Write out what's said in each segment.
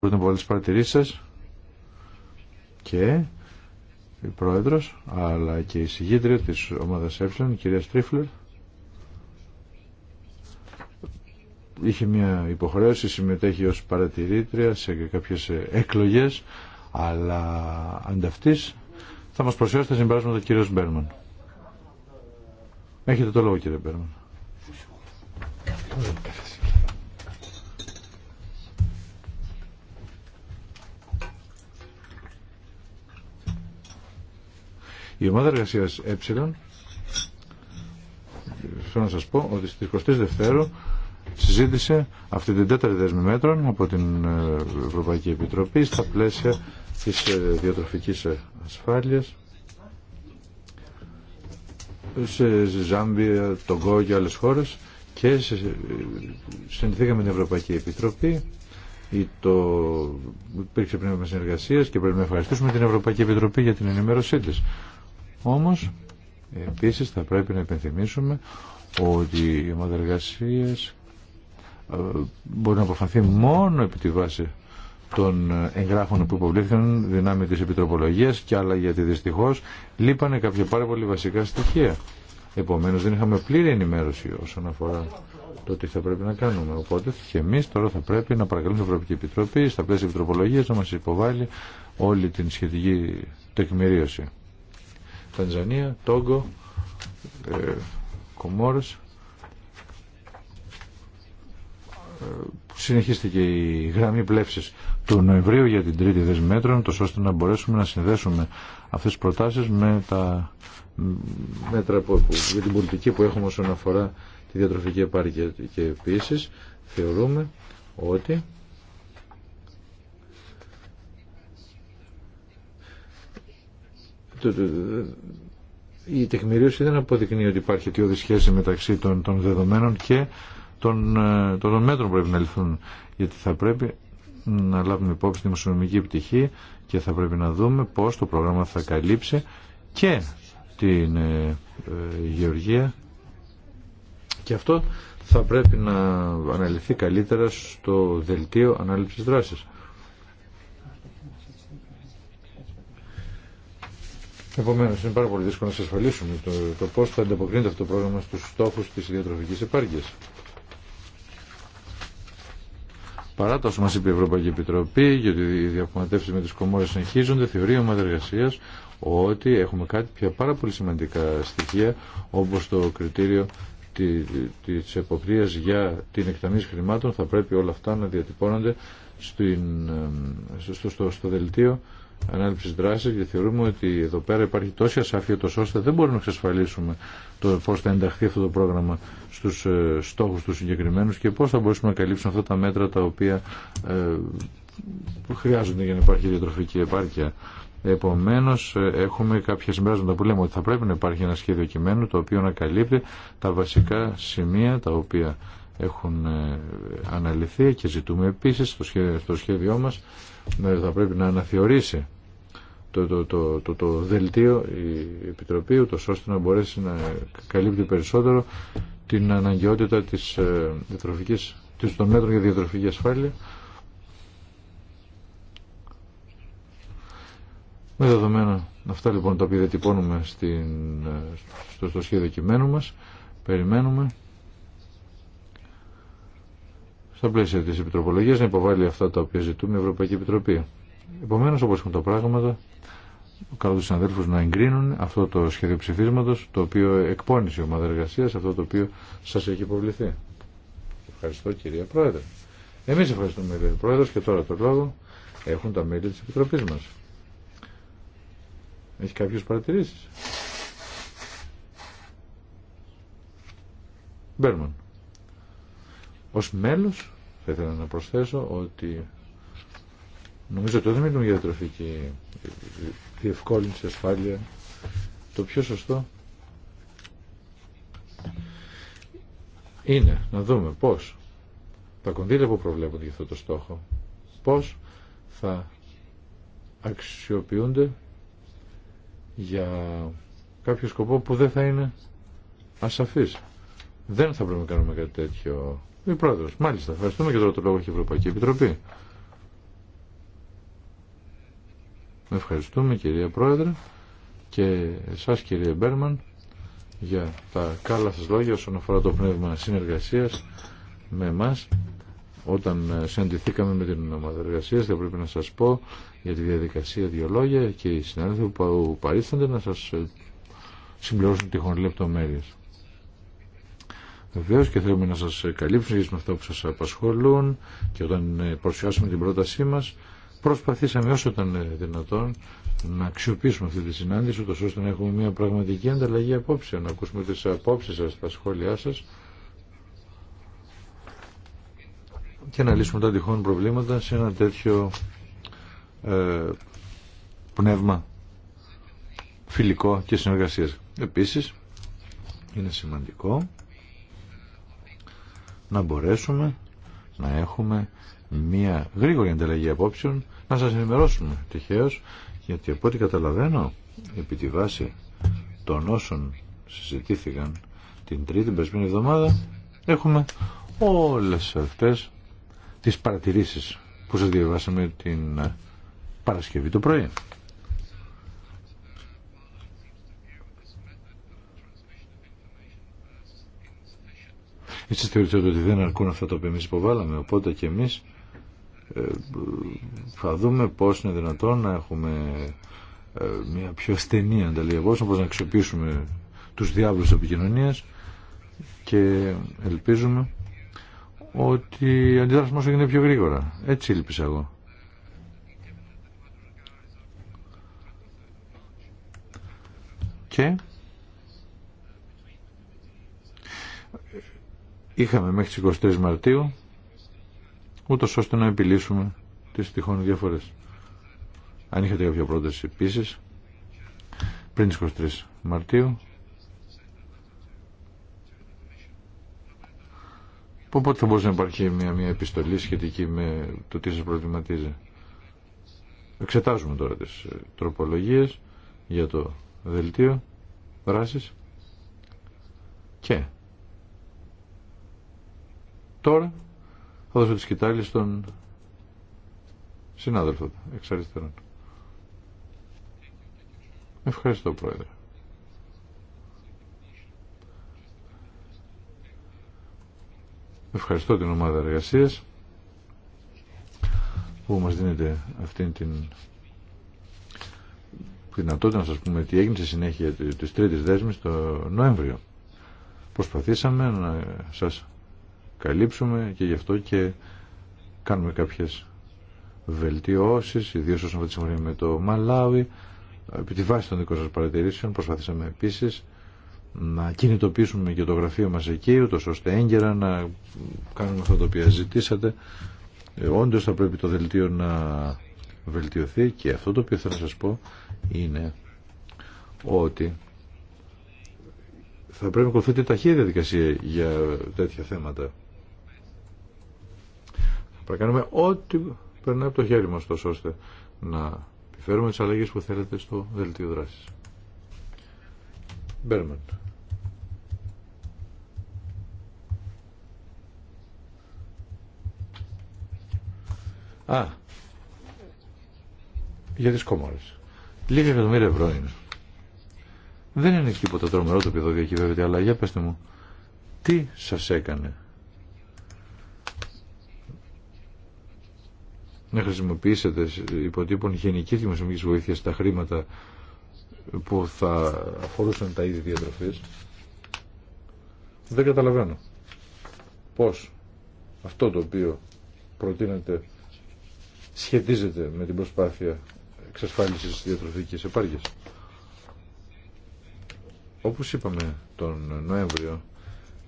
Υπάρχουν πολλές παρατηρήσεις σας και η Πρόεδρος αλλά και η συγγήτρια της ομάδας Ε, η κυρία Στρίφλερ είχε μια υποχρέωση, συμμετέχει ως παρατηρήτρια σε κάποιες εκλογές αλλά ανταυτής θα μας προσφέρει τα συμπεράσματα ο κύριος Μπέρμαν. Έχετε το λόγο κύριε Μπέρμαν. Η ομάδα εργασία ε, θέλω να σα πω ότι στις 23 Δευτέρου συζήτησε αυτή την τέταρτη δέσμη μέτρων από την ε, Ευρωπαϊκή Επιτροπή στα πλαίσια τη ε, Διατροφική ε, ασφάλεια σε Ζάμπια, Κόγκο και άλλες χώρες και με την Ευρωπαϊκή Επιτροπή ή το υπήρξε πνεύμα συνεργασία και πρέπει να ευχαριστήσουμε την Ευρωπαϊκή Επιτροπή για την ενημέρωσή τη. Όμως, επίσης θα πρέπει να υπενθυμίσουμε ότι η ομάδα εργασία ε, μπορεί να αποφανθεί μόνο επί τη βάση των εγγράφων που υποβλήθηκαν δυνάμει της επιτροπολογίας και άλλα γιατί δυστυχώς λείπανε κάποια πάρα πολύ βασικά στοιχεία. Επομένως δεν είχαμε πλήρη ενημέρωση όσον αφορά το τι θα πρέπει να κάνουμε. Οπότε και εμείς τώρα θα πρέπει να παρακαλούμε την Ευρωπαϊκή Επιτροπή στα πλαίσια επιτροπολογίας να μας υποβάλει όλη την σχετική τεκμηρίωση. Τανζανία, Τόγκο, ε, Κομόρος. Ε, συνεχίστηκε η γραμμή πλεύσης του Νοεμβρίου για την τρίτη δεσμή μέτρων, τόσο ώστε να μπορέσουμε να συνδέσουμε αυτές τις προτάσεις με τα μέτρα που, για την πολιτική που έχουμε όσον αφορά τη διατροφική επάρκεια και επίσης θεωρούμε ότι η τεκμηρίωση δεν αποδεικνύει ότι υπάρχει αιτιώδη σχέση μεταξύ των, των δεδομένων και των, ε, των μέτρων που πρέπει να ληφθούν. Γιατί θα πρέπει να λάβουμε υπόψη τη δημοσιονομική πτυχή και θα πρέπει να δούμε πώς το πρόγραμμα θα καλύψει και την ε, ε και αυτό θα πρέπει να αναλυθεί καλύτερα στο δελτίο ανάληψης δράσης. Επομένω, είναι πάρα πολύ δύσκολο να σα ασφαλίσουμε το, το πώ θα ανταποκρίνεται αυτό το πρόγραμμα στου στόχου τη διατροφική επάρκεια. Παρά το όσο μα είπε η Ευρωπαϊκή Επιτροπή, γιατί οι διαπραγματεύσει με τι κομμόρε συνεχίζονται, θεωρεί η ομάδα εργασία ότι έχουμε κάτι πια πάρα πολύ σημαντικά στοιχεία, όπω το κριτήριο τη εποπτεία για την εκταμή χρημάτων. Θα πρέπει όλα αυτά να διατυπώνονται στην, ε, στο, στο, στο δελτίο ανάληψη δράση και θεωρούμε ότι εδώ πέρα υπάρχει τόση ασαφή τόσο ώστε δεν μπορούμε να εξασφαλίσουμε το πώς θα ενταχθεί αυτό το πρόγραμμα στους ε, στόχου του συγκεκριμένου και πώ θα μπορέσουμε να καλύψουμε αυτά τα μέτρα τα οποία ε, χρειάζονται για να υπάρχει διατροφική επάρκεια. Επομένω, ε, έχουμε κάποια συμπεράσματα που λέμε ότι θα πρέπει να υπάρχει ένα σχέδιο κειμένου το οποίο να καλύπτει τα βασικά σημεία τα οποία έχουν αναλυθεί και ζητούμε επίση στο σχέδιό, στο ναι, θα πρέπει να αναθεωρήσει το, το, το, το, το δελτίο η Επιτροπή ούτως ώστε να μπορέσει να καλύπτει περισσότερο την αναγκαιότητα της, ε, διατροφικής, της των μέτρων για διατροφική ασφάλεια Με δεδομένα αυτά λοιπόν τα οποία διατυπώνουμε στην, ε, στο, στο σχέδιο κειμένου μας, περιμένουμε στα πλαίσια της Επιτροπολογίας να υποβάλει αυτά τα οποία ζητούμε η Ευρωπαϊκή Επιτροπή. Επομένω όπω έχουν τα πράγματα, καλώ του συναδέλφου να εγκρίνουν αυτό το σχέδιο ψηφίσματο το οποίο εκπώνησε η ομάδα εργασία, αυτό το οποίο σα έχει υποβληθεί. Ευχαριστώ κυρία Πρόεδρε. Εμεί ευχαριστούμε κύριε Πρόεδρο και τώρα το λόγο έχουν τα μέλη τη Επιτροπή μα. Έχει κάποιε παρατηρήσει. Μπέρμαν. Ως μέλος θα ήθελα να προσθέσω ότι νομίζω ότι δεν μιλούμε για τροφική διευκόλυνση, ασφάλεια. Το πιο σωστό είναι να δούμε πώς τα κονδύλια που προβλέπονται για αυτό το στόχο, πώς θα αξιοποιούνται για κάποιο σκοπό που δεν θα είναι ασαφής. Δεν θα πρέπει να κάνουμε κάτι τέτοιο η πρόεδρος. Μάλιστα. Ευχαριστούμε και τώρα το λόγο έχει η Ευρωπαϊκή Επιτροπή. Ευχαριστούμε κυρία Πρόεδρε και εσάς κύριε Μπέρμαν για τα καλά σας λόγια όσον αφορά το πνεύμα συνεργασίας με εμάς όταν συναντηθήκαμε με την ομάδα εργασίας θα πρέπει να σας πω για τη διαδικασία δύο λόγια και οι συνάδελφοι που παρίστανται να σας συμπληρώσουν τυχόν λεπτομέρειες. Βεβαίω και θέλουμε να σας καλύψουμε με αυτό που σας απασχολούν και όταν ε, παρουσιάσουμε την πρότασή μα, προσπαθήσαμε όσο ήταν ε, δυνατόν να αξιοποιήσουμε αυτή τη συνάντηση ούτως ώστε να έχουμε μια πραγματική ανταλλαγή απόψεων. να ακούσουμε τις απόψεις σα τα σχόλιά σα. και να λύσουμε τα τυχόν προβλήματα σε ένα τέτοιο ε, πνεύμα φιλικό και συνεργασίας. Επίσης, είναι σημαντικό να μπορέσουμε να έχουμε μια γρήγορη ανταλλαγή απόψεων να σας ενημερώσουμε τυχαίως γιατί από ό,τι καταλαβαίνω επί τη βάση των όσων συζητήθηκαν την τρίτη περσμένη εβδομάδα έχουμε όλες αυτές τις παρατηρήσεις που σας διαβάσαμε την Παρασκευή το πρωί. Ετσι θεωρείτε ότι δεν αρκούν αυτά τα οποία εμεί υποβάλαμε, οπότε και εμείς ε, θα δούμε πώ είναι δυνατόν να έχουμε ε, μια πιο στενή ανταλλαγή όπω πώς να αξιοποιήσουμε τους τη επικοινωνία και ελπίζουμε ότι η αντιδράση μας πιο γρήγορα. Έτσι ήλπισα εγώ. Και είχαμε μέχρι τις 23 Μαρτίου ούτως ώστε να επιλύσουμε τις τυχόν διαφορές. Αν είχατε κάποια πρόταση επίση πριν τις 23 Μαρτίου Οπότε θα μπορούσε να υπάρχει μια, μια επιστολή σχετική με το τι σας προβληματίζει. Εξετάζουμε τώρα τις ε, τροπολογίες για το δελτίο δράσης και Τώρα θα δώσω τη σκητάλη στον συνάδελφο εξ αριστερών. Ευχαριστώ Πρόεδρε. Ευχαριστώ την ομάδα εργασίας που μας δίνεται αυτήν την δυνατότητα να σας πούμε τι έγινε στη συνέχεια της τρίτης δέσμης το Νοέμβριο. Προσπαθήσαμε να σας καλύψουμε και γι' αυτό και κάνουμε κάποιες βελτιώσεις, ιδίως όσον αφορά τη συμφωνία με το Μαλάουι. Επί τη βάση των δικών σας παρατηρήσεων προσπαθήσαμε επίσης να κινητοποιήσουμε και το γραφείο μας εκεί, ούτως ώστε έγκαιρα να κάνουμε αυτό το οποίο ζητήσατε. Ε, όντως θα πρέπει το δελτίο να βελτιωθεί και αυτό το οποίο θέλω να σας πω είναι ότι θα πρέπει να ακολουθείται ταχεία διαδικασία για τέτοια θέματα. Πρέπει να κάνουμε ό,τι περνάει από το χέρι μας τόσο ώστε να επιφέρουμε τις αλλαγές που θέλετε στο δελτίο δράσης. Μπέρμαν. Α, για τις κόμμαρες. Λίγα εκατομμύρια ευρώ είναι. Δεν είναι τίποτα τρομερό το οποίο διακυβεύεται, αλλά για πέστε μου, τι σας έκανε να χρησιμοποιήσετε υποτύπων γενική δημοσιονομική βοήθεια στα χρήματα που θα αφορούσαν τα είδη διατροφής δεν καταλαβαίνω πώς αυτό το οποίο προτείνεται σχετίζεται με την προσπάθεια εξασφάλισης διατροφικής επάρκειας. Όπως είπαμε τον Νοέμβριο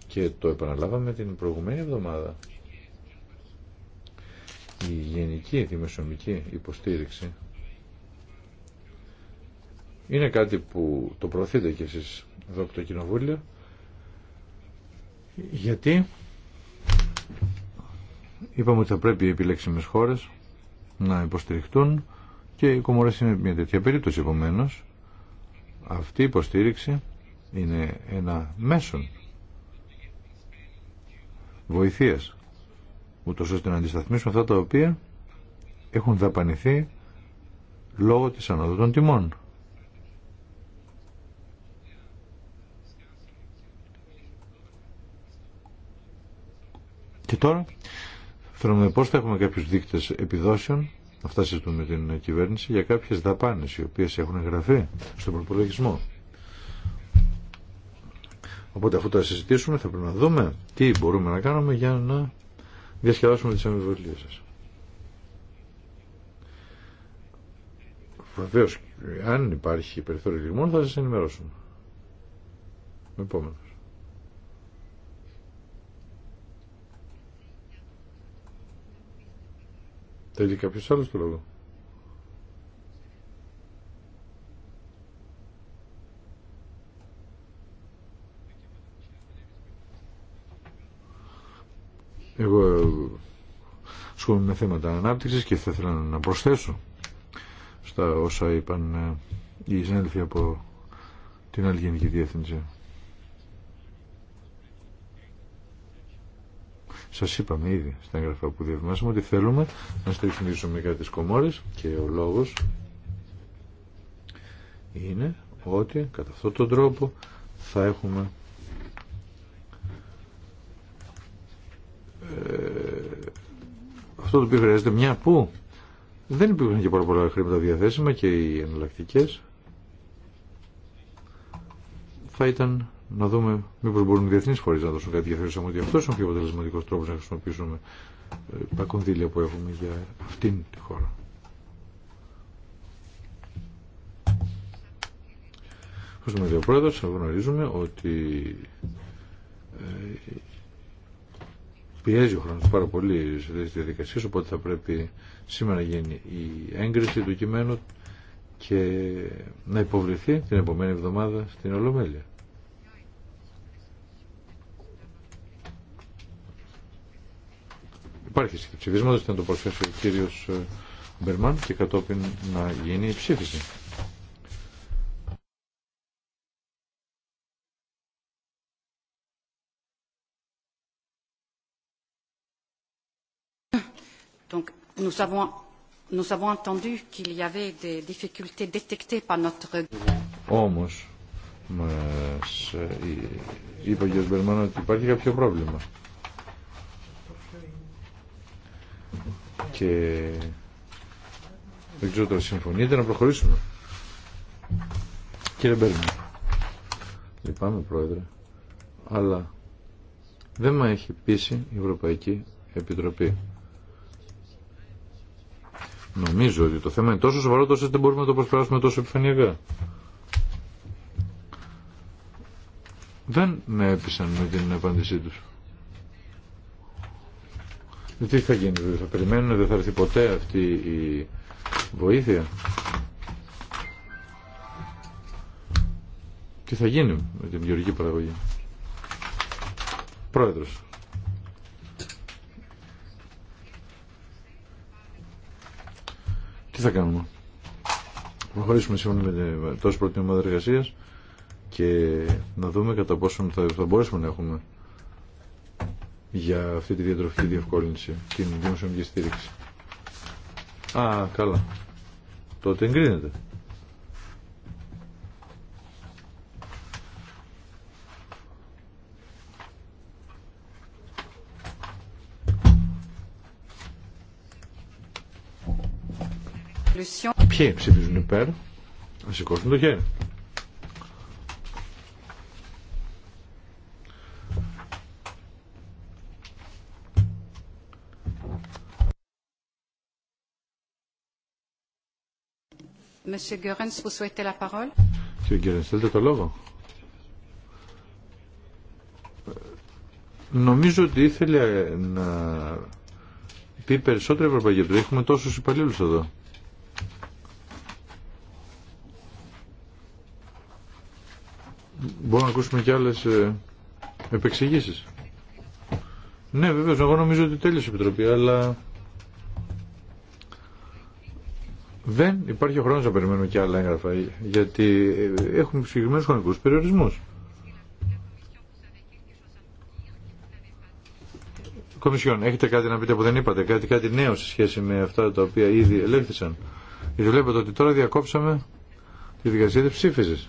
και το επαναλάβαμε την προηγουμένη εβδομάδα η γενική δημοσιονομική υποστήριξη είναι κάτι που το προωθείτε και εσείς εδώ από το Κοινοβούλιο γιατί είπαμε ότι θα πρέπει οι επιλέξιμες χώρες να υποστηριχτούν και οι Κομορές είναι μια τέτοια περίπτωση επομένω. αυτή η υποστήριξη είναι ένα μέσον βοηθείας ούτως ώστε να αντισταθμίσουμε αυτά τα οποία έχουν δαπανηθεί λόγω της ανόδου των τιμών. Και τώρα θέλουμε πώς θα έχουμε κάποιους δείκτες επιδόσεων Αυτά συζητούμε με την κυβέρνηση για κάποιες δαπάνες οι οποίες έχουν εγγραφεί στον προπολογισμό. Οπότε αφού τα συζητήσουμε θα πρέπει να δούμε τι μπορούμε να κάνουμε για να διασκεδάσουμε τις αμφιβολίες σας. Βεβαίω, αν υπάρχει περιθώριο λιγμών θα σας ενημερώσουμε. Ο επόμενος. Θέλει κάποιος άλλος το λόγο. ασχολούν με θέματα ανάπτυξης και θα ήθελα να προσθέσω στα όσα είπαν ε, οι συνέλφοι από την άλλη Γενική Διεύθυνση. Σας είπαμε ήδη στα έγγραφα που διαβάζουμε ότι θέλουμε να στηρίξουμε για ομικά τις κομμόρες και ο λόγος είναι ότι κατά αυτόν τον τρόπο θα έχουμε αυτό το οποίο χρειάζεται μια που δεν υπήρχαν και πάρα πολλά χρήματα διαθέσιμα και οι εναλλακτικέ θα ήταν να δούμε μήπως μπορούν οι διεθνείς φορείς να δώσουν κάτι για ότι αυτό είναι ο πιο αποτελεσματικό τρόπο να χρησιμοποιήσουμε ε, τα κονδύλια που έχουμε για αυτήν τη χώρα. Ευχαριστούμε κύριε Πρόεδρος, γνωρίζουμε ότι ε, πιέζει ο χρόνος πάρα πολύ σε τις διαδικασίες, οπότε θα πρέπει σήμερα να γίνει η έγκριση του κειμένου και να υποβληθεί την επόμενη εβδομάδα στην Ολομέλεια. Υπάρχει σχέση ψηφίσματος, να το προσθέσει ο κύριος ε, Μπερμάν και κατόπιν να γίνει η ψήφιση. Nous avons nous avons entendu qu'il y avait des difficultés détectées par notre Όμως, μας ε, είπε ο κ. Μπερμάνο ότι υπάρχει κάποιο πρόβλημα. Και δεν ξέρω τώρα συμφωνείτε να προχωρήσουμε. Κύριε Μπέρμαν, λυπάμαι πρόεδρε, αλλά δεν με έχει πείσει η Ευρωπαϊκή Επιτροπή. Νομίζω ότι το θέμα είναι τόσο σοβαρό τόσο δεν μπορούμε να το προσπεράσουμε τόσο επιφανειακά. Δεν με έπεισαν με την απάντησή τους. Τι θα γίνει, θα περιμένουν, δεν θα έρθει ποτέ αυτή η βοήθεια. Τι θα γίνει με την γεωργική παραγωγή. Πρόεδρος. Τι θα κάνουμε. Προχωρήσουμε σήμερα με τόσο πρώτη ομάδα εργασία και να δούμε κατά πόσο θα, θα μπορέσουμε να έχουμε για αυτή τη διατροφική διευκόλυνση, την δημοσιονομική στήριξη. Α, καλά. Τότε εγκρίνεται. Ποιοι ψηφίζουν υπέρ, να σηκώσουν το χέρι. Monsieur vous souhaitez la parole Κύριε Γκέρνς, θέλετε το λόγο. Νομίζω ότι ήθελε να πει περισσότερο η Ευρωπαϊκή Επιτροπή. Έχουμε τόσους υπαλλήλους εδώ. Μπορούμε να ακούσουμε και άλλες ε, επεξηγήσεις. Ναι, βέβαια, εγώ νομίζω ότι τέλειωσε η Επιτροπή, αλλά δεν υπάρχει ο χρόνος να περιμένουμε και άλλα έγγραφα, γιατί ε, έχουμε συγκεκριμένους χρονικούς περιορισμούς. Κομισιόν, έχετε κάτι να πείτε που δεν είπατε, κάτι, κάτι νέο σε σχέση με αυτά τα οποία ήδη ελέγχθησαν. Γιατί βλέπετε ότι τώρα διακόψαμε τη δικασία της ψήφισης.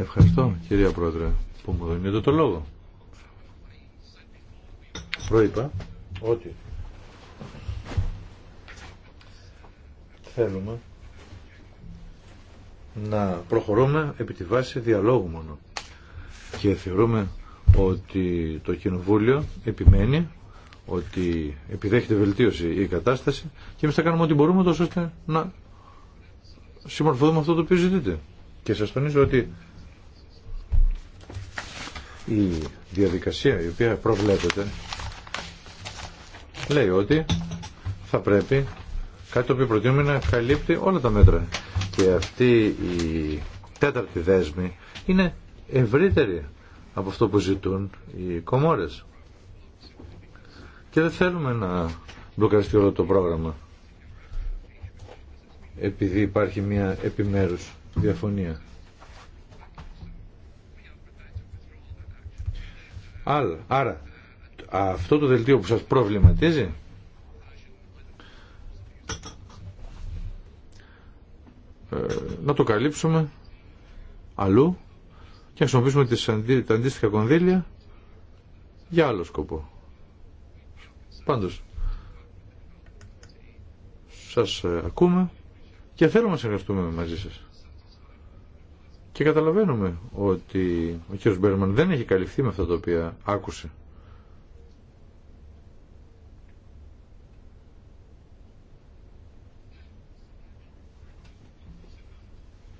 Ευχαριστώ κυρία Πρόεδρε που μου δίνετε το λόγο. Προείπα ότι θέλουμε να προχωρούμε επί τη βάση διαλόγου μόνο. Και θεωρούμε ότι το Κοινοβούλιο επιμένει ότι επιδέχεται βελτίωση η κατάσταση και εμείς θα κάνουμε ό,τι μπορούμε τόσο ώστε να συμμορφωθούμε αυτό το οποίο ζητείτε. Και σας τονίζω ότι η διαδικασία η οποία προβλέπεται λέει ότι θα πρέπει κάτι το οποίο προτείνουμε να καλύπτει όλα τα μέτρα. Και αυτή η τέταρτη δέσμη είναι ευρύτερη από αυτό που ζητούν οι κομμόρες. Και δεν θέλουμε να μπλοκαριστεί όλο το πρόγραμμα επειδή υπάρχει μια επιμέρους διαφωνία. άλλα. Άρα αυτό το δελτίο που σας προβληματίζει ε, να το καλύψουμε αλλού και να χρησιμοποιήσουμε τις, τα αντίστοιχα κονδύλια για άλλο σκοπό. Πάντως, σας ε, ακούμε και θέλουμε να συνεργαστούμε μαζί σας. Και καταλαβαίνουμε ότι ο κ. Μπέρμαν δεν έχει καλυφθεί με αυτά τα οποία άκουσε.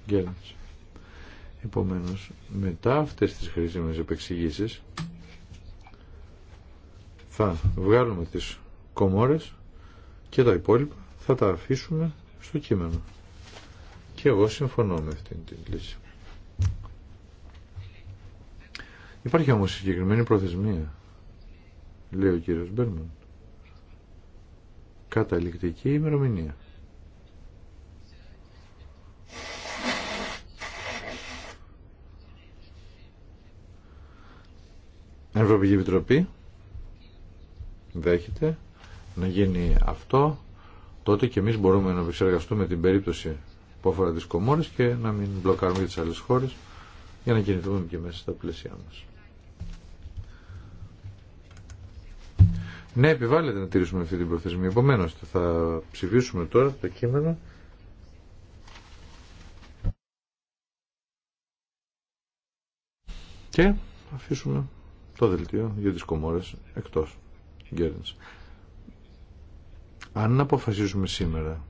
Γέλνες. Επομένως, μετά αυτές τις χρήσιμες επεξηγήσεις θα βγάλουμε τις κομόρες και τα υπόλοιπα θα τα αφήσουμε στο κείμενο. Και εγώ συμφωνώ με αυτήν την λύση. Υπάρχει όμως συγκεκριμένη προθεσμία, λέει ο κύριος Μπέρμαν. Καταληκτική ημερομηνία. Ευρωπαϊκή Επιτροπή δέχεται να γίνει αυτό, τότε και εμείς μπορούμε να επεξεργαστούμε την περίπτωση που αφορά τις κομμόρες και να μην μπλοκάρουμε τις άλλες χώρες για να κινηθούμε και μέσα στα πλαίσια μας. Ναι, επιβάλλεται να τηρήσουμε αυτή την προθεσμία. Επομένω, θα ψηφίσουμε τώρα το κείμενο. Και αφήσουμε το δελτίο για τις κομμόρες εκτός συγκέρδυνση. Αν αποφασίσουμε σήμερα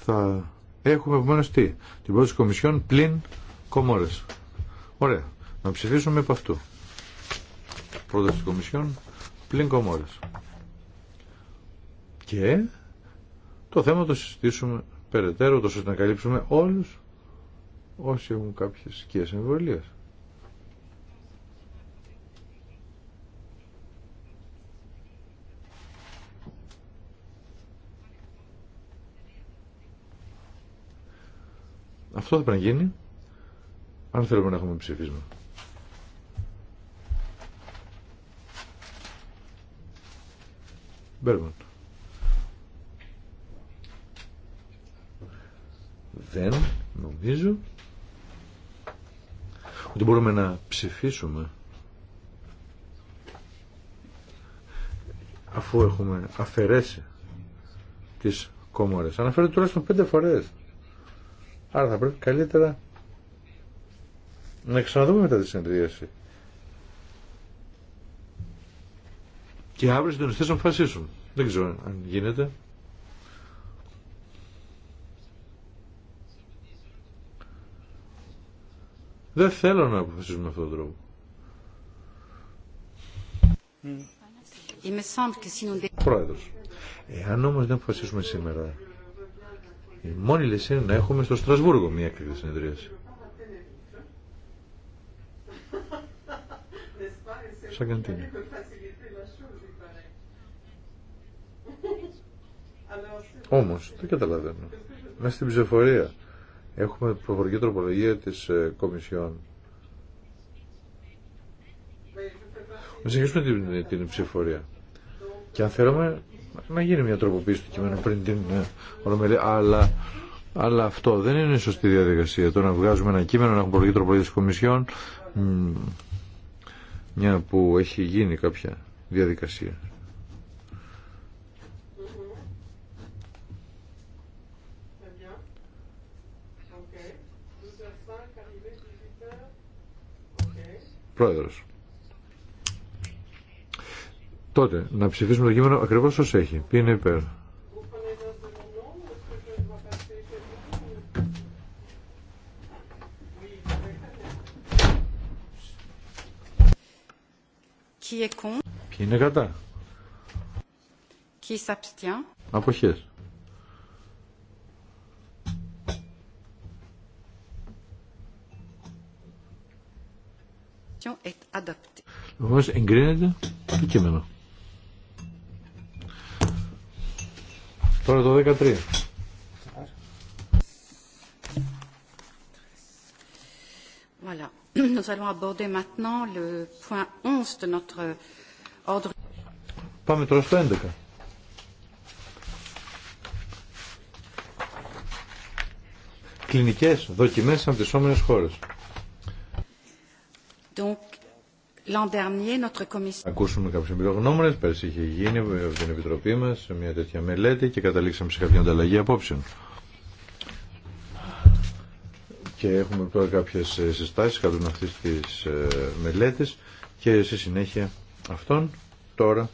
θα Έχουμε επομένω τι, την πρόταση Κομισιόν πλην κομμόρε. Ωραία. Να ψηφίσουμε από αυτού. Πρόταση Κομισιόν πλην κομμόρε. Και το θέμα το συζητήσουμε περαιτέρω, τόσο να καλύψουμε όλους όσοι έχουν κάποιε σκιέ εμβολίας. Αυτό θα πρέπει να γίνει αν θέλουμε να έχουμε ψηφίσμα. Μπέρμαν. Δεν νομίζω ότι μπορούμε να ψηφίσουμε αφού έχουμε αφαιρέσει τις κόμμορες. Αναφέρεται τουλάχιστον πέντε φορές Άρα θα πρέπει καλύτερα να ξαναδούμε μετά τη συνεδρίαση. Και αύριο οι συντονιστές να αποφασίσουν. Δεν ξέρω αν γίνεται. Δεν θέλω να αποφασίσουμε με αυτόν τον τρόπο. Mm. Πρόεδρος, εάν όμως δεν αποφασίσουμε σήμερα η μόνη λύση είναι να έχουμε στο Στρασβούργο μια έκτακτη συνεδρίαση. Σαν Όμως, δεν καταλαβαίνω. Μέσα στην ψηφοφορία έχουμε προφορική τροπολογία της ε, Κομισιόν. Να συνεχίσουμε την, την ψηφοφορία. Και αν θέλουμε να γίνει μια τροποποίηση του κειμένου πριν την ε, ολομελία αλλά, αλλά αυτό δεν είναι σωστή διαδικασία. Το να βγάζουμε ένα κείμενο, να έχουμε προηγή τροποποίηση κομισιών, μια που έχει γίνει κάποια διαδικασία. Πρόεδρος. Τότε, να ψηφίσουμε το κείμενο ακριβώ ω έχει. Ποιοι είναι υπέρ. Ποιοι είναι κατά. Ποιοι s'abstient. Αποχές. Εγκρίνεται το κείμενο. Τώρα το 13. Voilà. Nous allons aborder maintenant le point 11 de notre ordre. Πάμε τώρα στο 11. Κλινικές δοκιμές σε αντισόμενες χώρες. Ακούσουμε κάποιου εμπειρογνώμονε. Πέρσι είχε γίνει από την Επιτροπή μα μια τέτοια μελέτη και καταλήξαμε σε κάποια ανταλλαγή απόψεων. Και έχουμε τώρα κάποιε συστάσει κατά αυτή τη ε, μελέτη και στη συνέχεια αυτών τώρα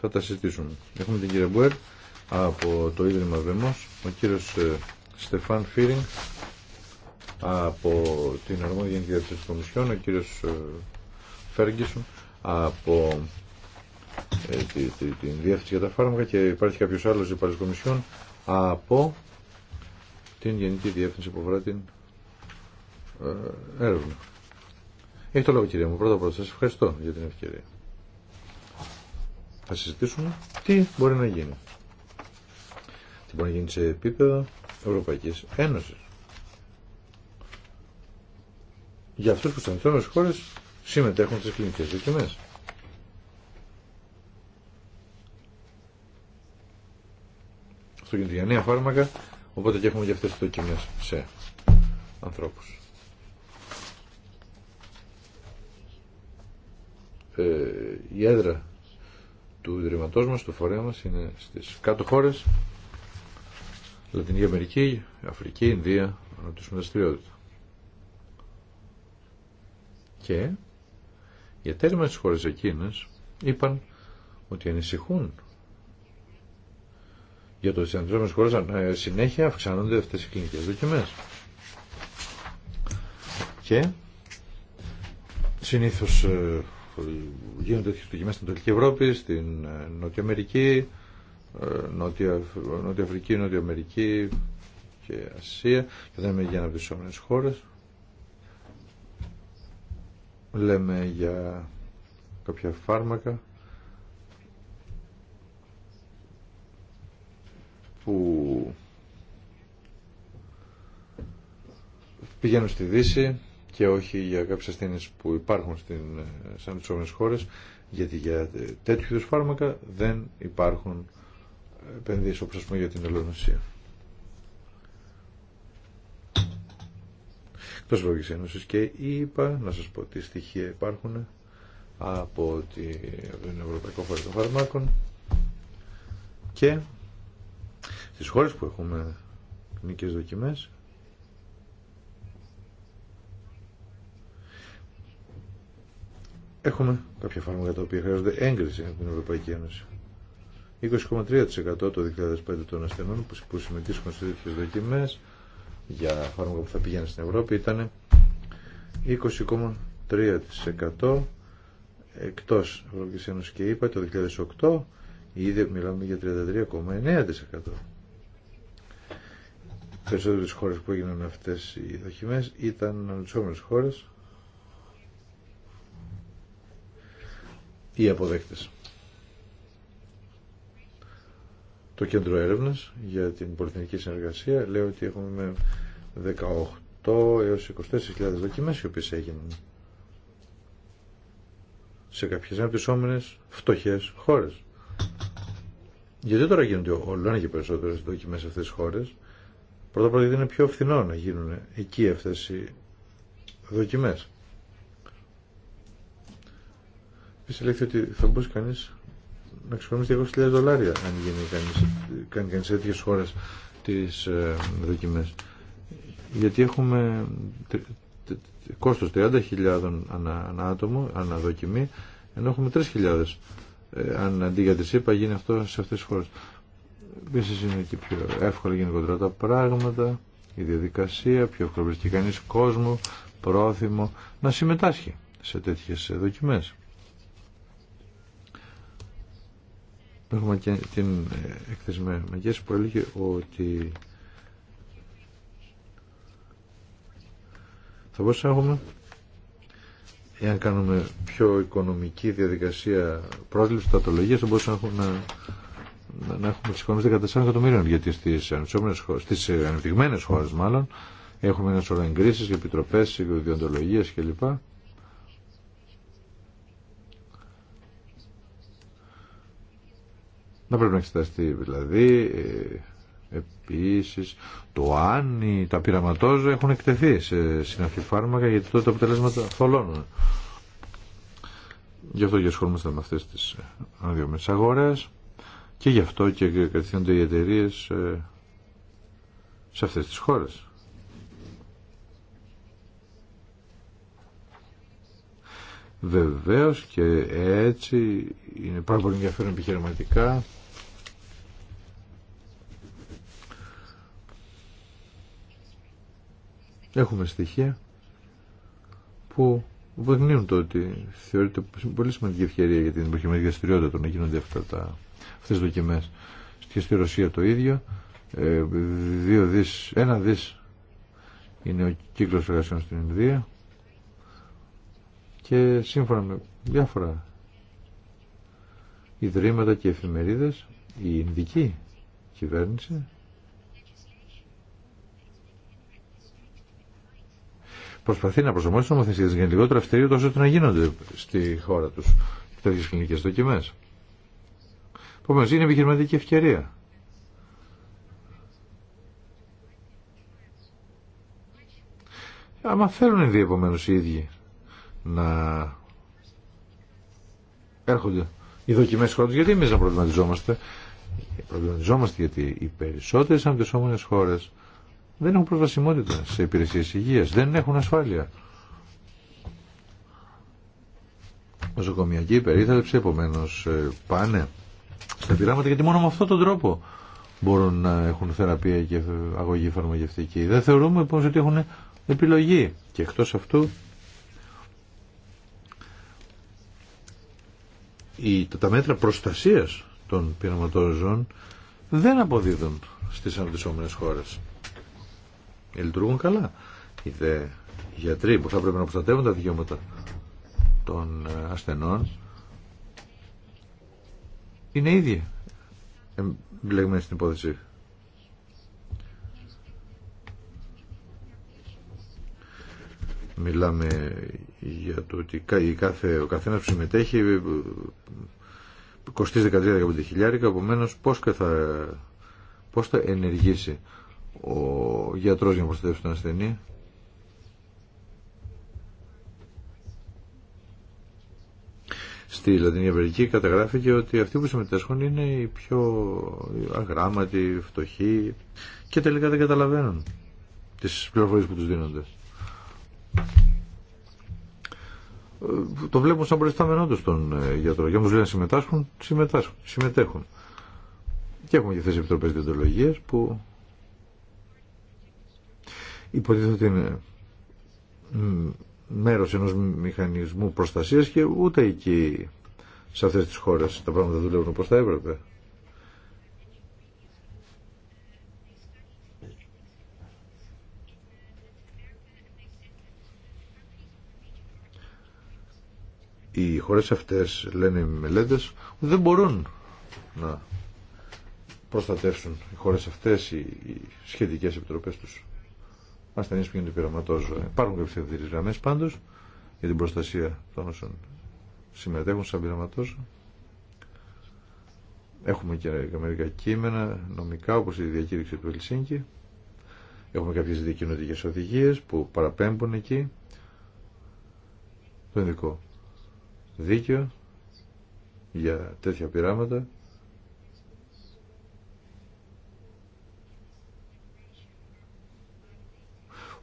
θα τα συζητήσουμε. Έχουμε την κυρία Μπουέρ από το Ίδρυμα Βεμός, ο κύριο ε, Στεφάν Φίρινγκ από την Αρμόδια Γενική τη Κομισιόν, ο κύριο. Ε, Φέργκισον από την ε, τη, τη διεύθυνση για τα φάρμακα και υπάρχει κάποιος άλλος υπάλληλος κομισιόν από την Γενική Διεύθυνση που αφορά την ε, έρευνα. Έχει το λόγο κυρία μου. Πρώτα πρώτα σας ευχαριστώ για την ευκαιρία. Θα συζητήσουμε τι μπορεί να γίνει. Τι μπορεί να γίνει σε επίπεδο Ευρωπαϊκής Ένωσης. Για αυτούς που στις χώρε συμμετέχουν στις κλινικές δοκιμές. Αυτό γίνεται για νέα φάρμακα, οπότε και έχουμε και αυτές τις δοκιμές σε ανθρώπους. Ε, η έδρα του Ιδρυματός μας, του φορέα μας, είναι στις κάτω χώρες, Λατινική Αμερική, Αφρική, Ινδία, αναπτύσσουμε δραστηριότητα. Και οι εταίροι μας στις χώρες εκείνες είπαν ότι ανησυχούν για το στις αντιζόμενες χώρες ε, συνέχεια αυξάνονται αυτές οι κλινικές δοκιμές. Και συνήθως ε, γίνονται τέτοιες δοκιμές στην Ανατολική Ευρώπη, στην ε, Νότια Αμερική, Νότια, Νότια Αφρική, Νότια Αμερική και Ασία και δεν είμαι για αναπτυσσόμενες χώρες λέμε για κάποια φάρμακα που πηγαίνουν στη Δύση και όχι για κάποιες ασθένειε που υπάρχουν στην, σαν τις χώρες γιατί για τέτοιου φάρμακα δεν υπάρχουν επενδύσεις όπως για την ελληνοσία. εκτός Ένωση και είπα, να σας πω τι στοιχεία υπάρχουν από την Ευρωπαϊκό Χώρο των Φαρμάκων και στις χώρες που έχουμε κλινικές δοκιμές έχουμε κάποια φάρμακα τα οποία χρειάζονται έγκριση από την Ευρωπαϊκή Ένωση. 20,3% το 2005 των ασθενών που συμμετείχαν σε τέτοιες δοκιμές για φάρμακα που θα πηγαίνουν στην Ευρώπη ήταν 20,3% εκτός Ευρωπαϊκής Ένωσης και είπα το 2008 ήδη μιλάμε για 33,9% περισσότερες χώρες που έγιναν αυτές οι δοχημές ήταν αναλυσόμενες χώρες ή αποδέκτες. το κέντρο έρευνας για την πολυεθνική συνεργασία λέει ότι έχουμε 18 έως 24.000 δοκιμές οι οποίες έγιναν σε κάποιες αναπτυσσόμενες φτωχές χώρες. Γιατί τώρα γίνονται όλο και περισσότερες δοκιμές σε αυτές τις χώρες. Πρώτα απ' όλα είναι πιο φθηνό να γίνουν εκεί αυτές οι δοκιμές. Επίσης λέει ότι θα μπορούσε κανείς να ξεχωρίσει 200.000 δολάρια αν γίνει κανείς, κάνει κανείς σε τέτοιες χώρες τις ε, δοκιμές. Γιατί έχουμε κόστος 30.000 ανά, ανά άτομο, ανά δοκιμή, ενώ έχουμε 3.000. Ε, αν αντί για τις είπα γίνει αυτό σε αυτές τις χώρες. Επίση είναι και πιο εύκολα γενικότερα τα πράγματα, η διαδικασία, πιο εύκολα βρίσκει κανείς κόσμο, πρόθυμο να συμμετάσχει σε τέτοιες δοκιμές. Έχουμε και την εκθεσμένη μαγέση που έλεγε ότι θα μπορούσαμε να έχουμε εάν κάνουμε πιο οικονομική διαδικασία πρόσληψη τατολογίας θα μπορούσαμε να, να, έχουμε τις οικονομίες 14 εκατομμύρια, γιατί στις, χώρες, στις ανεπτυγμένες χώρες μάλλον έχουμε ένα σωρό εγκρίσεις, επιτροπές, ιδιοντολογίες κλπ. να πρέπει να εξεταστεί δηλαδή επίσης το αν τα πειραματόζω έχουν εκτεθεί σε συναφή φάρμακα γιατί τότε τα αποτελέσματα θολώνουν. Γι' αυτό και ασχολούμαστε με αυτές τις αναδιωμένες αγορές και γι' αυτό και κατευθύνονται οι εταιρείε σε αυτές τις χώρες. Βεβαίω και έτσι είναι πάρα πολύ ενδιαφέρον επιχειρηματικά. Έχουμε στοιχεία που βοηθούν το ότι θεωρείται πολύ σημαντική ευκαιρία για την επιχειρηματική δραστηριότητα το να γίνονται αυτά τα, αυτές τις δοκιμές. Και στη Ρωσία το ίδιο. Ε, δύο δις, ένα δις είναι ο κύκλος εργασιών στην Ινδία και σύμφωνα με διάφορα ιδρύματα και εφημερίδες η Ινδική κυβέρνηση προσπαθεί να προσαρμόσει νομοθεσίες για λιγότερο αυστηρίο τόσο ώστε να γίνονται στη χώρα τους τέτοιες κλινικές δοκιμές. Επομένω, είναι επιχειρηματική ευκαιρία. Άμα θέλουν οι δύο επομένω οι ίδιοι να έρχονται οι δοκιμές χώρες. Γιατί εμείς να προβληματιζόμαστε. Προβληματιζόμαστε γιατί οι περισσότερες αντισόμενες χώρες δεν έχουν προσβασιμότητα σε υπηρεσίες υγείας, δεν έχουν ασφάλεια. Νοσοκομιακή περίθαλψη επομένως ε, πάνε στα πειράματα γιατί μόνο με αυτόν τον τρόπο μπορούν να έχουν θεραπεία και αγωγή φαρμακευτική. Δεν θεωρούμε πως λοιπόν, ότι έχουν επιλογή. Και εκτός αυτού τα μέτρα προστασίας των πειραματόζων δεν αποδίδουν στις αναπτυσσόμενες χώρες. Λειτουργούν καλά. Οι δε γιατροί που θα πρέπει να προστατεύουν τα δικαιώματα των ε, ασθενών είναι ίδιοι εμπλεγμένοι στην υπόθεση Μιλάμε για το ότι κάθε, ο καθένας που συμμετέχει ε, κοστίζει 13-15 χιλιάρικα, επομένως πώς, θα, πώς θα ενεργήσει ο γιατρός για να προστατεύσει τον ασθενή. στη Λατινική Αμερική καταγράφηκε ότι αυτοί που συμμετέσχουν είναι οι πιο αγράμματοι, φτωχοί και τελικά δεν καταλαβαίνουν τις πληροφορίες που τους δίνονται. Ε, το βλέπουν σαν προϊστάμενό του τον ε, γιατρό. Για όμω λένε συμμετάσχουν, συμμετάσχουν, συμμετέχουν. Και έχουμε και θέσει επιτροπέ διοντολογία που υποτίθεται ότι είναι μέρος ενός μηχανισμού προστασίας και ούτε εκεί σε αυτές τις χώρες τα πράγματα δουλεύουν όπω θα έπρεπε. οι χωρέ αυτέ λένε οι μελέτες, δεν μπορούν να προστατεύσουν οι χώρε αυτέ οι σχετικέ επιτροπές τους. Ασθενείς που γίνονται πειραματόζωο. Ε. Υπάρχουν κάποιες ευθύνες γραμμές πάντως για την προστασία των όσων συμμετέχουν σαν πειραματόζωο. Έχουμε και μερικά κείμενα νομικά όπως η διακήρυξη του Ελσίνκη. Έχουμε κάποιες διακοινωτικές οδηγίες που παραπέμπουν εκεί το ειδικό δίκαιο για τέτοια πειράματα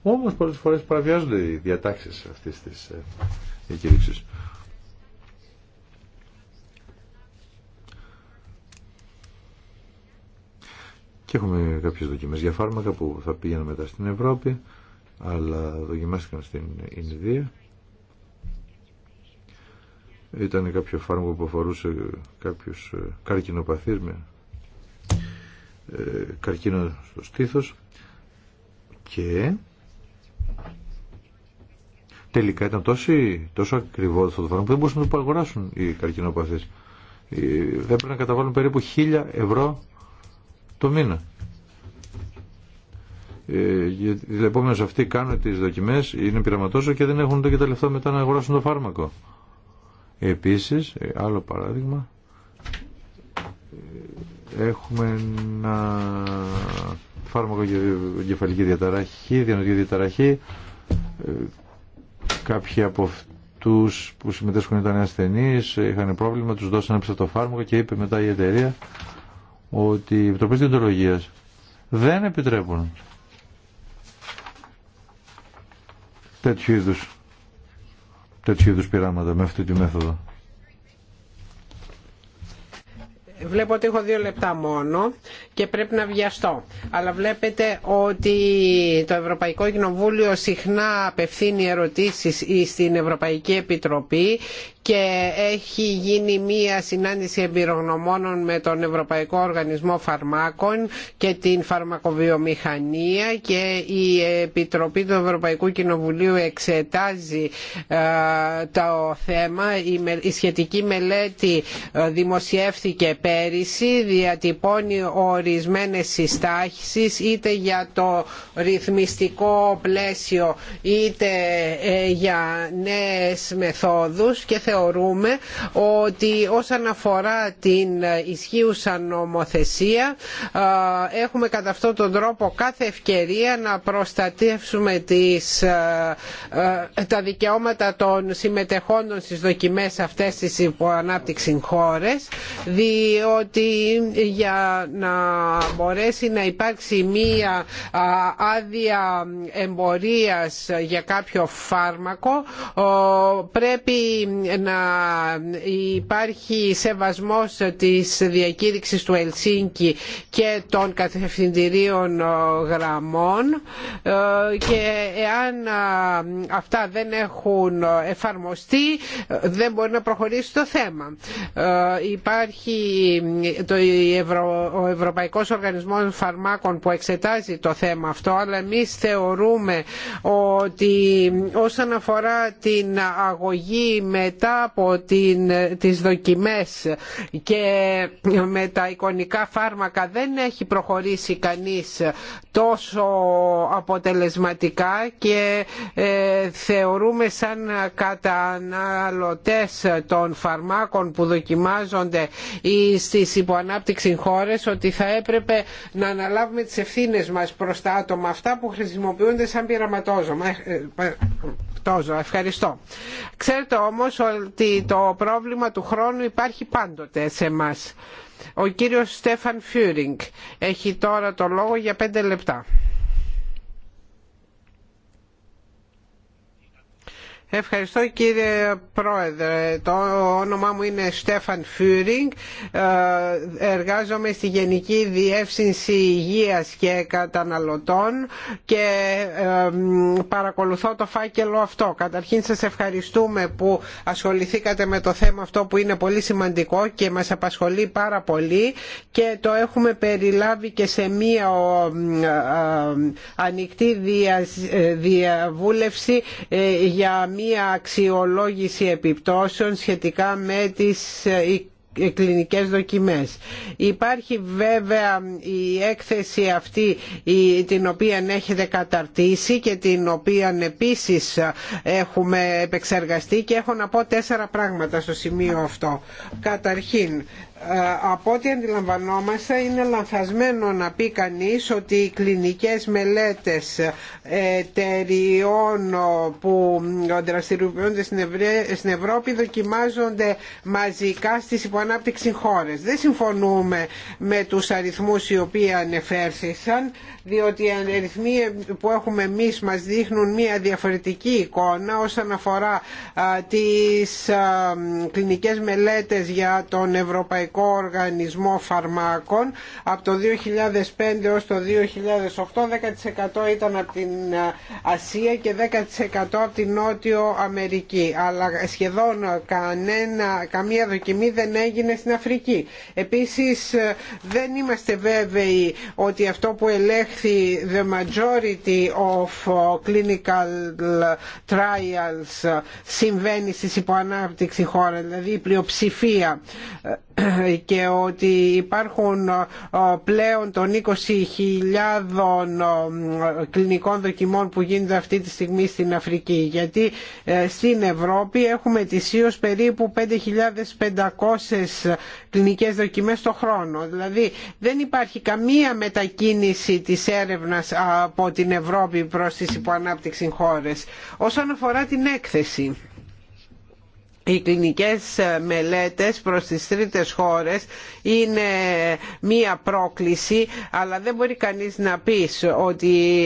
Όμως πολλές φορές παραβιάζονται οι διατάξεις αυτής της ε, διακήρυξης. Και έχουμε κάποιες δοκιμές για φάρμακα που θα πήγαιναν μετά στην Ευρώπη, αλλά δοκιμάστηκαν στην Ινδία. Ήταν κάποιο φάρμακο που αφορούσε κάποιους ε, καρκινοπαθείς με ε, καρκίνο στο στήθος και τελικά ήταν τόσο, τόσο ακριβό αυτό το φάρμακο που δεν μπορούσαν να το αγοράσουν οι καρκινοπαθείς. Ε, δεν πρέπει να καταβάλουν περίπου 1000 ευρώ το μήνα. Ε, οι δηλαδή, επόμενε αυτοί κάνουν τις δοκιμές, είναι πειραματόζω και δεν έχουν το και τα λεφτά μετά να αγοράσουν το φάρμακο. Επίσης, ε, άλλο παράδειγμα, ε, έχουμε ένα φάρμακο κεφαλική διαταραχή, διανοητική διαταραχή. Ε, κάποιοι από αυτούς που συμμετέσχουν ήταν ασθενείς, είχαν πρόβλημα, τους δώσανε από το φάρμακο και είπε μετά η εταιρεία ότι οι επιτροπές διοντολογίας δεν επιτρέπουν τέτοιου είδους τέτοιου είδου πειράματα με αυτή τη μέθοδο. Βλέπω ότι έχω δύο λεπτά μόνο και πρέπει να βιαστώ. Αλλά βλέπετε ότι το Ευρωπαϊκό Κοινοβούλιο συχνά απευθύνει ερωτήσεις στην Ευρωπαϊκή Επιτροπή και έχει γίνει μία συνάντηση εμπειρογνωμόνων με τον Ευρωπαϊκό Οργανισμό Φαρμάκων και την φαρμακοβιομηχανία και η Επιτροπή του Ευρωπαϊκού Κοινοβουλίου εξετάζει ε, το θέμα. Η σχετική μελέτη ε, δημοσιεύθηκε πέρυσι, διατυπώνει ορισμένες συστάσεις είτε για το ρυθμιστικό πλαίσιο είτε ε, για νέες μεθόδους και θεωρούμε ότι όσον αφορά την ισχύουσα νομοθεσία έχουμε κατά αυτόν τον τρόπο κάθε ευκαιρία να προστατεύσουμε τις, τα δικαιώματα των συμμετεχόντων στις δοκιμές αυτές της υποανάπτυξη χώρες διότι για να μπορέσει να υπάρξει μία άδεια εμπορίας για κάποιο φάρμακο πρέπει να υπάρχει σεβασμός της διακήρυξης του Ελσίνκη και των κατευθυντηρίων ε, γραμμών ε, και εάν ε, αυτά δεν έχουν εφαρμοστεί δεν μπορεί να προχωρήσει το θέμα. Υπάρχει το Ευρω... ο Ευρωπαϊκός Οργανισμός Φαρμάκων που εξετάζει το θέμα αυτό αλλά εμείς θεωρούμε ότι όσον αφορά την αγωγή μετά από την, τις δοκιμές και με τα εικονικά φάρμακα δεν έχει προχωρήσει κανείς τόσο αποτελεσματικά και ε, θεωρούμε σαν καταναλωτές των φαρμάκων που δοκιμάζονται στις υποανάπτυξη χώρες ότι θα έπρεπε να αναλάβουμε τις ευθύνες μας προς τα άτομα αυτά που χρησιμοποιούνται σαν πειραματόζωμα. Ε, ε, τόσο Ευχαριστώ. Ξέρετε όμως ότι το πρόβλημα του χρόνου υπάρχει πάντοτε σε εμά, Ο κύριος Στέφαν Φιούρινγκ έχει τώρα το λόγο για πέντε λεπτά. Ευχαριστώ κύριε Πρόεδρε. Το όνομά μου είναι Στέφαν Φούρινγκ. Ε, εργάζομαι στη Γενική Διεύθυνση Υγείας και Καταναλωτών και ε, παρακολουθώ το φάκελο αυτό. Καταρχήν σας ευχαριστούμε που ασχοληθήκατε με το θέμα αυτό που είναι πολύ σημαντικό και μας απασχολεί πάρα πολύ και το έχουμε περιλάβει και σε μία ε, ανοιχτή διαβούλευση για μία μία αξιολόγηση επιπτώσεων σχετικά με τις ε, ε, κλινικές δοκιμές. Υπάρχει βέβαια η έκθεση αυτή την οποία έχετε καταρτήσει και την οποία επίσης ε, έχουμε επεξεργαστεί και έχω να πω τέσσερα πράγματα στο σημείο αυτό. Καταρχήν ε, από ό,τι αντιλαμβανόμαστε είναι λανθασμένο να πει κανείς ότι οι κλινικές μελέτες εταιριών που δραστηριοποιούνται στην Ευρώπη δοκιμάζονται μαζικά στις υποανάπτυξη χώρες. Δεν συμφωνούμε με τους αριθμούς οι οποίοι ανεφέρθησαν διότι οι αριθμοί που έχουμε εμείς μας δείχνουν μια διαφορετική εικόνα όσον αφορά τις κλινικές μελέτες για τον Ευρωπαϊκό Οργανισμό Φαρμάκων από το 2005 έως το 2008 10% ήταν από την Ασία και 10% από την Νότιο Αμερική αλλά σχεδόν κανένα, καμία δοκιμή δεν έγινε στην Αφρική. Επίσης δεν είμαστε βέβαιοι ότι αυτό που ελέγχει lengthy the majority of uh, clinical uh, trials uh, συμβαίνει στις υποανάπτυξη χώρα, δηλαδή η πλειοψηφία ε, και ότι υπάρχουν πλέον των 20.000 κλινικών δοκιμών που γίνονται αυτή τη στιγμή στην Αφρική γιατί ε, στην Ευρώπη έχουμε τυσίως περίπου 5.500 κλινικές δοκιμές το χρόνο δηλαδή δεν υπάρχει καμία μετακίνηση της της από την Ευρώπη προς τις υποανάπτυξη χώρες. Όσον αφορά την έκθεση, οι κλινικές μελέτες προς τις τρίτες χώρες είναι μία πρόκληση αλλά δεν μπορεί κανείς να πει ότι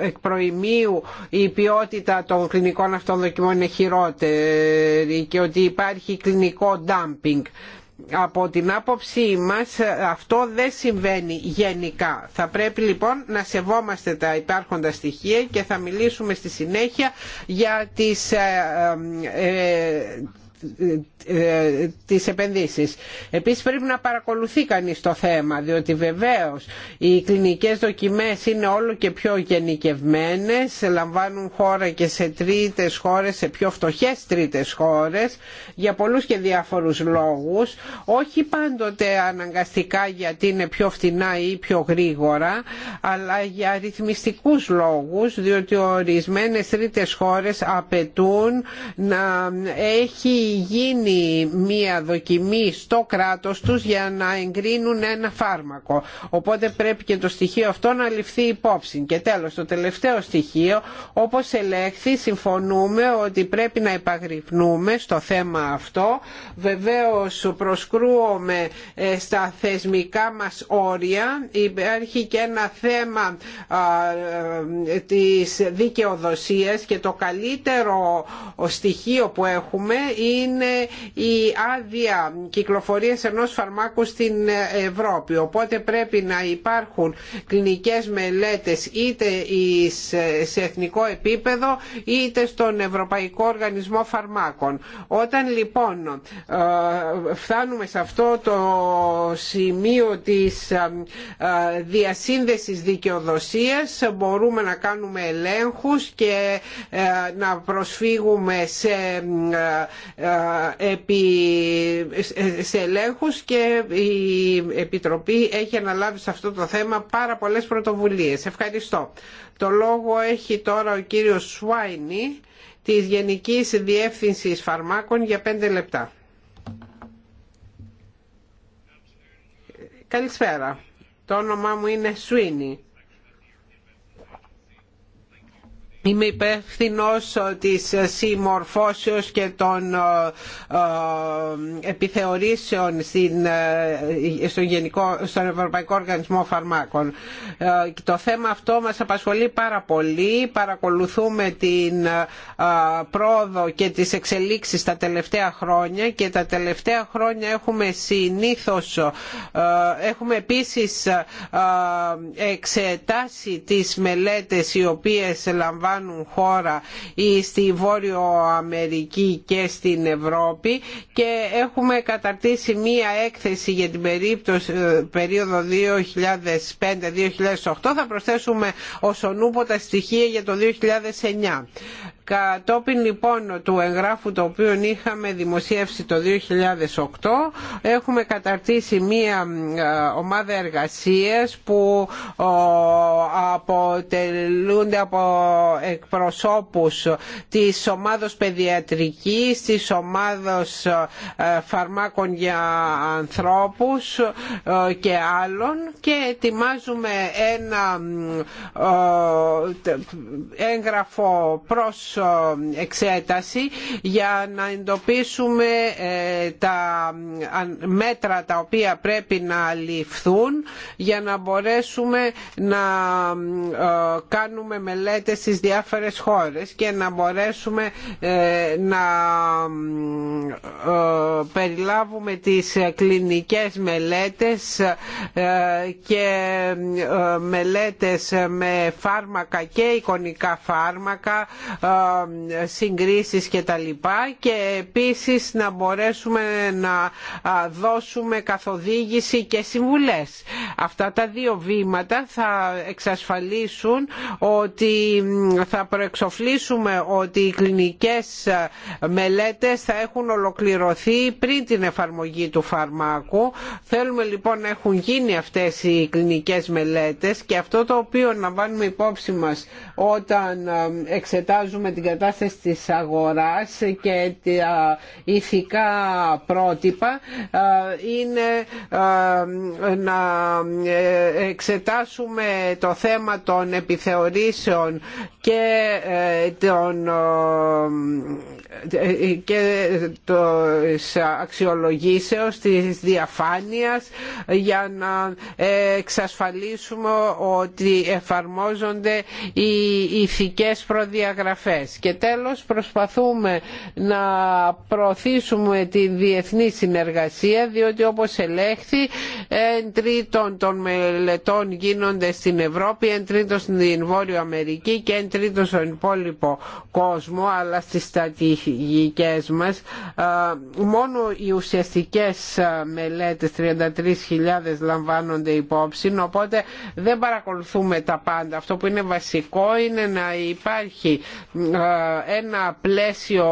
εκ προημίου η ποιότητα των κλινικών αυτών δοκιμών είναι χειρότερη και ότι υπάρχει κλινικό dumping από την άποψή μας ε, αυτό δεν συμβαίνει γενικά. Θα πρέπει λοιπόν να σεβόμαστε τα υπάρχοντα στοιχεία και θα μιλήσουμε στη συνέχεια για τις ε, ε, τις επενδύσεις. Επίσης πρέπει να παρακολουθεί κανείς το θέμα διότι βεβαίως οι κλινικές δοκιμές είναι όλο και πιο γενικευμένες λαμβάνουν χώρα και σε τρίτες χώρες, σε πιο φτωχές τρίτες χώρες για πολλούς και διάφορους λόγους όχι πάντοτε αναγκαστικά γιατί είναι πιο φτηνά ή πιο γρήγορα αλλά για ρυθμιστικούς λόγους διότι ορισμένες τρίτες χώρες απαιτούν να έχει γίνει μία δοκιμή στο κράτος τους για να εγκρίνουν ένα φάρμακο. Οπότε πρέπει και το στοιχείο αυτό να ληφθεί υπόψη. Και τέλος, το τελευταίο στοιχείο, όπως ελέγχθη, συμφωνούμε ότι πρέπει να υπαγρυπνούμε στο θέμα αυτό. Βεβαίως προσκρούομαι ε, στα θεσμικά μας όρια. Υπάρχει και ένα θέμα της δικαιοδοσίας και το καλύτερο στοιχείο που έχουμε είναι η άδεια κυκλοφορίας ενός φαρμάκου στην Ευρώπη. Οπότε πρέπει να υπάρχουν κλινικές μελέτες είτε σε εθνικό επίπεδο είτε στον Ευρωπαϊκό Οργανισμό Φαρμάκων. Όταν λοιπόν ε, φτάνουμε σε αυτό το σημείο της ε, ε, διασύνδεσης δικαιοδοσίας μπορούμε να κάνουμε ελέγχους και να προσφύγουμε σε επί, σε ελέγχους και η Επιτροπή έχει αναλάβει σε αυτό το θέμα πάρα πολλές πρωτοβουλίες. Ευχαριστώ. Το λόγο έχει τώρα ο κύριος Σουάινι της Γενικής Διεύθυνσης Φαρμάκων για πέντε λεπτά. Καλησπέρα. Το όνομά μου είναι Σουίνι Είμαι υπεύθυνο της συμμορφώσεω και των ε, ε, επιθεωρήσεων ε, στο γενικό, στον Ευρωπαϊκό Οργανισμό Φαρμάκων. Το θέμα αυτό μας απασχολεί πάρα πολύ. Παρακολουθούμε την πρόοδο και τις εξελίξεις τα τελευταία χρόνια και τα τελευταία χρόνια έχουμε συνήθως, έχουμε επίσης εξετάσει τις μελέτες οι οποίες λαμβάνουν κάνουν χώρα στη Βόρειο Αμερική και στην Ευρώπη και έχουμε καταρτήσει μία έκθεση για την περίπτωση, ε, περίοδο 2005-2008 θα προσθέσουμε ως ονούπο τα στοιχεία για το 2009. Κατόπιν λοιπόν του εγγράφου το οποίο είχαμε δημοσιεύσει το 2008 έχουμε καταρτήσει μία ομάδα εργασίες που αποτελούνται από εκπροσώπους της ομάδος παιδιατρικής, της ομάδος ε, φαρμάκων για ανθρώπους ε, και άλλων και ετοιμάζουμε ένα ε, έγγραφο προς ε, εξέταση για να εντοπίσουμε ε, τα μέτρα τα οποία πρέπει να ληφθούν για να μπορέσουμε να ε, κάνουμε μελέτες στις διάφορες χώρες και να μπορέσουμε να περιλάβουμε τις κλινικές μελέτες και μελέτες με φάρμακα και εικονικά φάρμακα συγκρίσεις και τα λοιπά και επίσης να μπορέσουμε να δώσουμε καθοδήγηση και συμβουλές. Αυτά τα δύο βήματα θα εξασφαλίσουν ότι θα προεξοφλήσουμε ότι οι κλινικές μελέτες θα έχουν ολοκληρωθεί πριν την εφαρμογή του φαρμάκου. Θέλουμε λοιπόν να έχουν γίνει αυτές οι κλινικές μελέτες και αυτό το οποίο να βάλουμε υπόψη μας όταν εξετάζουμε την κατάσταση της αγοράς και τα ηθικά πρότυπα είναι να εξετάσουμε το θέμα των επιθεωρήσεων και, ε, των, ε, και το αξιολογήσεως, της διαφάνειας για να εξασφαλίσουμε ότι εφαρμόζονται οι ηθικές προδιαγραφές και τέλος προσπαθούμε να προωθήσουμε τη διεθνή συνεργασία διότι όπως ελέγχθη εν τρίτον των μελετών γίνονται στην Ευρώπη, εν τρίτον στην Βόρειο Αμερική και εν τρίτον στον υπόλοιπο κόσμο αλλά στις στατηγικές μας μόνο οι ουσιαστικές μελέτες 33.000 λαμβάνονται υπόψη οπότε δεν παρακολουθούμε τα πάντα. Αυτό που είναι βασικό είναι να υπάρχει ένα πλαίσιο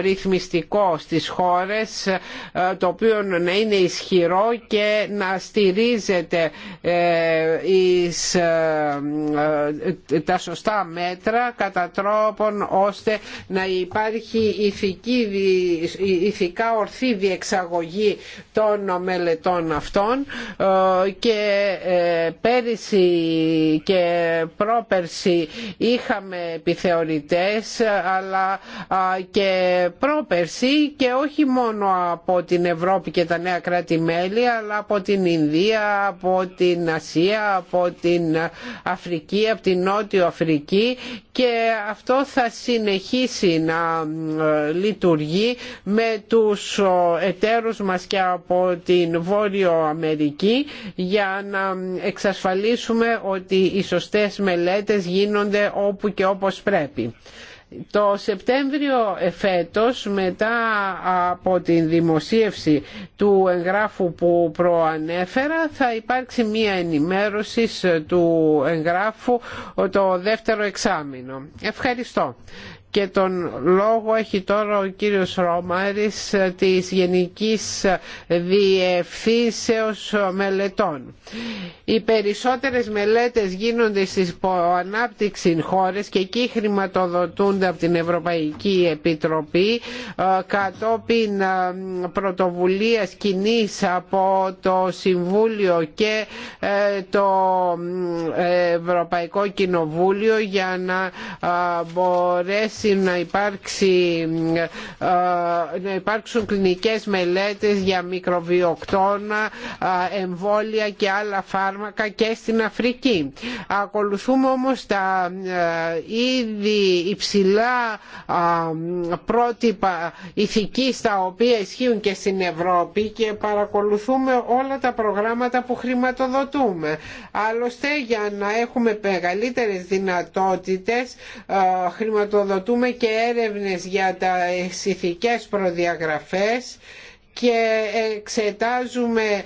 ρυθμιστικό στις χώρες ε, το οποίο να είναι ισχυρό και να στηρίζεται ε, ε, τα σωστά μέτρα κατά τρόπον ώστε να υπάρχει ηθική, ηθικά ορθή διεξαγωγή των μελετών αυτών και πέρυσι και πρόπερσι είχαμε επιθεωρητές αλλά και πρόπερση και όχι μόνο από την Ευρώπη και τα νέα κράτη-μέλη αλλά από την Ινδία, από την Ασία, από την Αφρική, από την Νότιο Αφρική και αυτό θα συνεχίσει να λειτουργεί με τους εταίρους μας και από την Βόρειο Αμερική για να εξασφαλίσουμε ότι οι σωστές μελέτες γίνονται όπου και όπως πρέπει. Το Σεπτέμβριο εφέτος μετά από την δημοσίευση του εγγράφου που προανέφερα θα υπάρξει μία ενημέρωση του εγγράφου το δεύτερο εξάμεινο. Ευχαριστώ και τον λόγο έχει τώρα ο κύριος Ρωμάρης της Γενικής Διευθύνσεως Μελετών. Οι περισσότερες μελέτες γίνονται στις ανάπτυξη χώρες και εκεί χρηματοδοτούνται από την Ευρωπαϊκή Επιτροπή ε, κατόπιν ε, πρωτοβουλίας κοινή από το Συμβούλιο και ε, το Ευρωπαϊκό Κοινοβούλιο για να μπορέσει να, ε, να υπάρξουν κλινικές μελέτες για μικροβιοκτώνα, ε, εμβόλια και άλλα φάρμακα και στην Αφρική. Ακολουθούμε όμως τα ε, ήδη υψηλά πρότυπα ηθικής τα οποία ισχύουν και στην Ευρώπη και παρακολουθούμε όλα τα προγράμματα που χρηματοδοτούμε. Άλλωστε για να έχουμε μεγαλύτερες δυνατότητες χρηματοδοτούμε και έρευνες για τα ηθικές προδιαγραφές και εξετάζουμε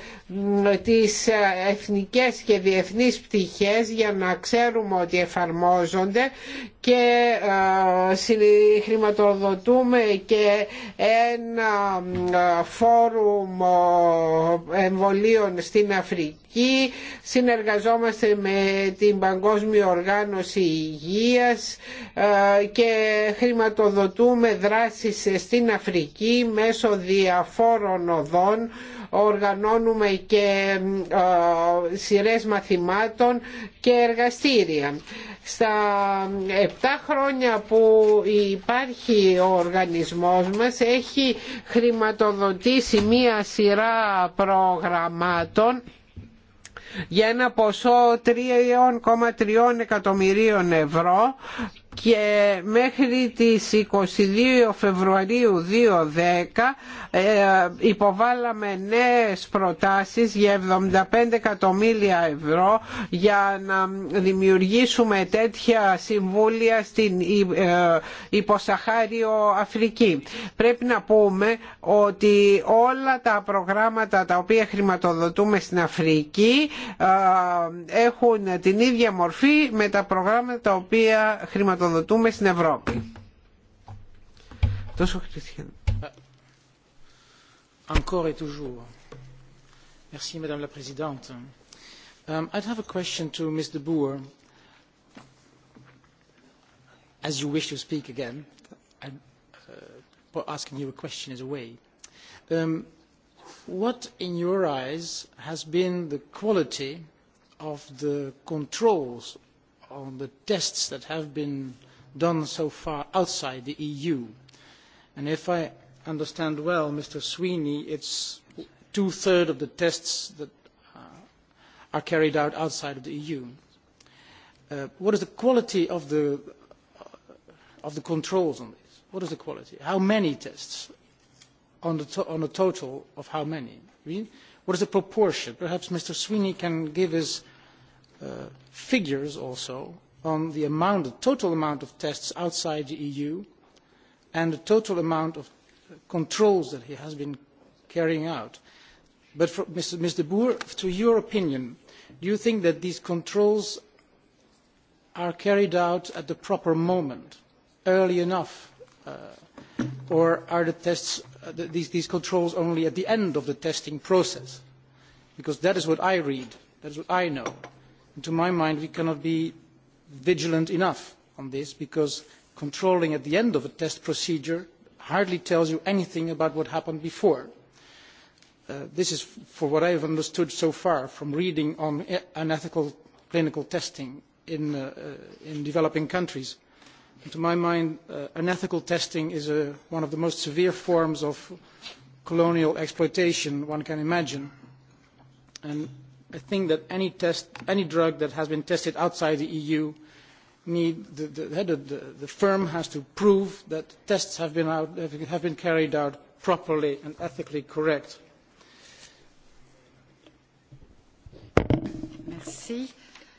τις ε, εθνικές και διεθνείς πτυχές για να ξέρουμε ότι εφαρμόζονται και ε, χρηματοδοτούμε και ένα ε, φόρουμ εμβολίων στην Αφρική συνεργαζόμαστε με την Παγκόσμια Οργάνωση Υγείας και χρηματοδοτούμε δράσεις στην Αφρική μέσω διαφόρων οδών οργανώνουμε και σειρές μαθημάτων και εργαστήρια. Στα 7 χρόνια που υπάρχει ο οργανισμός μας έχει χρηματοδοτήσει μία σειρά προγραμμάτων για ένα ποσό 3,3 εκατομμυρίων ευρώ και μέχρι τις 22 Φεβρουαρίου 2010 ε, υποβάλαμε νέες προτάσεις για 75 εκατομμύρια ευρώ για να δημιουργήσουμε τέτοια συμβούλια στην ε, υποσαχάριο Αφρική. Πρέπει να πούμε ότι όλα τα προγράμματα τα οποία χρηματοδοτούμε στην Αφρική ε, έχουν την ίδια μορφή με τα προγράμματα τα οποία χρηματοδοτούμε χρηματοδοτούμε στην Ευρώπη. Τόσο Encore et toujours. Merci, Madame la Présidente. Um, I'd have a question to Ms. de Boer. As you wish to speak again, I'm uh, asking you a question as a way. Um, what, in your eyes, has been the quality of the controls on the tests that have been done so far outside the EU. And if I understand well, Mr. Sweeney, it's two-thirds of the tests that are carried out outside of the EU. What is the quality of the controls on this? What is the quality? How many tests on a total of how many? What is the proportion? Perhaps Mr. Sweeney can give us figures also on the amount, the total amount of tests outside the EU and the total amount of controls that he has been carrying out. But, Mr. Boer, to your opinion, do you think that these controls are carried out at the proper moment, early enough, or are the tests, these controls only at the end of the testing process? Because that is what I read, that is what I know to my mind we cannot be vigilant enough on this because controlling at the end of a test procedure hardly tells you anything about what happened before. This is for what I have understood so far from reading on unethical clinical testing in developing countries. To my mind, unethical testing is one of the most severe forms of colonial exploitation one can imagine. I think that any test, any drug that has been tested outside the EU, the head of the firm has to prove that tests have been carried out properly and ethically correct. Merci.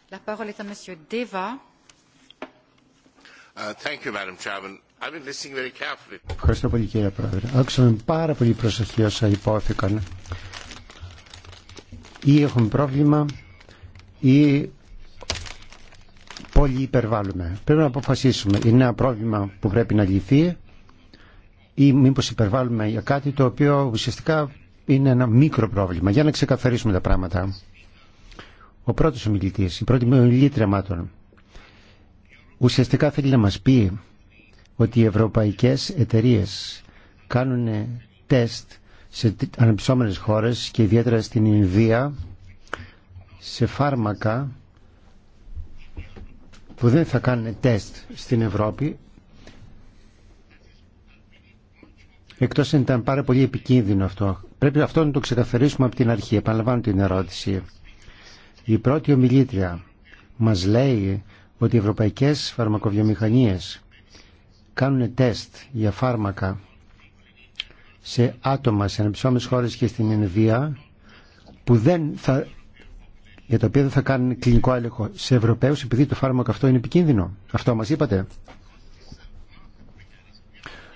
La parole est à Monsieur Deva. Thank you, Madam Chairman. I've been listening very carefully. Ευχαριστώ πολύ, κύριε Πρόεδρε. Άκουσα με πάρα πολύ προσοχή όσα υπόθηκαν ή έχουμε πρόβλημα ή πολύ υπερβάλλουμε. Πρέπει να αποφασίσουμε. Είναι ένα πρόβλημα που πρέπει να λυθεί ή μήπως υπερβάλλουμε για κάτι το οποίο ουσιαστικά είναι ένα μικρό πρόβλημα. Για να ξεκαθαρίσουμε τα πράγματα. Ο πρώτος ομιλητής, η πρώτη ομιλήτρια μάτων, ουσιαστικά θέλει να μας πει ότι οι ευρωπαϊκές εταιρείες κάνουν τεστ σε ανεψόμενες χώρες και ιδιαίτερα στην Ινδία σε φάρμακα που δεν θα κάνουν τεστ στην Ευρώπη εκτός αν ήταν πάρα πολύ επικίνδυνο αυτό. Πρέπει αυτό να το ξεκαθαρίσουμε από την αρχή. Επαναλαμβάνω την ερώτηση. Η πρώτη ομιλήτρια μας λέει ότι οι ευρωπαϊκές φαρμακοβιομηχανίες κάνουν τεστ για φάρμακα σε άτομα σε ανεψόμενες χώρες και στην Ενβία που δεν θα, για τα οποία δεν θα κάνουν κλινικό έλεγχο σε Ευρωπαίους επειδή το φάρμακο αυτό είναι επικίνδυνο. Αυτό μας είπατε.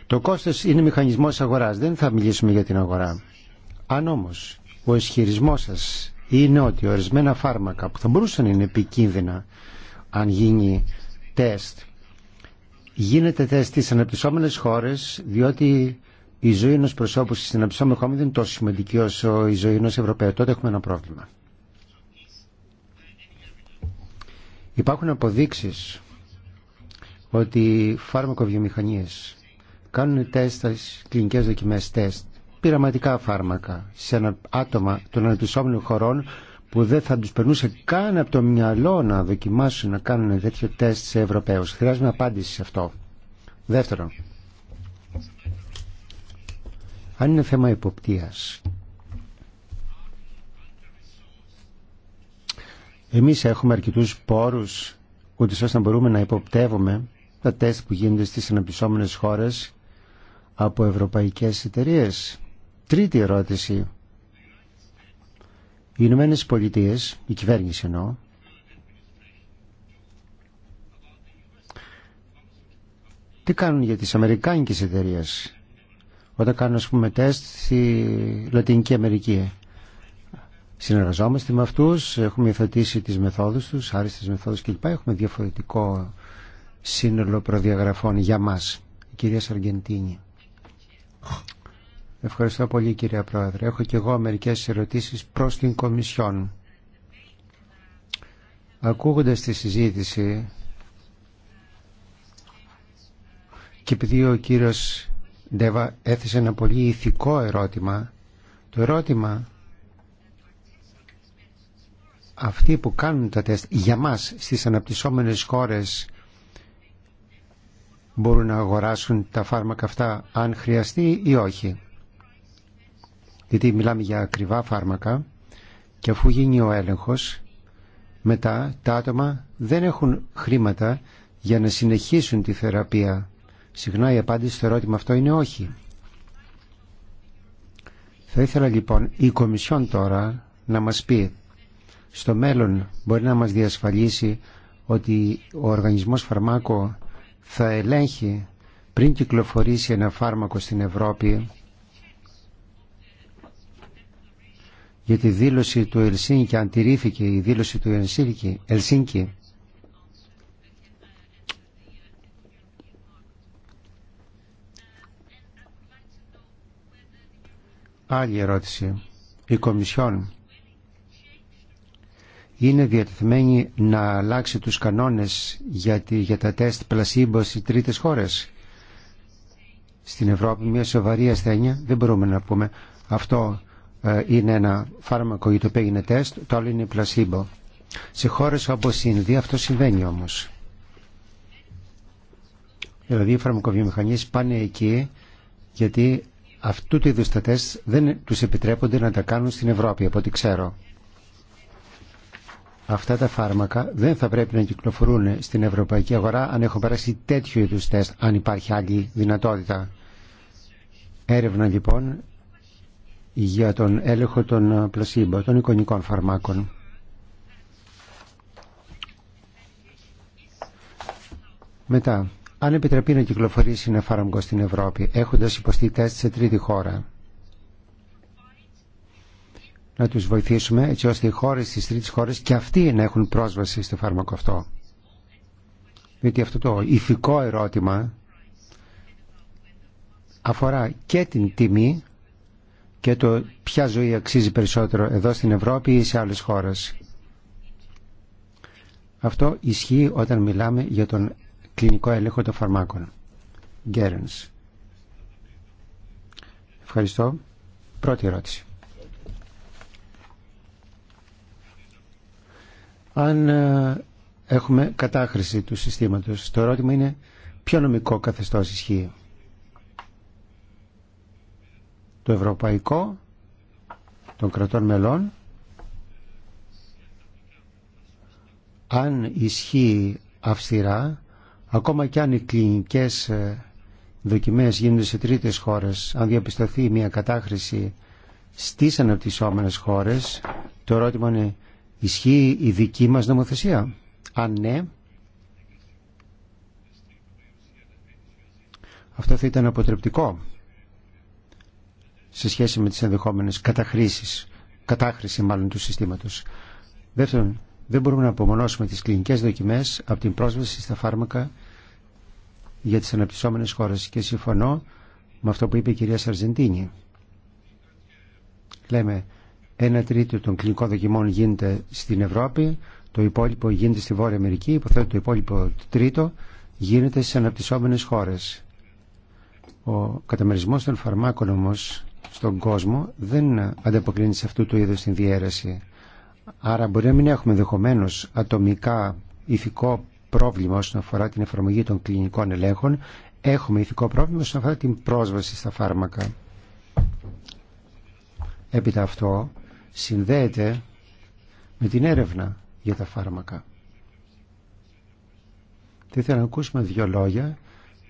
Το κόστος είναι μηχανισμός αγοράς. Δεν θα μιλήσουμε για την αγορά. Αν όμως ο ισχυρισμό σας είναι ότι ορισμένα φάρμακα που θα μπορούσαν να είναι επικίνδυνα αν γίνει τεστ γίνεται τεστ στις αναπτυσσόμενες χώρες διότι η ζωή ενό προσώπου στην αναπτυσσόμενη χώρα δεν είναι τόσο σημαντική όσο η ζωή ενό Ευρωπαίου. Τότε έχουμε ένα πρόβλημα. Υπάρχουν αποδείξει ότι οι φάρμακοβιομηχανίε κάνουν τεστ κλινικέ δοκιμέ, τεστ πειραματικά φάρμακα σε ένα άτομα των αναπτυσσόμενων χωρών που δεν θα τους περνούσε καν από το μυαλό να δοκιμάσουν να κάνουν τέτοιο τεστ σε Ευρωπαίους. Χρειάζομαι απάντηση σε αυτό. Δεύτερον, αν είναι θέμα εποπτείας, εμείς έχουμε αρκετούς πόρους ώστε να μπορούμε να υποπτεύουμε τα τεστ που γίνονται στις αναπτυσσόμενες χώρες από ευρωπαϊκές εταιρείε. Τρίτη ερώτηση. Οι Ηνωμένε Πολιτείε, η κυβέρνηση εννοώ, τι κάνουν για τις Αμερικάνικες εταιρείε όταν κάνουν ας πούμε τεστ στη Λατινική Αμερική. Συνεργαζόμαστε με αυτούς, έχουμε υιοθετήσει τις μεθόδους τους, άριστες μεθόδους κλπ. Έχουμε διαφορετικό σύνολο προδιαγραφών για μας. Η κυρία Σαργεντίνη. Ευχαριστώ πολύ κυρία Πρόεδρε. Έχω και εγώ μερικές ερωτήσεις προς την Κομισιόν. Ακούγοντας τη συζήτηση και επειδή ο κύριος Ντέβα έθεσε ένα πολύ ηθικό ερώτημα. Το ερώτημα αυτοί που κάνουν τα τεστ για μας στις αναπτυσσόμενες χώρες μπορούν να αγοράσουν τα φάρμακα αυτά αν χρειαστεί ή όχι. Γιατί μιλάμε για ακριβά φάρμακα και αφού γίνει ο έλεγχος μετά τα άτομα δεν έχουν χρήματα για να συνεχίσουν τη θεραπεία Συχνά η απάντηση στο ερώτημα αυτό είναι όχι. Θα ήθελα λοιπόν η Κομισιόν τώρα να μας πει στο μέλλον μπορεί να μας διασφαλίσει ότι ο οργανισμός φαρμάκο θα ελέγχει πριν κυκλοφορήσει ένα φάρμακο στην Ευρώπη για τη δήλωση του Ελσίνκη, αν τηρήθηκε η δήλωση του Ελσίνκη, Άλλη ερώτηση. Η Κομισιόν είναι διατεθειμένη να αλλάξει τους κανόνες για, για τα τεστ πλασίμπο σε τρίτες χώρες. Στην Ευρώπη μια σοβαρή ασθένεια δεν μπορούμε να πούμε αυτό ε, είναι ένα φάρμακο για το οποίο έγινε τεστ, το άλλο είναι πλασίμπο. Σε χώρες όπως η Ινδία αυτό συμβαίνει όμως. Δηλαδή οι φαρμακοβιομηχανίες πάνε εκεί γιατί αυτού του είδους τα τεστ δεν τους επιτρέπονται να τα κάνουν στην Ευρώπη, από ό,τι ξέρω. Αυτά τα φάρμακα δεν θα πρέπει να κυκλοφορούν στην ευρωπαϊκή αγορά αν έχουν περάσει τέτοιου είδους τεστ, αν υπάρχει άλλη δυνατότητα. Έρευνα λοιπόν για τον έλεγχο των πλασίμπο, των εικονικών φαρμάκων. Μετά, αν επιτρεπεί να κυκλοφορήσει ένα φάρμακο στην Ευρώπη έχοντας υποστεί τεστ σε τρίτη χώρα. Να τους βοηθήσουμε έτσι ώστε οι χώρες στις τρίτη χώρες και αυτοί να έχουν πρόσβαση στο φάρμακο αυτό. Διότι αυτό το ηθικό ερώτημα αφορά και την τιμή και το ποια ζωή αξίζει περισσότερο εδώ στην Ευρώπη ή σε άλλες χώρες. Αυτό ισχύει όταν μιλάμε για τον κλινικό έλεγχο των φαρμάκων. Γκέρενς. Ευχαριστώ. Πρώτη ερώτηση. Αν ε, έχουμε κατάχρηση του συστήματος, το ερώτημα είναι ποιο νομικό καθεστώς ισχύει. Το ευρωπαϊκό των κρατών μελών αν ισχύει αυστηρά Ακόμα και αν οι κλινικές ε, δοκιμές γίνονται σε τρίτες χώρες, αν διαπιστωθεί μια κατάχρηση στις αναπτυσσόμενες χώρες, το ερώτημα είναι ισχύει η δική μας νομοθεσία. Αν ναι, αυτό θα ήταν αποτρεπτικό σε σχέση με τις ενδεχόμενες καταχρήσεις, κατάχρηση μάλλον του συστήματος. Δεύτερον, δεν μπορούμε να απομονώσουμε τις κλινικές δοκιμές από την πρόσβαση στα φάρμακα για τις αναπτυσσόμενες χώρες. Και συμφωνώ με αυτό που είπε η κυρία Σαρζεντίνη. Λέμε, ένα τρίτο των κλινικών δοκιμών γίνεται στην Ευρώπη, το υπόλοιπο γίνεται στη Βόρεια Αμερική, υποθέτω το υπόλοιπο τρίτο γίνεται στις αναπτυσσόμενες χώρες. Ο καταμερισμός των φαρμάκων όμως στον κόσμο δεν ανταποκρίνει σε αυτού του είδους την διαίρεση. Άρα μπορεί να μην έχουμε ενδεχομένω ατομικά ηθικό πρόβλημα όσον αφορά την εφαρμογή των κλινικών ελέγχων. Έχουμε ηθικό πρόβλημα όσον αφορά την πρόσβαση στα φάρμακα. Έπειτα αυτό συνδέεται με την έρευνα για τα φάρμακα. Θα ήθελα να ακούσουμε δύο λόγια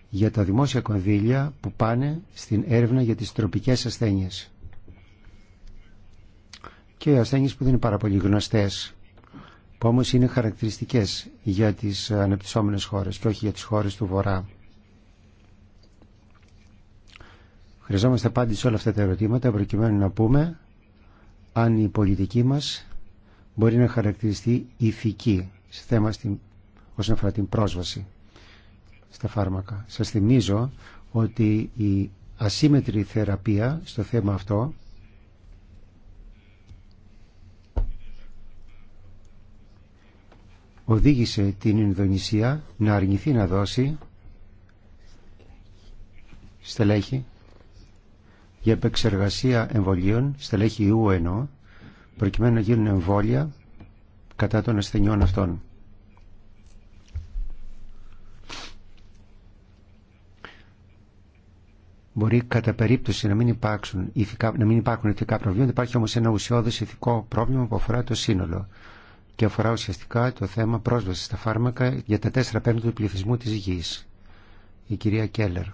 για τα δημόσια κονδύλια που πάνε στην έρευνα για τις τροπικές ασθένειες και ασθένειες που δεν είναι πάρα πολύ γνωστές που όμως είναι χαρακτηριστικές για τις αναπτυσσόμενες χώρες και όχι για τις χώρες του Βορρά. Χρειαζόμαστε απάντηση σε όλα αυτά τα ερωτήματα προκειμένου να πούμε αν η πολιτική μας μπορεί να χαρακτηριστεί ηθική σε θέμα στην, όσον αφορά την πρόσβαση στα φάρμακα. Σας θυμίζω ότι η ασύμετρη θεραπεία στο θέμα αυτό οδήγησε την Ινδονησία να αρνηθεί να δώσει στελέχη για επεξεργασία εμβολίων, στελέχη ιού ενώ, προκειμένου να γίνουν εμβόλια κατά των ασθενειών αυτών. Μπορεί κατά περίπτωση να μην υπάρξουν ηθικά, να μην υπάρχουν ηθικά προβλήματα, υπάρχει όμως ένα ουσιώδες ηθικό πρόβλημα που αφορά το σύνολο και αφορά ουσιαστικά το θέμα πρόσβασης στα φάρμακα για τα 4 πέμπτου του πληθυσμού της γης. Η κυρία Κέλλερ.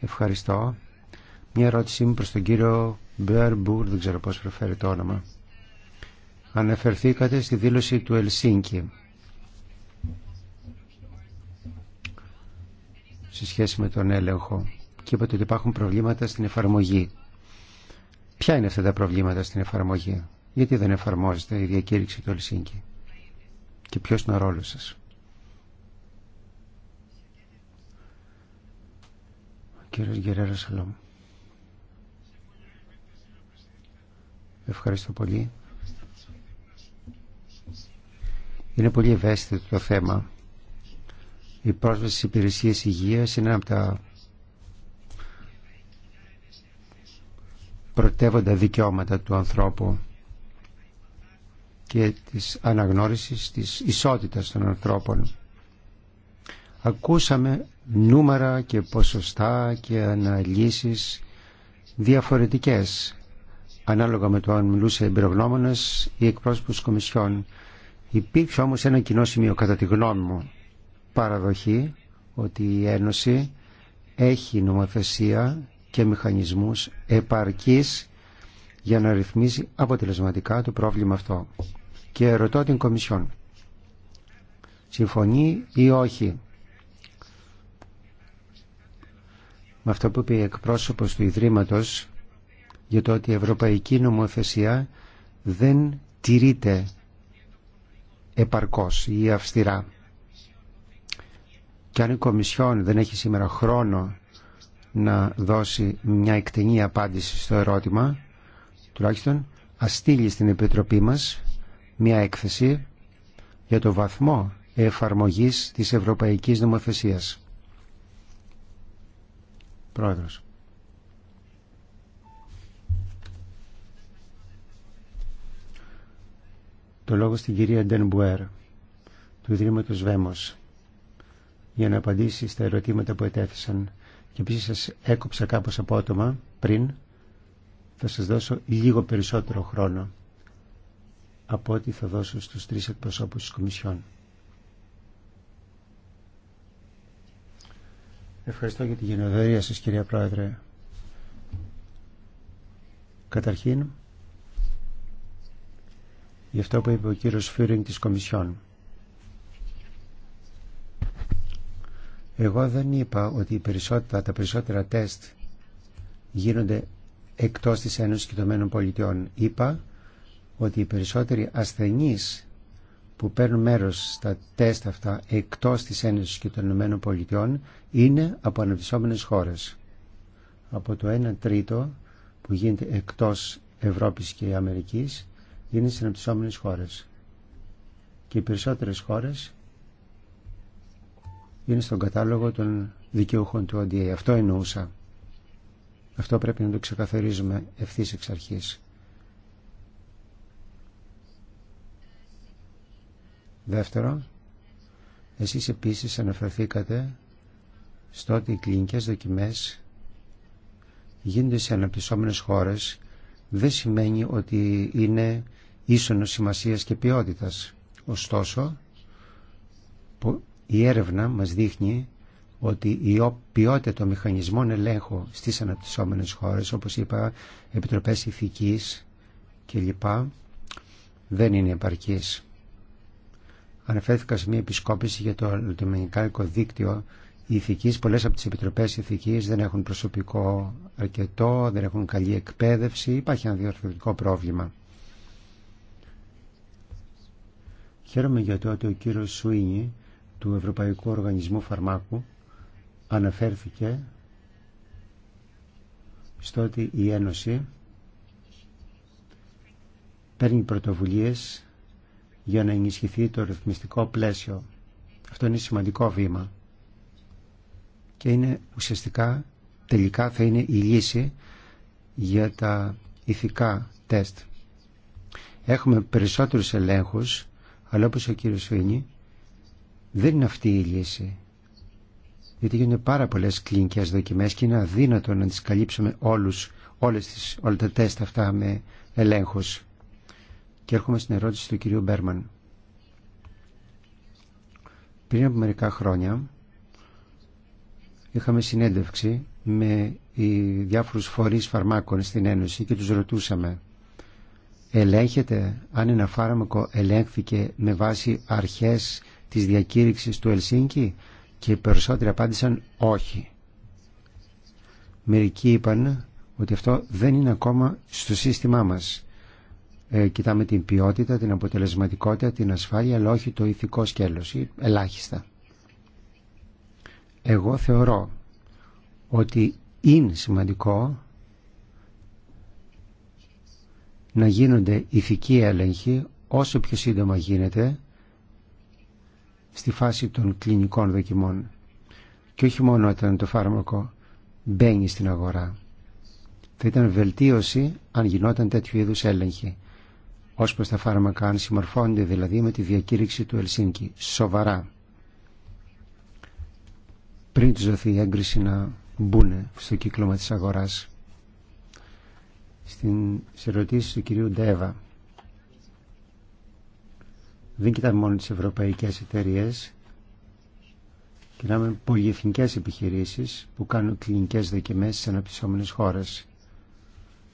Ευχαριστώ. Μια ερώτησή μου προς τον κύριο Μπέρμπουρ, δεν ξέρω πώς προφέρει το όνομα. Αναφερθήκατε στη δήλωση του Ελσίνκη σε σχέση με τον έλεγχο και είπατε ότι υπάρχουν προβλήματα στην εφαρμογή. Ποια είναι αυτά τα προβλήματα στην εφαρμογή γιατί δεν εφαρμόζεται η διακήρυξη του Ελσίνκη και ποιος είναι ο ρόλος σας. Ο κύριος Σαλόμ. Ευχαριστώ πολύ. Είναι πολύ ευαίσθητο το θέμα. Η πρόσβαση στις υπηρεσίες υγείας είναι ένα από τα πρωτεύοντα δικαιώματα του ανθρώπου και της αναγνώρισης της ισότητας των ανθρώπων. Ακούσαμε νούμερα και ποσοστά και αναλύσεις διαφορετικές ανάλογα με το αν μιλούσε εμπειρογνώμονες ή εκπρόσωπος κομισιών. Υπήρξε όμως ένα κοινό σημείο κατά τη γνώμη μου παραδοχή ότι η Ένωση έχει νομοθεσία και μηχανισμούς επαρκής για να ρυθμίζει αποτελεσματικά το πρόβλημα αυτό. Και ρωτώ την Κομισιόν. Συμφωνεί ή όχι με αυτό που είπε η εκπρόσωπος του Ιδρύματος για το ότι η Ευρωπαϊκή Νομοθεσία δεν τηρείται επαρκώς ή αυστηρά. Και αν η Κομισιόν δεν έχει σήμερα χρόνο να δώσει μια εκτενή απάντηση στο ερώτημα, τουλάχιστον ας στείλει στην Επιτροπή μας μια έκθεση για το βαθμό εφαρμογής της Ευρωπαϊκής Νομοθεσίας. Πρόεδρος. Το λόγο στην κυρία Ντενμπουέρ του Ιδρύματος Βέμος για να απαντήσει στα ερωτήματα που ετέθησαν και επίσης σας έκοψα κάπως απότομα πριν θα σας δώσω λίγο περισσότερο χρόνο από ό,τι θα δώσω στους τρεις εκπροσώπους της Κομισιόν. Ευχαριστώ για τη γενοδορία σας κυρία Πρόεδρε. Καταρχήν, γι' αυτό που είπε ο κύριος Φύρινγκ της Κομισιόν. Εγώ δεν είπα ότι τα περισσότερα τεστ γίνονται εκτός της Ένωσης και των Πολιτειών. Είπα ότι οι περισσότεροι ασθενείς που παίρνουν μέρος στα τεστ αυτά εκτός της Ένωσης και των Πολιτειών είναι από αναπτυσσόμενες χώρες. Από το 1 τρίτο που γίνεται εκτός Ευρώπης και Αμερικής είναι στις αναπτυσσόμενες χώρες. Και οι περισσότερες χώρες είναι στον κατάλογο των δικαιούχων του ODA. Αυτό εννοούσα. Αυτό πρέπει να το ξεκαθαρίζουμε ευθύ εξ αρχής. Δεύτερο, εσείς επίσης αναφερθήκατε στο ότι οι κλινικές δοκιμές γίνονται σε αναπτυσσόμενες χώρες δεν σημαίνει ότι είναι ίσονος σημασίας και ποιότητας. Ωστόσο, η έρευνα μας δείχνει ότι η ποιότητα των μηχανισμών ελέγχου στις αναπτυσσόμενες χώρες, όπως είπα, επιτροπές ηθικής κλπ, δεν είναι επαρκής. Αναφέρθηκα σε μια επισκόπηση για το λατινικό δίκτυο ηθικής. Πολλές από τις επιτροπές ηθικής δεν έχουν προσωπικό αρκετό, δεν έχουν καλή εκπαίδευση. Υπάρχει ένα διορθωτικό πρόβλημα. Χαίρομαι για το ότι ο κύριος Σουίνι του Ευρωπαϊκού Οργανισμού Φαρμάκου αναφέρθηκε στο ότι η Ένωση παίρνει πρωτοβουλίες για να ενισχυθεί το ρυθμιστικό πλαίσιο. Αυτό είναι σημαντικό βήμα και είναι ουσιαστικά τελικά θα είναι η λύση για τα ηθικά τεστ. Έχουμε περισσότερους ελέγχους, αλλά όπως ο κύριος Φίνη, δεν είναι αυτή η λύση γιατί γίνονται πάρα πολλέ κλινικές δοκιμές και είναι αδύνατο να τις καλύψουμε όλους, όλες τα τεστ αυτά με ελέγχους. Και έρχομαι στην ερώτηση του κυρίου Μπέρμαν. Πριν από μερικά χρόνια είχαμε συνέντευξη με οι διάφορους φορείς φαρμάκων στην Ένωση και τους ρωτούσαμε ελέγχεται αν ένα φάρμακο ελέγχθηκε με βάση αρχές της διακήρυξης του Ελσίνκη και οι περισσότεροι απάντησαν όχι. Μερικοί είπαν ότι αυτό δεν είναι ακόμα στο σύστημά μας. Ε, κοιτάμε την ποιότητα, την αποτελεσματικότητα, την ασφάλεια, αλλά όχι το ηθικό σκέλος, ελάχιστα. Εγώ θεωρώ ότι είναι σημαντικό να γίνονται ηθικοί έλεγχοι όσο πιο σύντομα γίνεται στη φάση των κλινικών δοκιμών. Και όχι μόνο όταν το φάρμακο μπαίνει στην αγορά. Θα ήταν βελτίωση αν γινόταν τέτοιου είδους έλεγχη. Ως τα φάρμακα αν συμμορφώνονται δηλαδή με τη διακήρυξη του Ελσίνκη. Σοβαρά. Πριν τους δοθεί η έγκριση να μπουν στο κύκλωμα της αγοράς. Στην ερωτήσει του κυρίου Ντέβα δεν κοιτάμε μόνο τις ευρωπαϊκές εταιρείες, κοιτάμε πολυεθνικές επιχειρήσεις που κάνουν κλινικές δοκιμές σε αναπτυσσόμενες χώρες.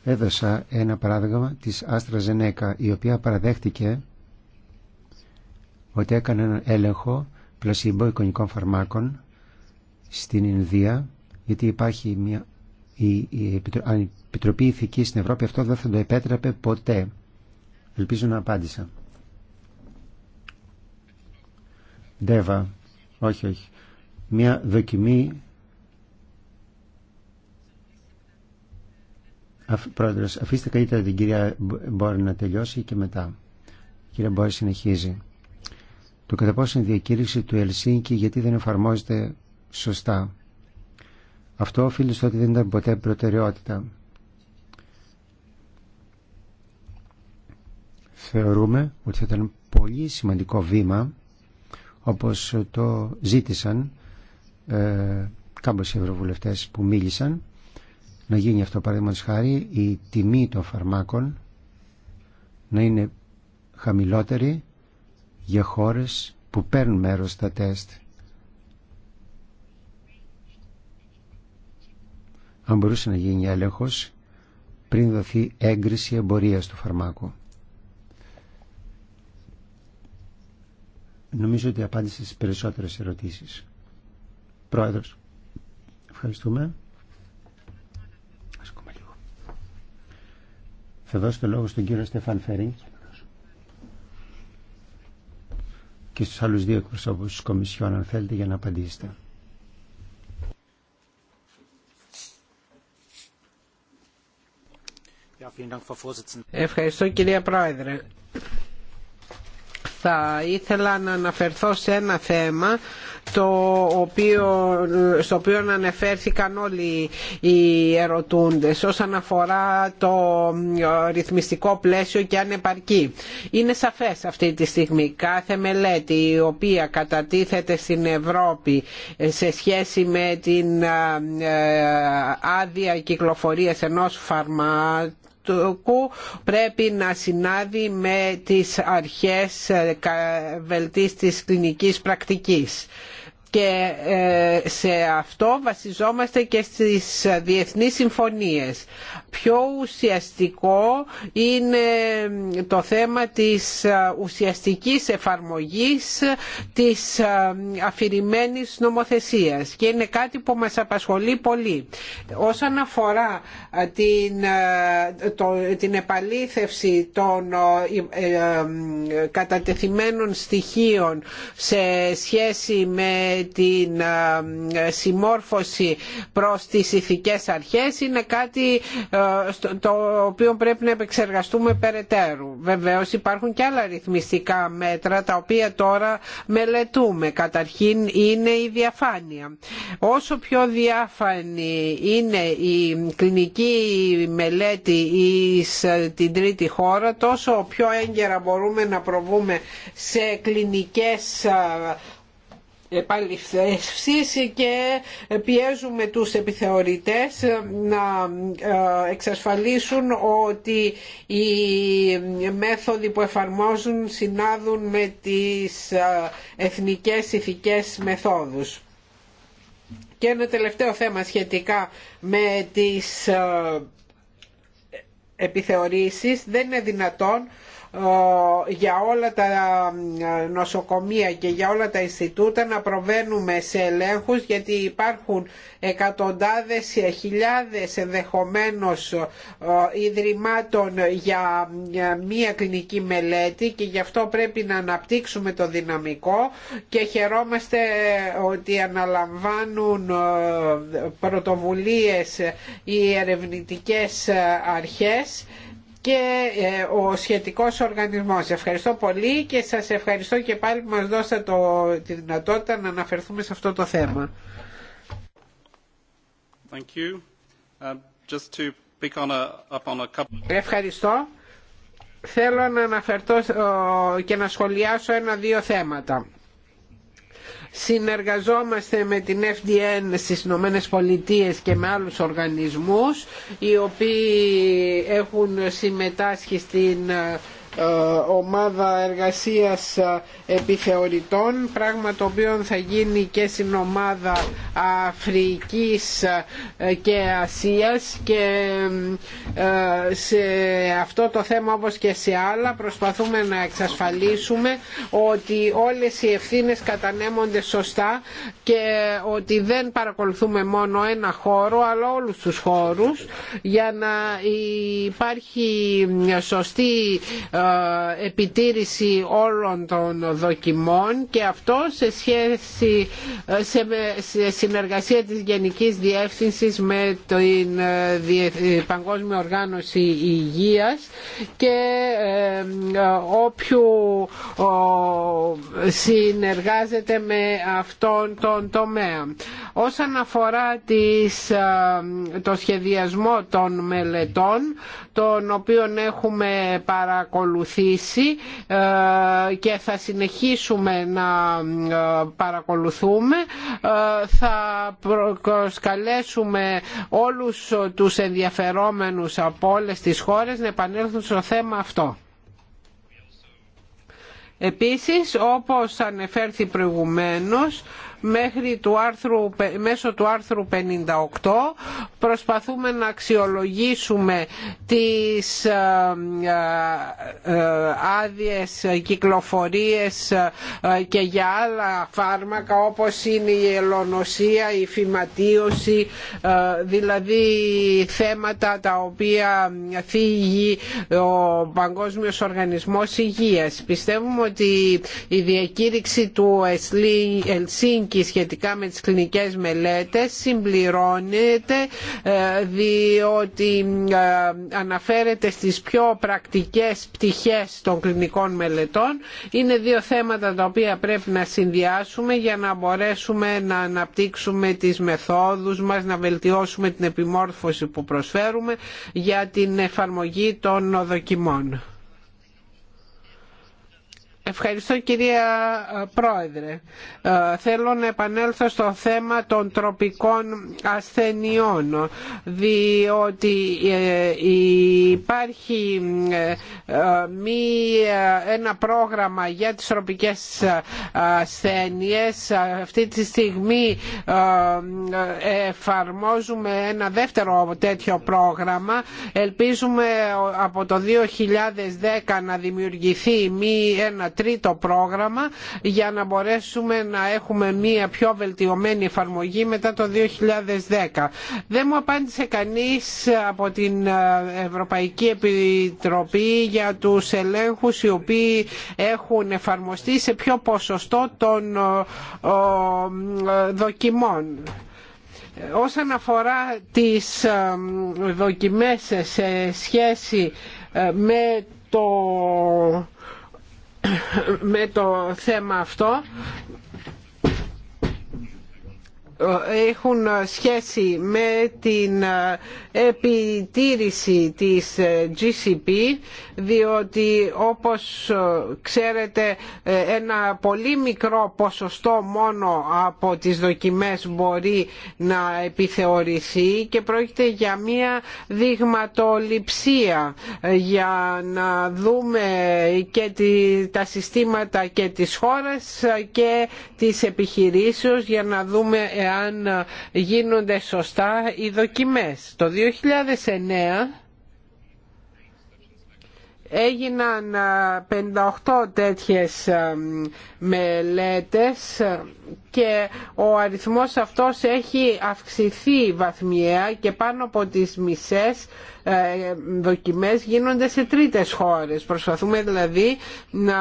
Έδωσα ένα παράδειγμα της Άστρα η οποία παραδέχτηκε ότι έκανε έναν έλεγχο πλασίμπο εικονικών φαρμάκων στην Ινδία, γιατί υπάρχει μια... Η, η, Επιτροπή Ηθικής στην Ευρώπη αυτό δεν θα το επέτρεπε ποτέ. Ελπίζω να απάντησα. Ντέβα. Όχι, όχι. Μια δοκιμή. Αφ, αφήστε καλύτερα την κυρία Μπόρ να τελειώσει και μετά. Η κυρία Μπόρ συνεχίζει. Το κατά πόσο είναι διακήρυξη του Ελσίνκη γιατί δεν εφαρμόζεται σωστά. Αυτό οφείλει στο ότι δεν ήταν ποτέ προτεραιότητα. Θεωρούμε ότι θα ήταν πολύ σημαντικό βήμα όπως το ζήτησαν ε, οι ευρωβουλευτές που μίλησαν να γίνει αυτό παραδείγματο χάρη η τιμή των φαρμάκων να είναι χαμηλότερη για χώρες που παίρνουν μέρος στα τεστ. Αν μπορούσε να γίνει έλεγχος πριν δοθεί έγκριση εμπορίας του φαρμάκου. Νομίζω ότι απάντησε στις περισσότερες ερωτήσεις. Πρόεδρος, ευχαριστούμε. λίγο. Θα δώσω το λόγο στον κύριο Στεφάν Φέρινγκ και στους άλλους δύο εκπροσώπους της Κομισιόν αν θέλετε για να απαντήσετε. Ευχαριστώ κυρία Πρόεδρε. Θα ήθελα να αναφερθώ σε ένα θέμα το οποίο, στο οποίο αναφέρθηκαν όλοι οι ερωτούντες όσον αφορά το ρυθμιστικό πλαίσιο και αν επαρκεί. Είναι σαφές αυτή τη στιγμή κάθε μελέτη η οποία κατατίθεται στην Ευρώπη σε σχέση με την ε, άδεια κυκλοφορίας ενός φαρμάτου πρέπει να συνάδει με τις αρχές της κλινικής πρακτικής και ε, σε αυτό βασιζόμαστε και στις διεθνείς συμφωνίες. Πιο ουσιαστικό είναι το θέμα της ουσιαστικής εφαρμογής της ε, αφηρημένης νομοθεσίας και είναι κάτι που μας απασχολεί πολύ. Όσον αφορά ε, την, το, την επαλήθευση των κατατεθειμένων στοιχείων σε σχέση με την ε, συμμόρφωση προς τις ηθικές αρχές είναι κάτι ε, το οποίο πρέπει να επεξεργαστούμε περαιτέρω. Βεβαίως υπάρχουν και άλλα ρυθμιστικά μέτρα τα οποία τώρα μελετούμε. Καταρχήν είναι η διαφάνεια. Όσο πιο διάφανη είναι η κλινική μελέτη ε, την τρίτη χώρα τόσο πιο έγκαιρα μπορούμε να προβούμε σε κλινικές επαληθεύσεις και πιέζουμε τους επιθεωρητές να ε, εξασφαλίσουν ότι οι μέθοδοι που εφαρμόζουν συνάδουν με τις ε, εθνικές ηθικές μεθόδους. Και ένα τελευταίο θέμα σχετικά με τις ε, επιθεωρήσεις δεν είναι δυνατόν ε, για όλα τα ε, νοσοκομεία και για όλα τα Ινστιτούτα να προβαίνουμε σε ελέγχους γιατί υπάρχουν εκατοντάδες ε, χιλιάδες ενδεχομένως ιδρυμάτων για μία κλινική μελέτη και γι' αυτό πρέπει να αναπτύξουμε το δυναμικό και χαιρόμαστε ότι αναλαμβάνουν πρωτοβουλίες οι ερευνητικές αρχές και ε, ο σχετικός οργανισμός. Ευχαριστώ πολύ και σας ευχαριστώ και πάλι που μας δώσατε τη δυνατότητα να αναφερθούμε σε αυτό το θέμα. Thank you. Um, just to pick on Ευχαριστώ. Θέλω να αναφερθώ ε, και να σχολιάσω ένα-δύο θέματα συνεργαζόμαστε με την FDN στις Ηνωμένε Πολιτείε και με άλλους οργανισμούς οι οποίοι έχουν συμμετάσχει στην ε, ε, ομάδα εργασίας ε, επιθεωρητών πράγμα το οποίο θα γίνει και στην ομάδα Αφρικής ε, και Ασίας και σε αυτό το θέμα όπως και σε άλλα προσπαθούμε να εξασφαλίσουμε ότι όλες οι ευθύνες κατανέμονται σωστά και ότι δεν παρακολουθούμε μόνο ένα χώρο αλλά όλους τους χώρους για να υπάρχει σωστή ε, επιτήρηση όλων των δοκιμών και αυτό σε, σχέση, ε, σε, συνεργασία της Γενικής Διεύθυνσης με την ε, Παγκόσμια Οργάνωση Υγείας και όποιου συνεργάζεται με αυτόν τον τομέα. Όσον αφορά τις, το σχεδιασμό των μελετών, τον οποίο έχουμε παρακολουθήσει ε, και θα συνεχίσουμε να ε, παρακολουθούμε. Ε, θα προσκαλέσουμε όλους τους ενδιαφερόμενους από όλες τις χώρες να επανέλθουν στο θέμα αυτό. Επίσης, όπως ανεφέρθη προηγουμένως, μέχρι μέσω του άρθρου 58 προσπαθούμε να αξιολογήσουμε τις ε, ε, ε, άδειες κυκλοφορίες και για άλλα φάρμακα όπως είναι η ελονοσία, η φυματίωση δηλαδή θέματα τα οποία θίγει ο Παγκόσμιος Οργανισμός Υγείας. Πιστεύουμε ότι η διακήρυξη του Ελσίνκη και σχετικά με τις κλινικές μελέτες συμπληρώνεται ε, διότι ε, αναφέρεται στις πιο πρακτικές πτυχές των κλινικών μελετών. Είναι δύο θέματα τα οποία πρέπει να συνδυάσουμε για να μπορέσουμε να αναπτύξουμε τις μεθόδους μας, να βελτιώσουμε την επιμόρφωση που προσφέρουμε για την εφαρμογή των δοκιμών. Ευχαριστώ κυρία ε, Πρόεδρε. Ε, θέλω να επανέλθω στο θέμα των τροπικών ασθενειών διότι ε, υπάρχει μία, ένα πρόγραμμα για τις τροπικές ασθένειες. Αυτή τη στιγμή εφαρμόζουμε ένα δεύτερο τέτοιο πρόγραμμα. Ελπίζουμε από το 2010 να δημιουργηθεί μη ένα τρίτο πρόγραμμα για να μπορέσουμε να έχουμε μία πιο βελτιωμένη εφαρμογή μετά το 2010. Δεν μου απάντησε κανείς από την ε, Ευρωπαϊκή Επιτροπή για τους ελέγχους οι οποίοι έχουν εφαρμοστεί σε πιο ποσοστό των ε, ε, δοκιμών. Όσον αφορά τις δοκιμές σε σχέση με το με το θέμα αυτό έχουν σχέση με την επιτήρηση της GCP διότι όπως ξέρετε ένα πολύ μικρό ποσοστό μόνο από τις δοκιμές μπορεί να επιθεωρηθεί και πρόκειται για μία δειγματοληψία για να δούμε και τα συστήματα και της χώρας και τις επιχειρήσεις για να δούμε αν γίνονται σωστά οι δοκιμές. Το 2009 έγιναν 58 τέτοιες μελέτες και ο αριθμός αυτός έχει αυξηθεί βαθμιαία και πάνω από τις μισές ε, δοκιμές γίνονται σε τρίτες χώρες. Προσπαθούμε δηλαδή να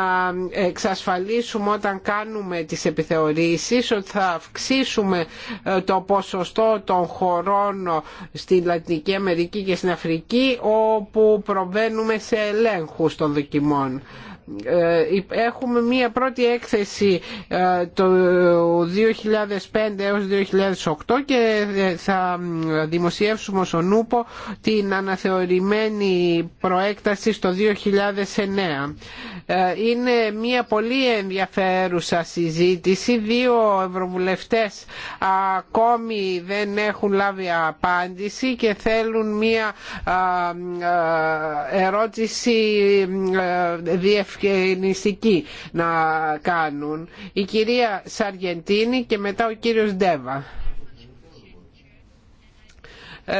εξασφαλίσουμε όταν κάνουμε τις επιθεωρήσεις ότι θα αυξήσουμε ε, το ποσοστό των χωρών στη Λατινική Αμερική και στην Αφρική όπου προβαίνουμε σε ελέγχους των δοκιμών. Ε, έχουμε μία πρώτη έκθεση ε, το 2005 έως 2008 και ε, θα δημοσιεύσουμε ως ο Νούπο την αναθεωρημένη προέκταση στο 2009. Ε, είναι μια πολύ ενδιαφέρουσα συζήτηση. Δύο ευρωβουλευτές ακόμη δεν έχουν λάβει απάντηση και θέλουν μια ερώτηση ε, διευκαινιστική να κάνουν. Η κυρία Σαργεντίνη και μετά ο κύριος Ντέβα. Ε,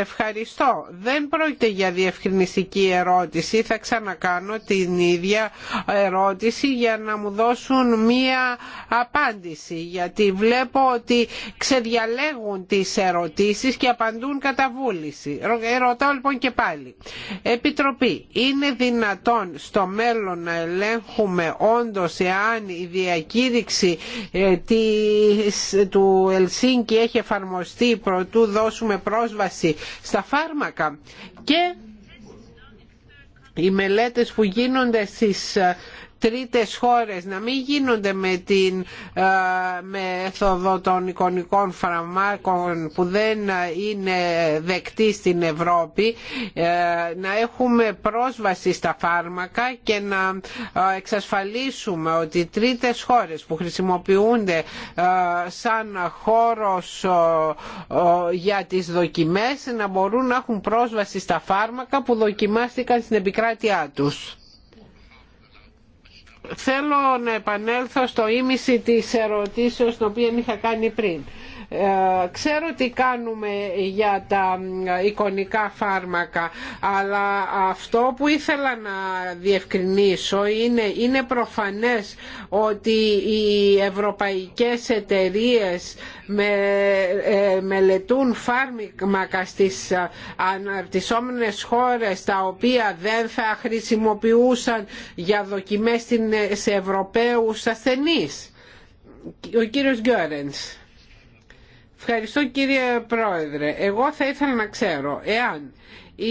ευχαριστώ. Δεν πρόκειται για διευκρινιστική ερώτηση. Θα ξανακάνω την ίδια ερώτηση για να μου δώσουν μία απάντηση. Γιατί βλέπω ότι ξεδιαλέγουν τις ερωτήσεις και απαντούν κατά βούληση. Ε, ρωτάω λοιπόν και πάλι. Επιτροπή, είναι δυνατόν στο μέλλον να ελέγχουμε όντως εάν η διακήρυξη ε, του Ελσίνκη έχει εφαρμοστεί προτού δώσουμε πρόσβαση στα φάρμακα και οι μελέτες που γίνονται στις ε, τρίτες χώρες να μην γίνονται με την ε, μέθοδο των εικονικών φαρμάκων που δεν είναι δεκτή στην Ευρώπη ε, να έχουμε πρόσβαση στα φάρμακα και να ε, εξασφαλίσουμε ότι τρίτες χώρες που χρησιμοποιούνται ε, σαν χώρος για τις δοκιμές να μπορούν να έχουν πρόσβαση στα φάρμακα που δοκιμάστηκαν στην επικράτειά τους. Θέλω να επανέλθω στο ίμιση της ερωτήσεως το οποίο είχα κάνει πριν. Ε, ξέρω τι κάνουμε για τα εικονικά φάρμακα, αλλά αυτό που ήθελα να διευκρινίσω είναι, είναι προφανές ότι οι ευρωπαϊκές εταιρείες ε, μελετούν φάρμακα στις αναρτησόμενες χώρες τα οποία δεν θα χρησιμοποιούσαν για δοκιμές σε Ευρωπαίους ασθενείς. Ο κύριος Γκιόρενς. Ευχαριστώ κύριε Πρόεδρε. Εγώ θα ήθελα να ξέρω εάν οι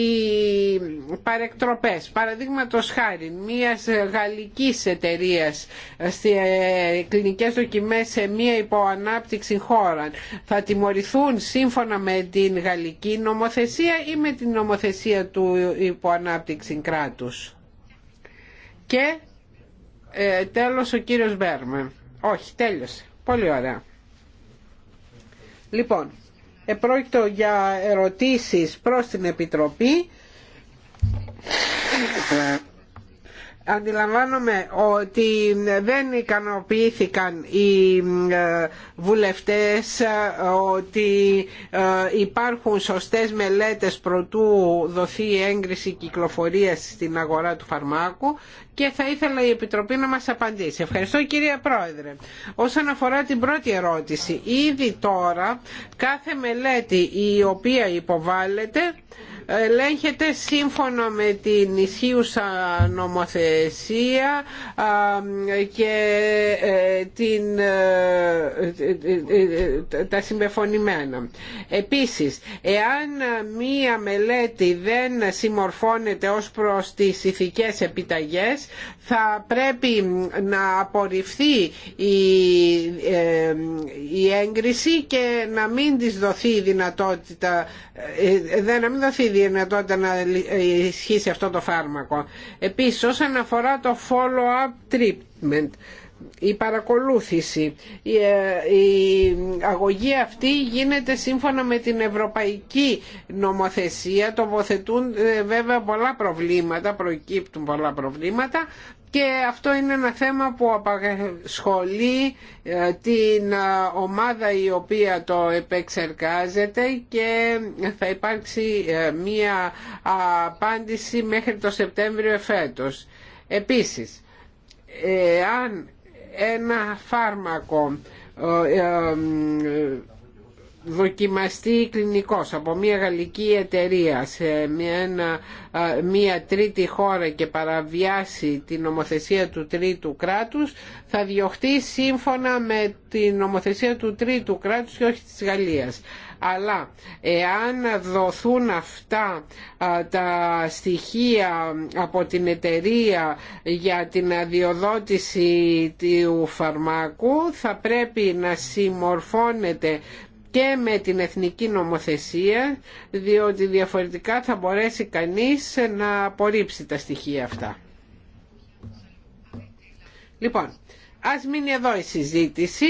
παρεκτροπές παραδείγματος χάρη μιας γαλλικής εταιρείας στις ε, κλινικές δοκιμές σε μια υποανάπτυξη χώρα θα τιμωρηθούν σύμφωνα με την γαλλική νομοθεσία ή με την νομοθεσία του υποανάπτυξη κράτους. Και ε, τέλος ο κύριος Μπέρμε. Όχι, τέλειωσε. Πολύ ωραία. Λοιπόν, επρόκειτο για ερωτήσεις προς την Επιτροπή αντιλαμβάνομαι ότι δεν ικανοποιήθηκαν οι ε, βουλευτές ε, ότι ε, υπάρχουν σωστές μελέτες προτού δοθεί η έγκριση κυκλοφορίας στην αγορά του φαρμάκου και θα ήθελα η Επιτροπή να μας απαντήσει. Ευχαριστώ κυρία Πρόεδρε. Όσον αφορά την πρώτη ερώτηση, ήδη τώρα κάθε μελέτη η οποία υποβάλλεται ελέγχεται σύμφωνα με την ισχύουσα νομοθεσία και ε, την, ε, ε, τα συμπεφωνημένα. Επίσης, εάν μία μελέτη δεν συμμορφώνεται ως προς τις ηθικές επιταγές, θα πρέπει να απορριφθεί η, η έγκριση και να μην της δοθεί η δυνατότητα, δεν να μην δοθεί δυνατότητα να ε, ισχύσει αυτό το φάρμακο. Επίσης όσον αφορά το follow-up treatment, η παρακολούθηση, η, ε, η αγωγή αυτή γίνεται σύμφωνα με την ευρωπαϊκή νομοθεσία, τοποθετούν ε, βέβαια πολλά προβλήματα, προκύπτουν πολλά προβλήματα, και αυτό είναι ένα θέμα που απασχολεί ε, την ε, ομάδα η οποία το επεξεργάζεται και θα υπάρξει ε, μία απάντηση μέχρι το Σεπτέμβριο εφέτος. Επίσης, αν ένα φάρμακο δοκιμαστεί κλινικός από μια γαλλική εταιρεία σε μια, μια τρίτη χώρα και παραβιάσει την νομοθεσία του τρίτου κράτους θα διωχτεί σύμφωνα με την νομοθεσία του τρίτου κράτους και όχι της Γαλλίας αλλά εάν δοθούν αυτά τα στοιχεία από την εταιρεία για την αδειοδότηση του φαρμάκου θα πρέπει να συμμορφώνεται και με την εθνική νομοθεσία διότι διαφορετικά θα μπορέσει κανείς να απορρίψει τα στοιχεία αυτά. Λοιπόν, ας μείνει εδώ η συζήτηση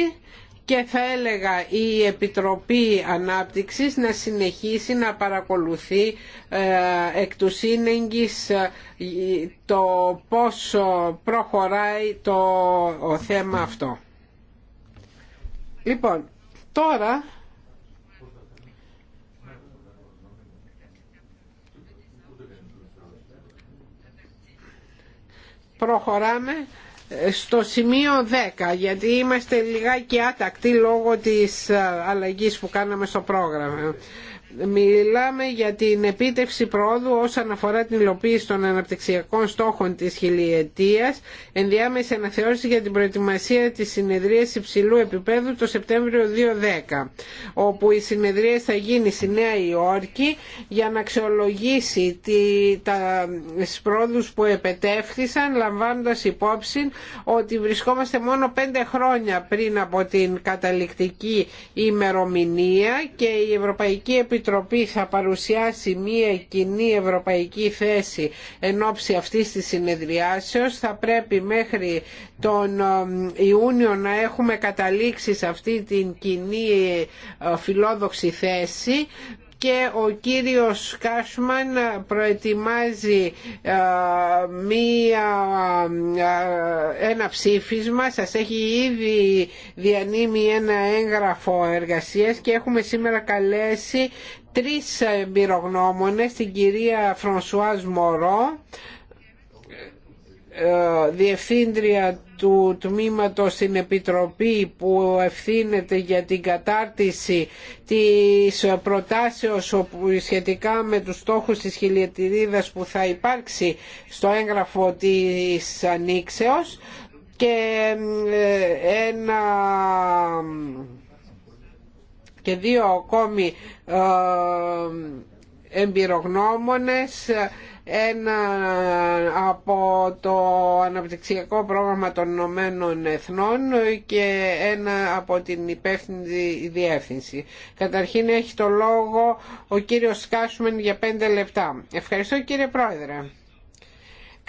και θα έλεγα η Επιτροπή Ανάπτυξης να συνεχίσει να παρακολουθεί ε, εκ του ε, το πόσο προχωράει το θέμα αυτό. Λοιπόν, τώρα Προχωράμε ε, στο σημείο 10 γιατί είμαστε λιγάκι άτακτοι λόγω της ε, αλλαγής που κάναμε στο πρόγραμμα. Μιλάμε για την επίτευξη πρόοδου όσον αφορά την υλοποίηση των αναπτυξιακών στόχων της χιλιετίας, ενδιάμεση αναθεώρηση για την προετοιμασία της συνεδρίας υψηλού επίπεδου το Σεπτέμβριο 2010, όπου η συνεδρία θα γίνει στη Νέα Υόρκη για να αξιολογήσει τι τα πρόοδους που επετεύχθησαν, λαμβάνοντας υπόψη ότι βρισκόμαστε μόνο πέντε χρόνια πριν από την καταληκτική ημερομηνία και η Ευρωπαϊκή Επιτροπή θα παρουσιάσει μία κοινή ευρωπαϊκή θέση εν ώψη αυτής της συνεδριάσεως. Θα πρέπει μέχρι τον Ιούνιο να έχουμε καταλήξει σε αυτή την κοινή ε, φιλόδοξη θέση και ο κύριος Κάσμαν προετοιμάζει ε, μία, ε, ένα ψήφισμα. Σας έχει ήδη διανύμει ένα έγγραφο εργασίας και έχουμε σήμερα καλέσει τρεις εμπειρογνώμονες, την κυρία Φρονσουάζ Μωρό, ε, διευθύντρια του τμήματος στην Επιτροπή που ευθύνεται για την κατάρτιση της προτάσεως σχετικά με τους στόχους της χιλιατηρίδας που θα υπάρξει στο έγγραφο της Ανοίξεως και ε, ένα και δύο ακόμη ε, εμπειρογνώμονες ένα από το αναπτυξιακό πρόγραμμα των Ηνωμένων Εθνών και ένα από την υπεύθυνη διεύθυνση. Καταρχήν έχει το λόγο ο κύριος Σκάσουμεν για πέντε λεπτά. Ευχαριστώ κύριε Πρόεδρε.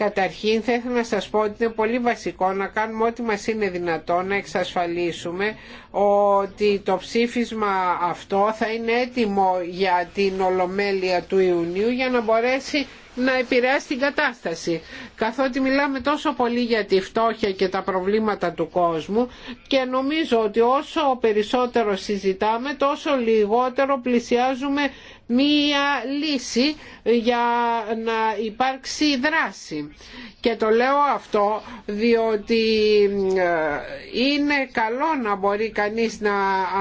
Καταρχήν θα ήθελα να σας πω ότι είναι πολύ βασικό να κάνουμε ό,τι μας είναι δυνατό να εξασφαλίσουμε ότι το ψήφισμα αυτό θα είναι έτοιμο για την Ολομέλεια του Ιουνίου για να μπορέσει να επηρεάσει την κατάσταση. Καθότι μιλάμε τόσο πολύ για τη φτώχεια και τα προβλήματα του κόσμου και νομίζω ότι όσο περισσότερο συζητάμε τόσο λιγότερο πλησιάζουμε μία λύση για να υπάρξει δράση. Και το λέω αυτό διότι ε, είναι καλό να μπορεί κανείς να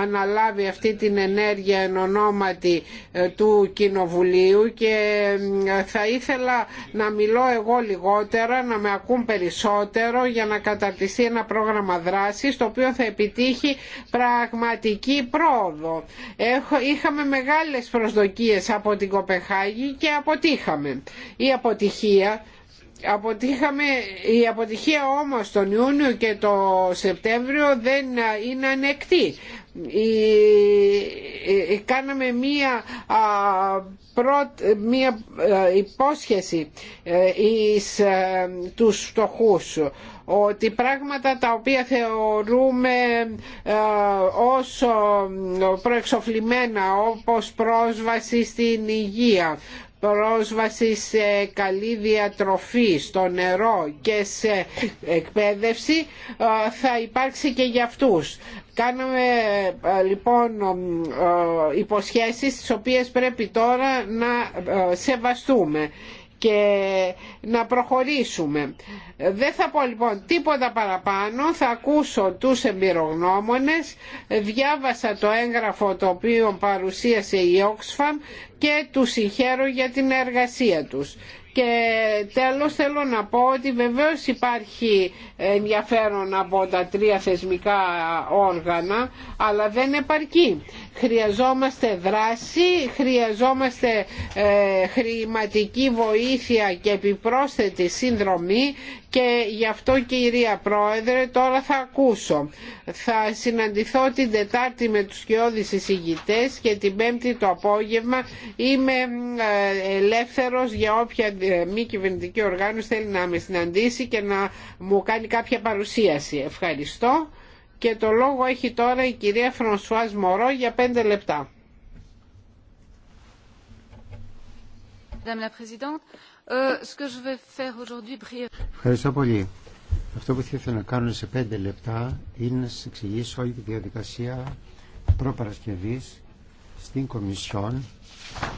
αναλάβει αυτή την ενέργεια εν ονόματι ε, του Κοινοβουλίου και ε, θα ήθελα ήθελα να μιλώ εγώ λιγότερα, να με ακούν περισσότερο για να καταρτιστεί ένα πρόγραμμα δράσης το οποίο θα επιτύχει πραγματική πρόοδο. Είχαμε μεγάλες προσδοκίες από την Κοπεχάγη και αποτύχαμε. Η αποτυχία αποτύχαμε, η αποτυχία όμως τον Ιούνιο και το Σεπτέμβριο δεν είναι ανεκτή κάναμε μία μία υπόσχεση ε, εις ε, τους φτωχούς ότι πράγματα τα οποία θεωρούμε ως ε, προεξοφλημένα όπως πρόσβαση στην υγεία, πρόσβαση σε καλή διατροφή, στο νερό και σε εκπαίδευση θα υπάρξει και για αυτούς. Κάναμε ε, λοιπόν ε, ε, υποσχέσεις τις οποίες πρέπει τώρα να σεβαστούμε και να προχωρήσουμε. Δεν θα πω λοιπόν τίποτα παραπάνω, θα ακούσω τους εμπειρογνώμονες, διάβασα το έγγραφο το οποίο παρουσίασε η Oxfam και τους συγχαίρω για την εργασία τους. Και τέλος θέλω να πω ότι βεβαίως υπάρχει ενδιαφέρον από τα τρία θεσμικά όργανα αλλά δεν επαρκεί. Χρειαζόμαστε δράση, χρειαζόμαστε ε, χρηματική βοήθεια και επιπρόσθετη συνδρομή και γι' αυτό κυρία Πρόεδρε τώρα θα ακούσω. Θα συναντηθώ την Τετάρτη με τους σκιώδεις εισηγητές και την Πέμπτη το απόγευμα είμαι ε, ελεύθερος για όποια ε, μη κυβερνητική οργάνωση θέλει να με συναντήσει και να μου κάνει κάποια παρουσίαση. Ευχαριστώ. Και το λόγο έχει τώρα η κυρία Φρονσουάς Μωρό για πέντε λεπτά. Euh, Ευχαριστώ πολύ. Αυτό που θέλω να κάνω σε πέντε λεπτά είναι να σα εξηγήσω όλη τη διαδικασία προπαρασκευή στην Κομισιόν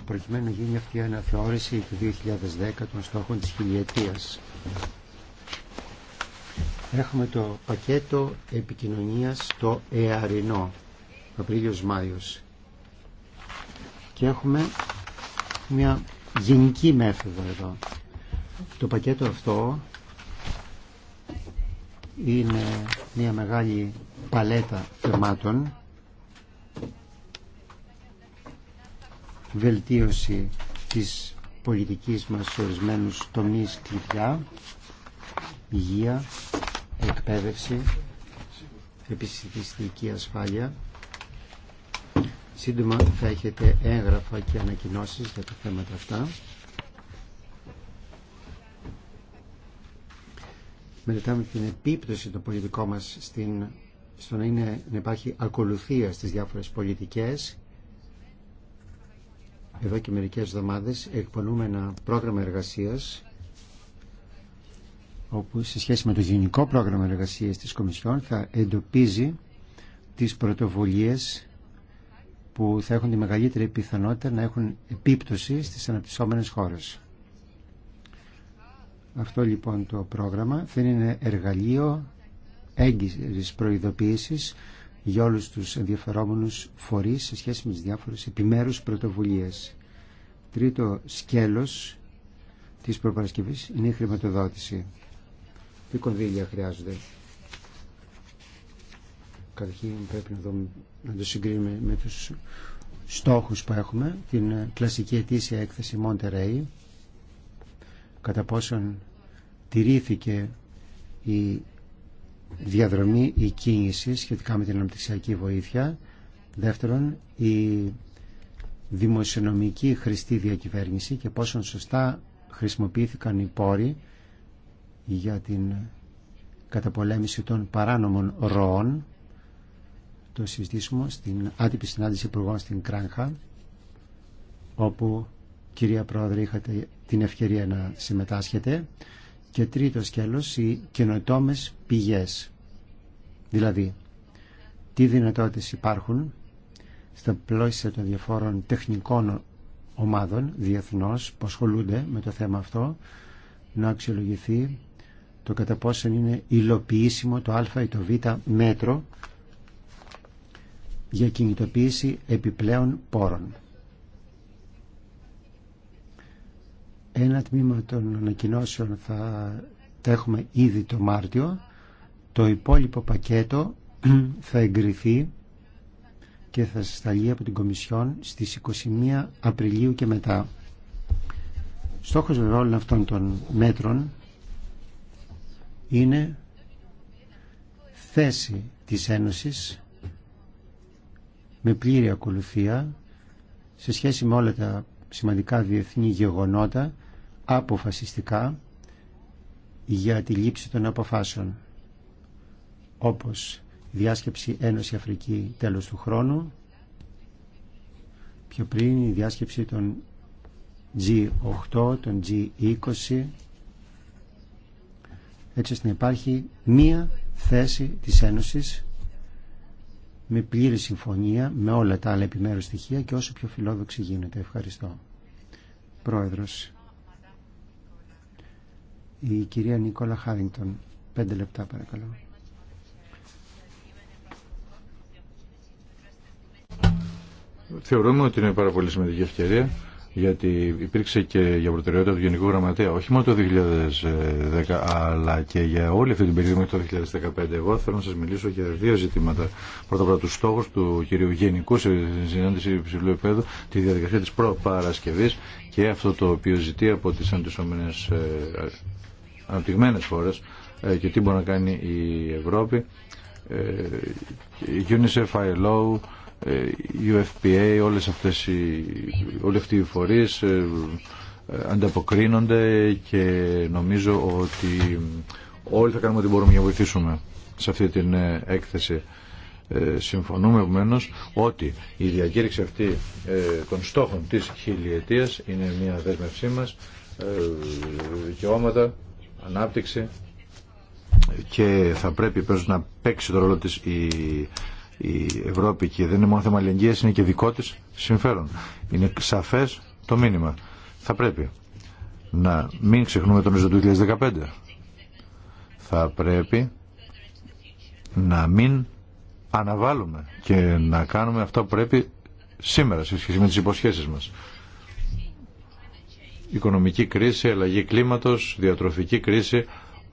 προκειμένου να γίνει αυτή η αναθεώρηση του 2010 των στόχων της χιλιετίας. Έχουμε το πακέτο επικοινωνίας το ΕΑΡΙΝΟ, Απρίλιος-Μάιος. Και έχουμε μια γενική μέθοδο εδώ. Το πακέτο αυτό είναι μια μεγάλη παλέτα θεμάτων βελτίωση της πολιτικής μας σε ορισμένους τομείς κλειδιά υγεία, εκπαίδευση, επιστημιστική ασφάλεια. Σύντομα θα έχετε έγγραφα και ανακοινώσεις για τα θέματα αυτά. Μελετάμε την επίπτωση των πολιτικών μας στην, στο να, είναι, να υπάρχει ακολουθία στις διάφορες πολιτικές. Εδώ και μερικές εβδομάδες εκπονούμε ένα πρόγραμμα εργασίας όπου σε σχέση με το γενικό πρόγραμμα εργασίας της Κομισιόν θα εντοπίζει τις πρωτοβουλίες που θα έχουν τη μεγαλύτερη πιθανότητα να έχουν επίπτωση στις αναπτυσσόμενες χώρες. Αυτό λοιπόν το πρόγραμμα θα είναι εργαλείο έγκυρης προειδοποίησης για όλους τους ενδιαφερόμενους φορείς σε σχέση με τις διάφορες επιμέρους πρωτοβουλίες. Τρίτο σκέλος της προπαρασκευής είναι η χρηματοδότηση. Τι κονδύλια χρειάζονται. Καταρχήν πρέπει να, δούμε, να το συγκρίνουμε με τους στόχους που έχουμε, την κλασική ετήσια έκθεση Monterey, κατά πόσον τηρήθηκε η διαδρομή, η κίνηση σχετικά με την αναπτυξιακή βοήθεια. Δεύτερον, η δημοσιονομική χρηστή διακυβέρνηση και πόσον σωστά χρησιμοποιήθηκαν οι πόροι για την καταπολέμηση των παράνομων ροών. Το συζητήσουμε στην άτυπη συνάντηση υπουργών στην Κράνχα, όπου κυρία Πρόεδρε είχατε την ευκαιρία να συμμετάσχετε. Και τρίτο σκέλος, οι καινοτόμε πηγές. Δηλαδή, τι δυνατότητες υπάρχουν στα πλώσια των διαφόρων τεχνικών ομάδων διεθνώς που ασχολούνται με το θέμα αυτό να αξιολογηθεί το κατά πόσο είναι υλοποιήσιμο το α ή το β μέτρο για κινητοποίηση επιπλέον πόρων. Ένα τμήμα των ανακοινώσεων θα τα έχουμε ήδη το Μάρτιο. Το υπόλοιπο πακέτο θα εγκριθεί και θα σταλεί από την Κομισιόν στις 21 Απριλίου και μετά. Στόχος όλων αυτών των μέτρων είναι θέση της Ένωσης με πλήρη ακολουθία σε σχέση με όλα τα σημαντικά διεθνή γεγονότα αποφασιστικά για τη λήψη των αποφάσεων όπως η διάσκεψη Ένωση Αφρική τέλος του χρόνου πιο πριν η διάσκεψη των G8, των G20 έτσι ώστε να υπάρχει μία θέση της Ένωσης με πλήρη συμφωνία με όλα τα άλλα επιμέρους στοιχεία και όσο πιο φιλόδοξη γίνεται. Ευχαριστώ. Πρόεδρος. Η κυρία Νίκολα Χάρινγκτον. Πέντε λεπτά παρακαλώ. Θεωρούμε ότι είναι πάρα πολύ σημαντική ευκαιρία γιατί υπήρξε και για προτεραιότητα του Γενικού Γραμματέα, όχι μόνο το 2010, αλλά και για όλη αυτή την περίοδο μέχρι το 2015. Εγώ θέλω να σας μιλήσω για δύο ζητήματα. Πρώτα απ' όλα τους στόχους του κυρίου Γενικού σε συνάντηση υψηλού επέδου, τη διαδικασία της προπαρασκευής και αυτό το οποίο ζητεί από τις αντισόμενες ε, αναπτυγμένες ε, και τι μπορεί να κάνει η Ευρώπη. Ε, UNICEF, ILO, ε, UFPA, όλες αυτές οι, όλοι αυτοί οι φορείς ε, ε, ανταποκρίνονται και νομίζω ότι όλοι θα κάνουμε ό,τι μπορούμε να βοηθήσουμε σε αυτή την έκθεση. συμφωνούμε επομένω ότι η διακήρυξη αυτή των στόχων της χιλιετίας είναι μια δέσμευσή μας, δικαιώματα, ανάπτυξη και θα πρέπει πρέπει να παίξει το ρόλο της η η Ευρώπη και δεν είναι μόνο θέμα αλληλεγγύη, είναι και δικό τη συμφέρον. Είναι σαφές το μήνυμα. Θα πρέπει να μην ξεχνούμε τον του 2015. Θα πρέπει να μην αναβάλουμε και να κάνουμε αυτό που πρέπει σήμερα σε σχέση με τις υποσχέσεις μας. Οικονομική κρίση, αλλαγή κλίματος, διατροφική κρίση,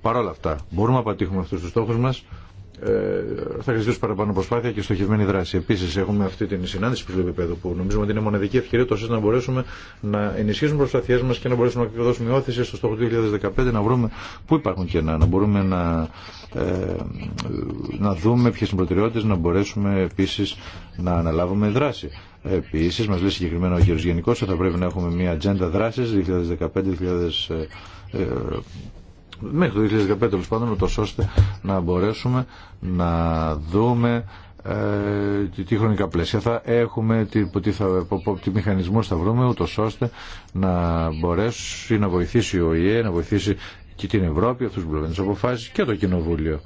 όλα αυτά μπορούμε να πατύχουμε αυτούς τους στόχους μας ε, θα χρειαστεί παραπάνω προσπάθεια και στοχευμένη δράση. Επίση, έχουμε αυτή την συνάντηση του επίπεδου που νομίζουμε ότι είναι μοναδική ευκαιρία τόσο να μπορέσουμε να ενισχύσουμε προσπαθίε μα και να μπορέσουμε να δώσουμε όθηση στο στόχο του 2015 να βρούμε πού υπάρχουν κενά, να μπορούμε να, ε, να δούμε ποιε είναι προτεραιότητε, να μπορέσουμε επίση να αναλάβουμε δράση. Επίση, μα λέει συγκεκριμένα ο κ. Γενικό ότι θα πρέπει να έχουμε μια ατζέντα δράση 2015-2015 μέχρι το 2015 τέλο πάντων, ούτω ώστε να μπορέσουμε να δούμε ε, τι χρονικά πλαίσια θα έχουμε, τι, τι, θα, τι μηχανισμούς θα βρούμε, ούτω ώστε να μπορέσει να βοηθήσει ο ΙΕ, να βοηθήσει και την Ευρώπη, αυτούς που βλέπουν τις και το Κοινοβούλιο.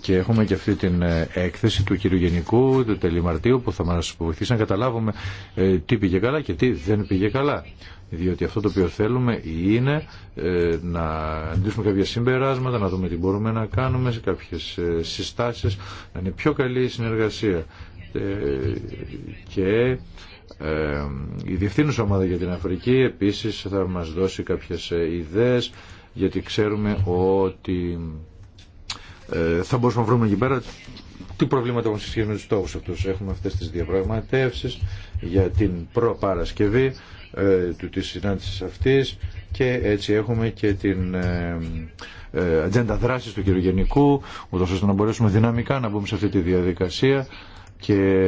Και έχουμε και αυτή την ε, έκθεση του κύριου Γενικού του Τελημαρτίου που θα μας βοηθήσει να καταλάβουμε ε, τι πήγε καλά και τι δεν πήγε καλά. Διότι αυτό το οποίο θέλουμε είναι ε, να δούμε κάποια συμπεράσματα, να δούμε τι μπορούμε να κάνουμε σε κάποιες συστάσεις, να είναι πιο καλή η συνεργασία. Και η Διευθύνουσα Ομάδα για την Αφρική επίσης θα μας δώσει κάποιες ιδέες γιατί ξέρουμε ότι ε, θα μπορούσαμε να βρούμε εκεί πέρα τι προβλήματα έχουν σε σχέση με τους στόχους αυτούς. Έχουμε αυτέ τι διαπραγματεύσει για την προπαρασκευή ε, της συνάντησης αυτής και έτσι έχουμε και την ε, ε, ατζέντα δράσης του κυριογενικού ούτω ώστε να μπορέσουμε δυναμικά να μπούμε σε αυτή τη διαδικασία και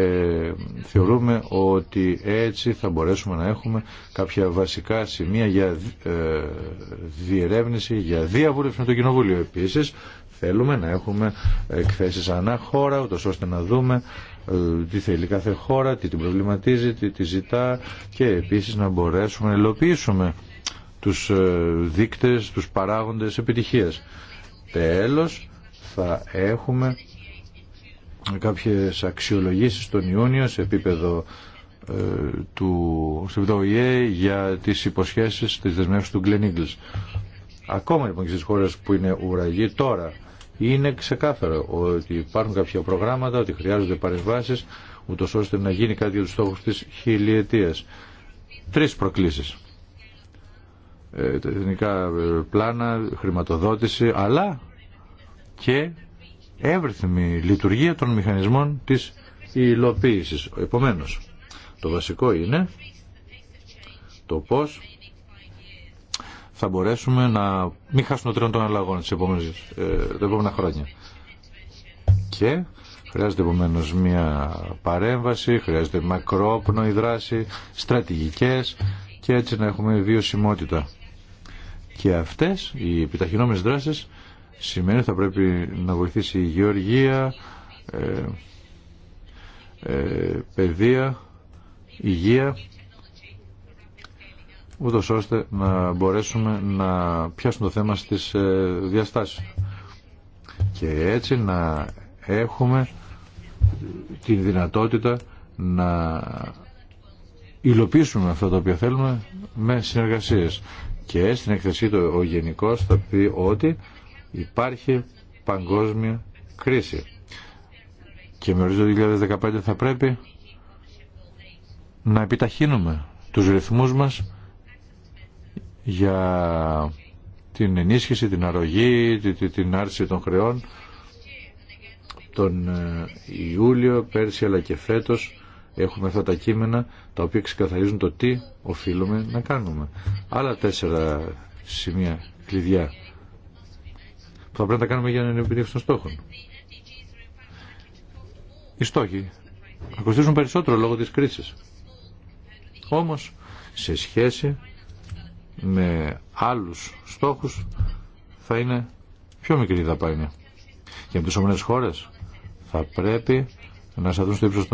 θεωρούμε ότι έτσι θα μπορέσουμε να έχουμε κάποια βασικά σημεία για διερεύνηση, για διαβούλευση με το Κοινοβούλιο επίσης θέλουμε να έχουμε εκθέσεις ανά χώρα, ούτως ώστε να δούμε ε, τι θέλει κάθε χώρα, τι την προβληματίζει, τι τη ζητά και επίσης να μπορέσουμε να ελοπίσουμε τους ε, δείκτες, τους παράγοντες επιτυχίας. Τέλος, θα έχουμε κάποιες αξιολογήσεις τον Ιούνιο σε επίπεδο ε, του ΟΗΕ για τις υποσχέσεις της δεσμεύσης του Γκλενίγκλς. Ακόμα λοιπόν και στις χώρες που είναι ουραγοί τώρα είναι ξεκάθαρο ότι υπάρχουν κάποια προγράμματα, ότι χρειάζονται παρεμβάσει, ούτω ώστε να γίνει κάτι για του στόχου τη χιλιετία. Τρει προκλήσει. Ε, εθνικά ε, πλάνα, χρηματοδότηση, αλλά και εύρυθμη λειτουργία των μηχανισμών της υλοποίησης. Επομένως, το βασικό είναι το πώς θα μπορέσουμε να μην χάσουμε το τρένο των αλλαγών τις επόμενες, ε, τα επόμενα χρόνια. Και χρειάζεται επομένω μια παρέμβαση, χρειάζεται μακρόπνοη δράση, στρατηγικές και έτσι να έχουμε βιωσιμότητα. Και αυτές οι επιταχυνόμενες δράσεις σημαίνει ότι θα πρέπει να βοηθήσει η γεωργία, ε, ε, παιδεία, υγεία ούτως ώστε να μπορέσουμε να πιάσουμε το θέμα στις ε, διαστάσεις. Και έτσι να έχουμε τη δυνατότητα να υλοποιήσουμε αυτό το οποίο θέλουμε με συνεργασίες. Και στην εκθεσή του ο Γενικός θα πει ότι υπάρχει παγκόσμια κρίση. Και με ορίζοντα 2015 θα πρέπει να επιταχύνουμε τους ρυθμούς μας για την ενίσχυση, την αρρωγή, την άρση των χρεών τον ε, Ιούλιο, πέρσι αλλά και φέτος έχουμε αυτά τα κείμενα τα οποία ξεκαθαρίζουν το τι οφείλουμε να κάνουμε. Άλλα τέσσερα σημεία κλειδιά που θα πρέπει να τα κάνουμε για να είναι επιτύχει των στόχων. Οι στόχοι θα περισσότερο λόγω της κρίσης. Όμως, σε σχέση με άλλους στόχους θα είναι πιο μικρή η δαπάνη. Για ομονές χώρες θα πρέπει να σταθούν στο ύψος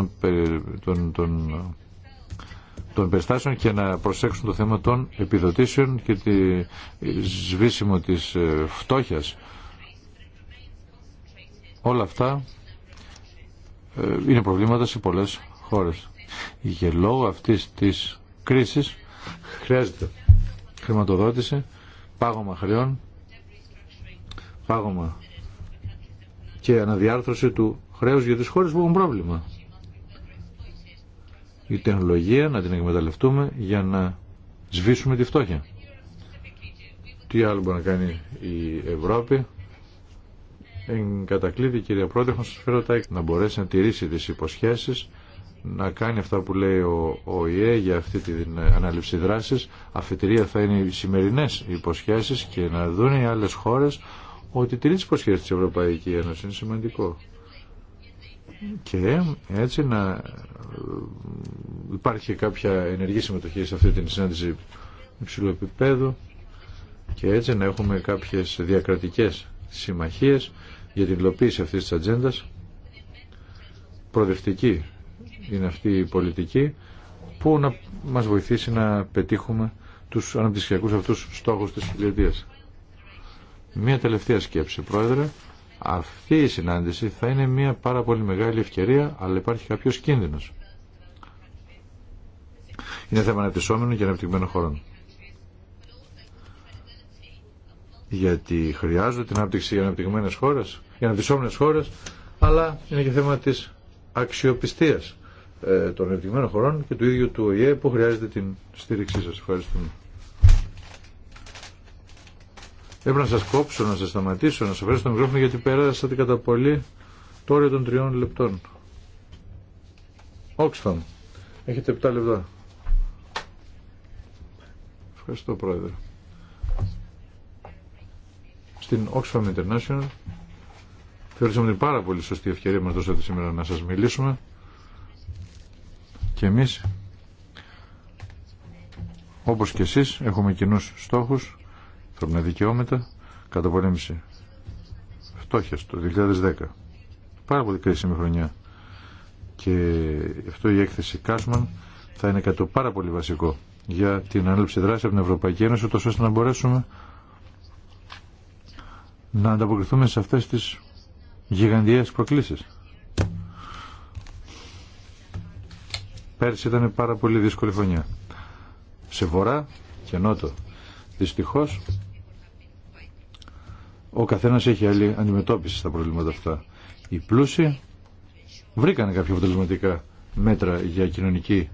των, περιστάσεων και να προσέξουν το θέμα των επιδοτήσεων και τη σβήσιμο της ε, φτώχειας. Όλα αυτά ε, είναι προβλήματα σε πολλές χώρες. Και λόγω αυτής της κρίσης χρειάζεται χρηματοδότηση, πάγωμα χρεών, πάγωμα και αναδιάρθρωση του χρέους για τις χώρες που έχουν πρόβλημα. Η τεχνολογία να την εκμεταλλευτούμε για να σβήσουμε τη φτώχεια. Τι άλλο μπορεί να κάνει η Ευρώπη. Εν κατακλείδη κυρία Πρόεδρε, να σας φέρω τα να μπορέσει να τηρήσει τις υποσχέσεις να κάνει αυτά που λέει ο ΙΕ για αυτή την ανάληψη δράσης. Αφετηρία θα είναι οι σημερινές υποσχέσεις και να δουν οι άλλες χώρες ότι τηρεί τις υποσχέσεις της Ευρωπαϊκή Ένωση. Είναι σημαντικό. Και έτσι να ε, υπάρχει κάποια ενεργή συμμετοχή σε αυτή την συνάντηση υψηλού επίπεδου και έτσι να έχουμε κάποιες διακρατικές συμμαχίες για την υλοποίηση αυτής της ατζέντα προοδευτική είναι αυτή η πολιτική που να μας βοηθήσει να πετύχουμε τους αναπτυσιακούς αυτούς στόχους της χιλιετίας. Μία τελευταία σκέψη, Πρόεδρε. Αυτή η συνάντηση θα είναι μια πάρα πολύ μεγάλη ευκαιρία, αλλά υπάρχει κάποιος κίνδυνος. Είναι θέμα αναπτυσσόμενων και αναπτυγμένων χωρών. Γιατί χρειάζονται την ανάπτυξη για αναπτυγμένες χώρες, για αναπτυσσόμενες χώρες, αλλά είναι και θέμα της αξιοπιστίας ε, των ανεπτυγμένων χωρών και του ίδιου του ΟΗΕ που χρειάζεται την στήριξή σας. Ευχαριστούμε. Έπρεπε να σας κόψω, να σας σταματήσω, να σας αφαιρέσω το μικρόφωνο γιατί πέρασατε κατά πολύ το όριο των τριών λεπτών. Oxfam. Έχετε 7 λεπτά. Ευχαριστώ πρόεδρε. Στην Oxfam International θεωρήσαμε την πάρα πολύ σωστή ευκαιρία μας δώσατε σήμερα να σας μιλήσουμε και εμείς, όπως και εσείς, έχουμε κοινούς στόχους, ανθρώπινα δικαιώματα, καταπολέμηση φτώχειας το 2010. Πάρα πολύ κρίσιμη χρονιά. Και αυτό η έκθεση Κάσμαν θα είναι κάτι πάρα πολύ βασικό για την ανάλυση δράση από την Ευρωπαϊκή Ένωση, ώστε να μπορέσουμε να ανταποκριθούμε σε αυτές τις γιγαντιές προκλήσεις. Πέρσι ήταν πάρα πολύ δύσκολη χρονιά. Σε βορρά και νότο. Δυστυχώς ο καθένας έχει άλλη αντιμετώπιση στα προβλήματα αυτά. Οι πλούσιοι βρήκαν κάποια αποτελεσματικά μέτρα για κοινωνική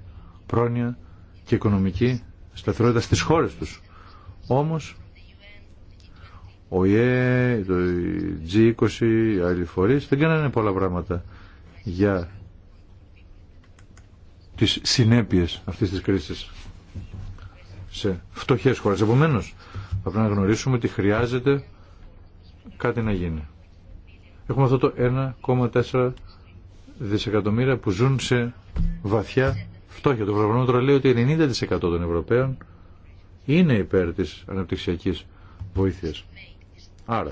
πρόνοια και οικονομική σταθερότητα στις χώρες τους. Όμως, ο ΙΕ, το G20, οι άλλοι φορείς δεν κάνανε πολλά πράγματα για τις συνέπειες αυτής της κρίσης σε φτωχές χώρες. Επομένως, θα πρέπει να γνωρίσουμε ότι χρειάζεται κάτι να γίνει. Έχουμε αυτό το 1,4 δισεκατομμύρια που ζουν σε βαθιά φτώχεια. Το τώρα λέει ότι 90% των Ευρωπαίων είναι υπέρ της αναπτυξιακής βοήθειας. Άρα,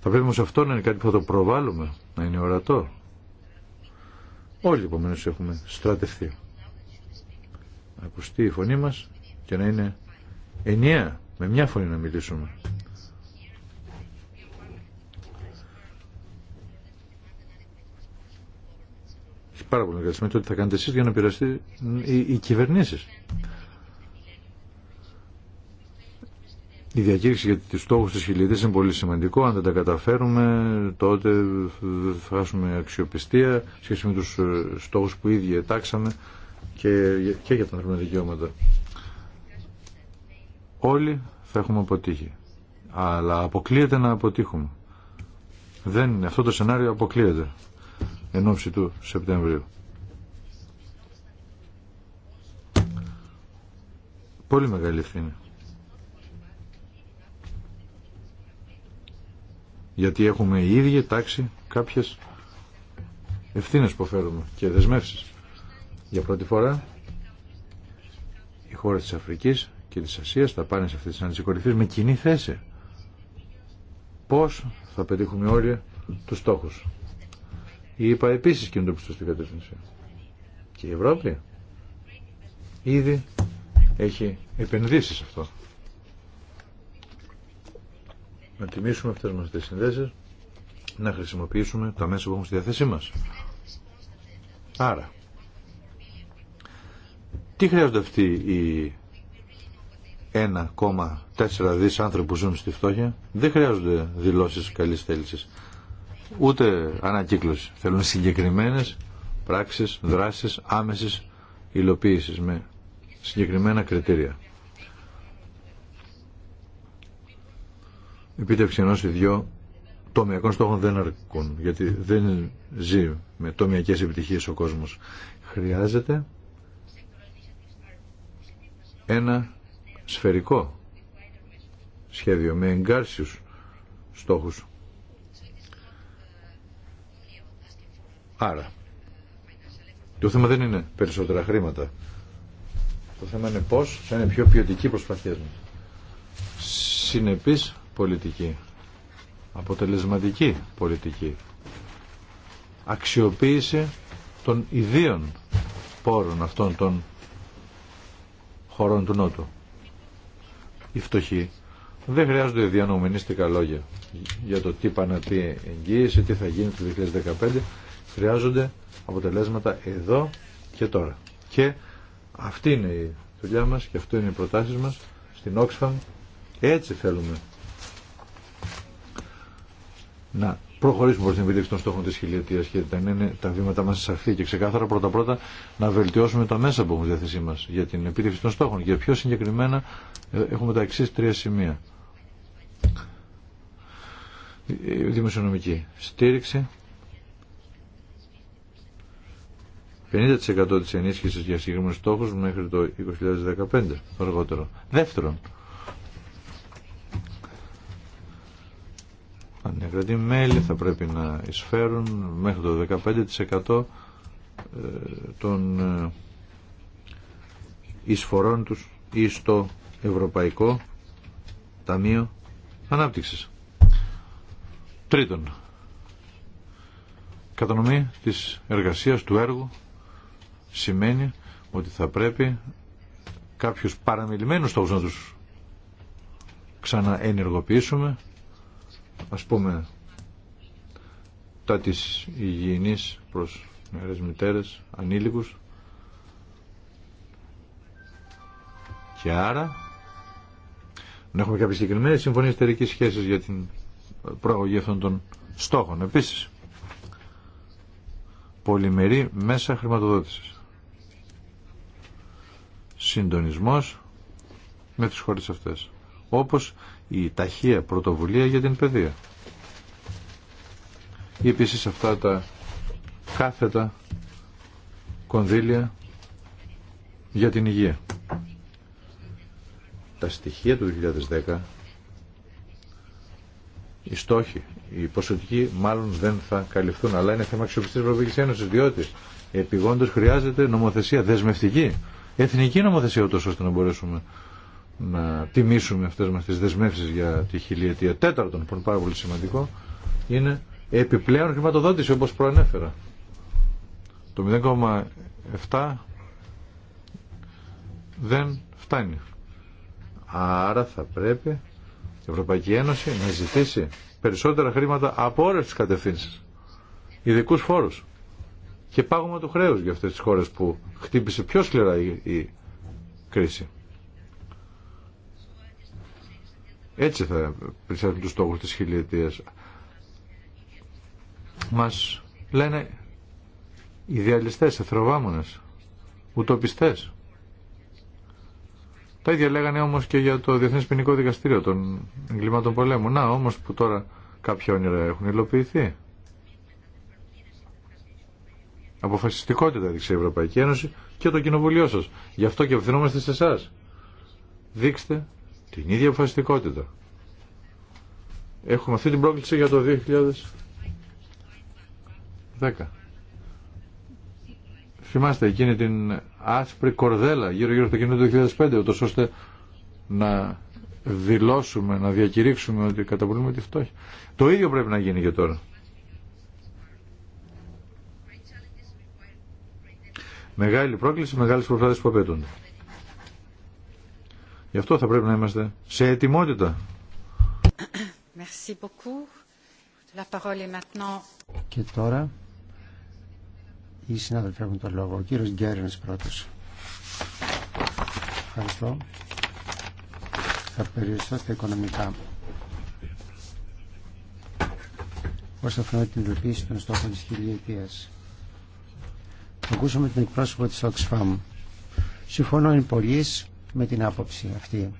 θα πρέπει όμως αυτό να είναι κάτι που θα το προβάλλουμε, να είναι ορατό. Όλοι επομένω έχουμε στρατευτεί. Να ακουστεί η φωνή μας και να είναι ενιαία, με μια φωνή να μιλήσουμε. Έχει πάρα πολύ καλή το ότι θα κάνετε εσείς για να πειραστεί οι, οι κυβερνήσεις. η διακήρυξη για τους στόχους της χιλιετής είναι πολύ σημαντικό. Αν δεν τα καταφέρουμε, τότε θα χάσουμε αξιοπιστία σχέση με τους ε, στόχους που ήδη ετάξαμε και, και για τα ανθρώπινα δικαιώματα. Όλοι θα έχουμε αποτύχει. Αλλά αποκλείεται να αποτύχουμε. Δεν Αυτό το σενάριο αποκλείεται εν ώψη του Σεπτεμβρίου. Πολύ μεγάλη ευθύνη. γιατί έχουμε η ίδια τάξη κάποιες ευθύνες που φέρουμε και δεσμεύσεις. Για πρώτη φορά οι χώρες της Αφρικής και της Ασίας θα πάνε σε αυτές τη συνάντηση με κοινή θέση. Πώς θα πετύχουμε όλοι τους στόχους. Η ΕΠΑ επίσης κινούνται στην κατεύθυνση. Και η Ευρώπη ήδη έχει επενδύσει σε αυτό να τιμήσουμε αυτές μας τις συνδέσεις, να χρησιμοποιήσουμε τα μέσα που έχουμε στη διάθεσή μας. Άρα, τι χρειάζονται αυτοί οι 1,4 δις άνθρωποι που ζουν στη φτώχεια. Δεν χρειάζονται δηλώσεις καλής θέλησης. Ούτε ανακύκλωση. Θέλουν συγκεκριμένες πράξεις, δράσεις, άμεσης υλοποίησης με συγκεκριμένα κριτήρια. επίτευξη ενός ή δυο τομιακών στόχων δεν αρκούν, γιατί δεν ζει με τομιακές επιτυχίες ο κόσμος. Χρειάζεται ένα σφαιρικό σχέδιο με εγκάρσιους στόχους. Άρα, το θέμα δεν είναι περισσότερα χρήματα. Το θέμα είναι πώς θα είναι πιο ποιοτική προσπαθία μας. Συνεπής πολιτική, αποτελεσματική πολιτική, αξιοποίηση των ιδίων πόρων αυτών των χωρών του Νότου. Οι φτωχοί δεν χρειάζονται διανομενίστικα λόγια για το τι πάνε τι εγγύησε, τι θα γίνει το 2015. Χρειάζονται αποτελέσματα εδώ και τώρα. Και αυτή είναι η δουλειά μας και αυτό είναι οι προτάσεις μας στην Oxfam. Έτσι θέλουμε να προχωρήσουμε προς την επίτευξη των στόχων τη χιλιετία και να είναι τα βήματα μας σαφή και ξεκάθαρα πρώτα-πρώτα να βελτιώσουμε τα μέσα που έχουμε στη διάθεσή για την επίτευξη των στόχων. Για πιο συγκεκριμένα ε, έχουμε τα εξή τρία σημεία. Δημοσιονομική στήριξη, 50% της ενίσχυσης για συγκεκριμένους στόχους μέχρι το 2015 αργότερο. Δεύτερον, αν μελη θα πρέπει να εισφέρουν μέχρι το 15% ε, των ε, εισφορών τους ή στο Ευρωπαϊκό Ταμείο Ανάπτυξης. Τρίτον, κατανομή της εργασίας του έργου σημαίνει ότι θα πρέπει κάποιους παραμιλημένους στόχους να τους ξαναενεργοποιήσουμε ας πούμε τα της υγιεινής προς μέρες μητέρες, ανήλικους και άρα να έχουμε κάποιες συγκεκριμένες συμφωνίες εταιρικής σχέσης για την προαγωγή αυτών των στόχων. Επίσης, πολυμερή μέσα χρηματοδότησης. Συντονισμός με τις χώρες αυτές. Όπως η ταχεία πρωτοβουλία για την παιδεία. Ή επίσης αυτά τα κάθετα κονδύλια για την υγεία. Τα στοιχεία του 2010, οι στόχοι, οι ποσοτικοί μάλλον δεν θα καλυφθούν, αλλά είναι θέμα αξιοπιστής Ευρωπαϊκής Ένωσης, διότι επιγόντως χρειάζεται νομοθεσία δεσμευτική, εθνική νομοθεσία ούτως ώστε να μπορέσουμε να τιμήσουμε αυτές μας τις δεσμεύσεις για τη χιλιετία. Τέταρτον, που είναι πάρα πολύ σημαντικό, είναι επιπλέον χρηματοδότηση όπως προανέφερα. Το 0,7 δεν φτάνει. Άρα θα πρέπει η Ευρωπαϊκή Ένωση να ζητήσει περισσότερα χρήματα από όλες τις κατευθύνσεις. Ειδικού φόρους. Και πάγωμα του χρέους για αυτές τις χώρες που χτύπησε πιο σκληρά η κρίση. Έτσι θα πιστεύουν τους στόχους της χιλιετίας. Μας λένε ιδεαλιστές, εθροβάμονες, ουτοπιστές. Τα ίδια λέγανε όμως και για το Διεθνές Ποινικό Δικαστήριο των Εγκλημάτων Πολέμου. Να, όμως που τώρα κάποια όνειρα έχουν υλοποιηθεί. Αποφασιστικότητα έδειξε η Ευρωπαϊκή Ένωση και το Κοινοβουλίο σας. Γι' αυτό και ευθυνόμαστε σε εσά. Δείξτε την ίδια αποφασιστικότητα. Έχουμε αυτή την πρόκληση για το 2010. Θυμάστε εκείνη την άσπρη κορδέλα γύρω-γύρω από το κοινό του 2005, ούτως ώστε να δηλώσουμε, να διακηρύξουμε ότι καταπολύουμε τη φτώχεια. Το ίδιο πρέπει να γίνει και τώρα. Μεγάλη πρόκληση, μεγάλες προσπάθειες που απαιτούνται. Γι' αυτό θα πρέπει να είμαστε σε ετοιμότητα. Και τώρα οι συνάδελφοι έχουν το λόγο. Ο κύριο Γκέρνη πρώτο. Ευχαριστώ. Θα περιοριστώ στα οικονομικά. Όσον αφορά την υλοποίηση των στόχων τη χιλιετία. Ακούσαμε την εκπρόσωπο τη Oxfam. Συμφωνώ εν πολλής με την άποψη αυτή.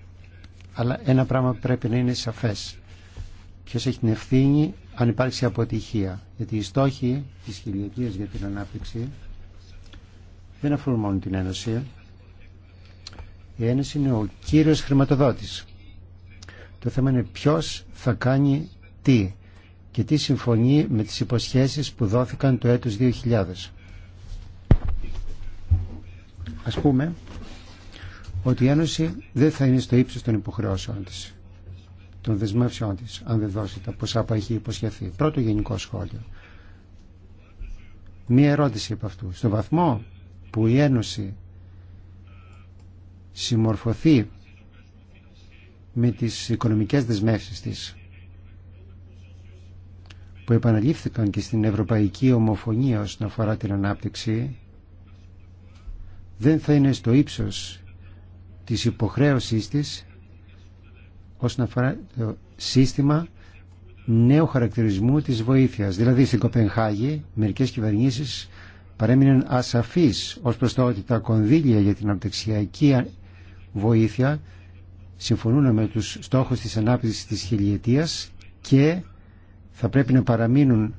Αλλά ένα πράγμα πρέπει να είναι σαφές. Ποιος έχει την ευθύνη αν υπάρξει αποτυχία. Γιατί οι στόχοι της χιλιετίας για την ανάπτυξη δεν αφορούν μόνο την Ένωση. Η Ένωση είναι ο κύριος χρηματοδότης. Το θέμα είναι ποιος θα κάνει τι και τι συμφωνεί με τις υποσχέσεις που δόθηκαν το έτος 2000. Ας πούμε ότι η Ένωση δεν θα είναι στο ύψος των υποχρεώσεων της, των δεσμεύσεων της, αν δεν δώσει τα ποσά που έχει υποσχεθεί. Πρώτο γενικό σχόλιο. Μία ερώτηση από αυτού. Στο βαθμό που η Ένωση συμμορφωθεί με τις οικονομικές δεσμεύσεις της που επαναλήφθηκαν και στην Ευρωπαϊκή Ομοφωνία όσον αφορά την ανάπτυξη δεν θα είναι στο ύψος της υποχρέωσής της όσον αφορά το σύστημα νέου χαρακτηρισμού της βοήθειας. Δηλαδή στην Κοπενχάγη μερικές κυβερνήσεις παρέμειναν ασαφείς ως προς το ότι τα κονδύλια για την αναπτυξιακή βοήθεια συμφωνούν με τους στόχους της ανάπτυξης της χιλιετίας και θα πρέπει να παραμείνουν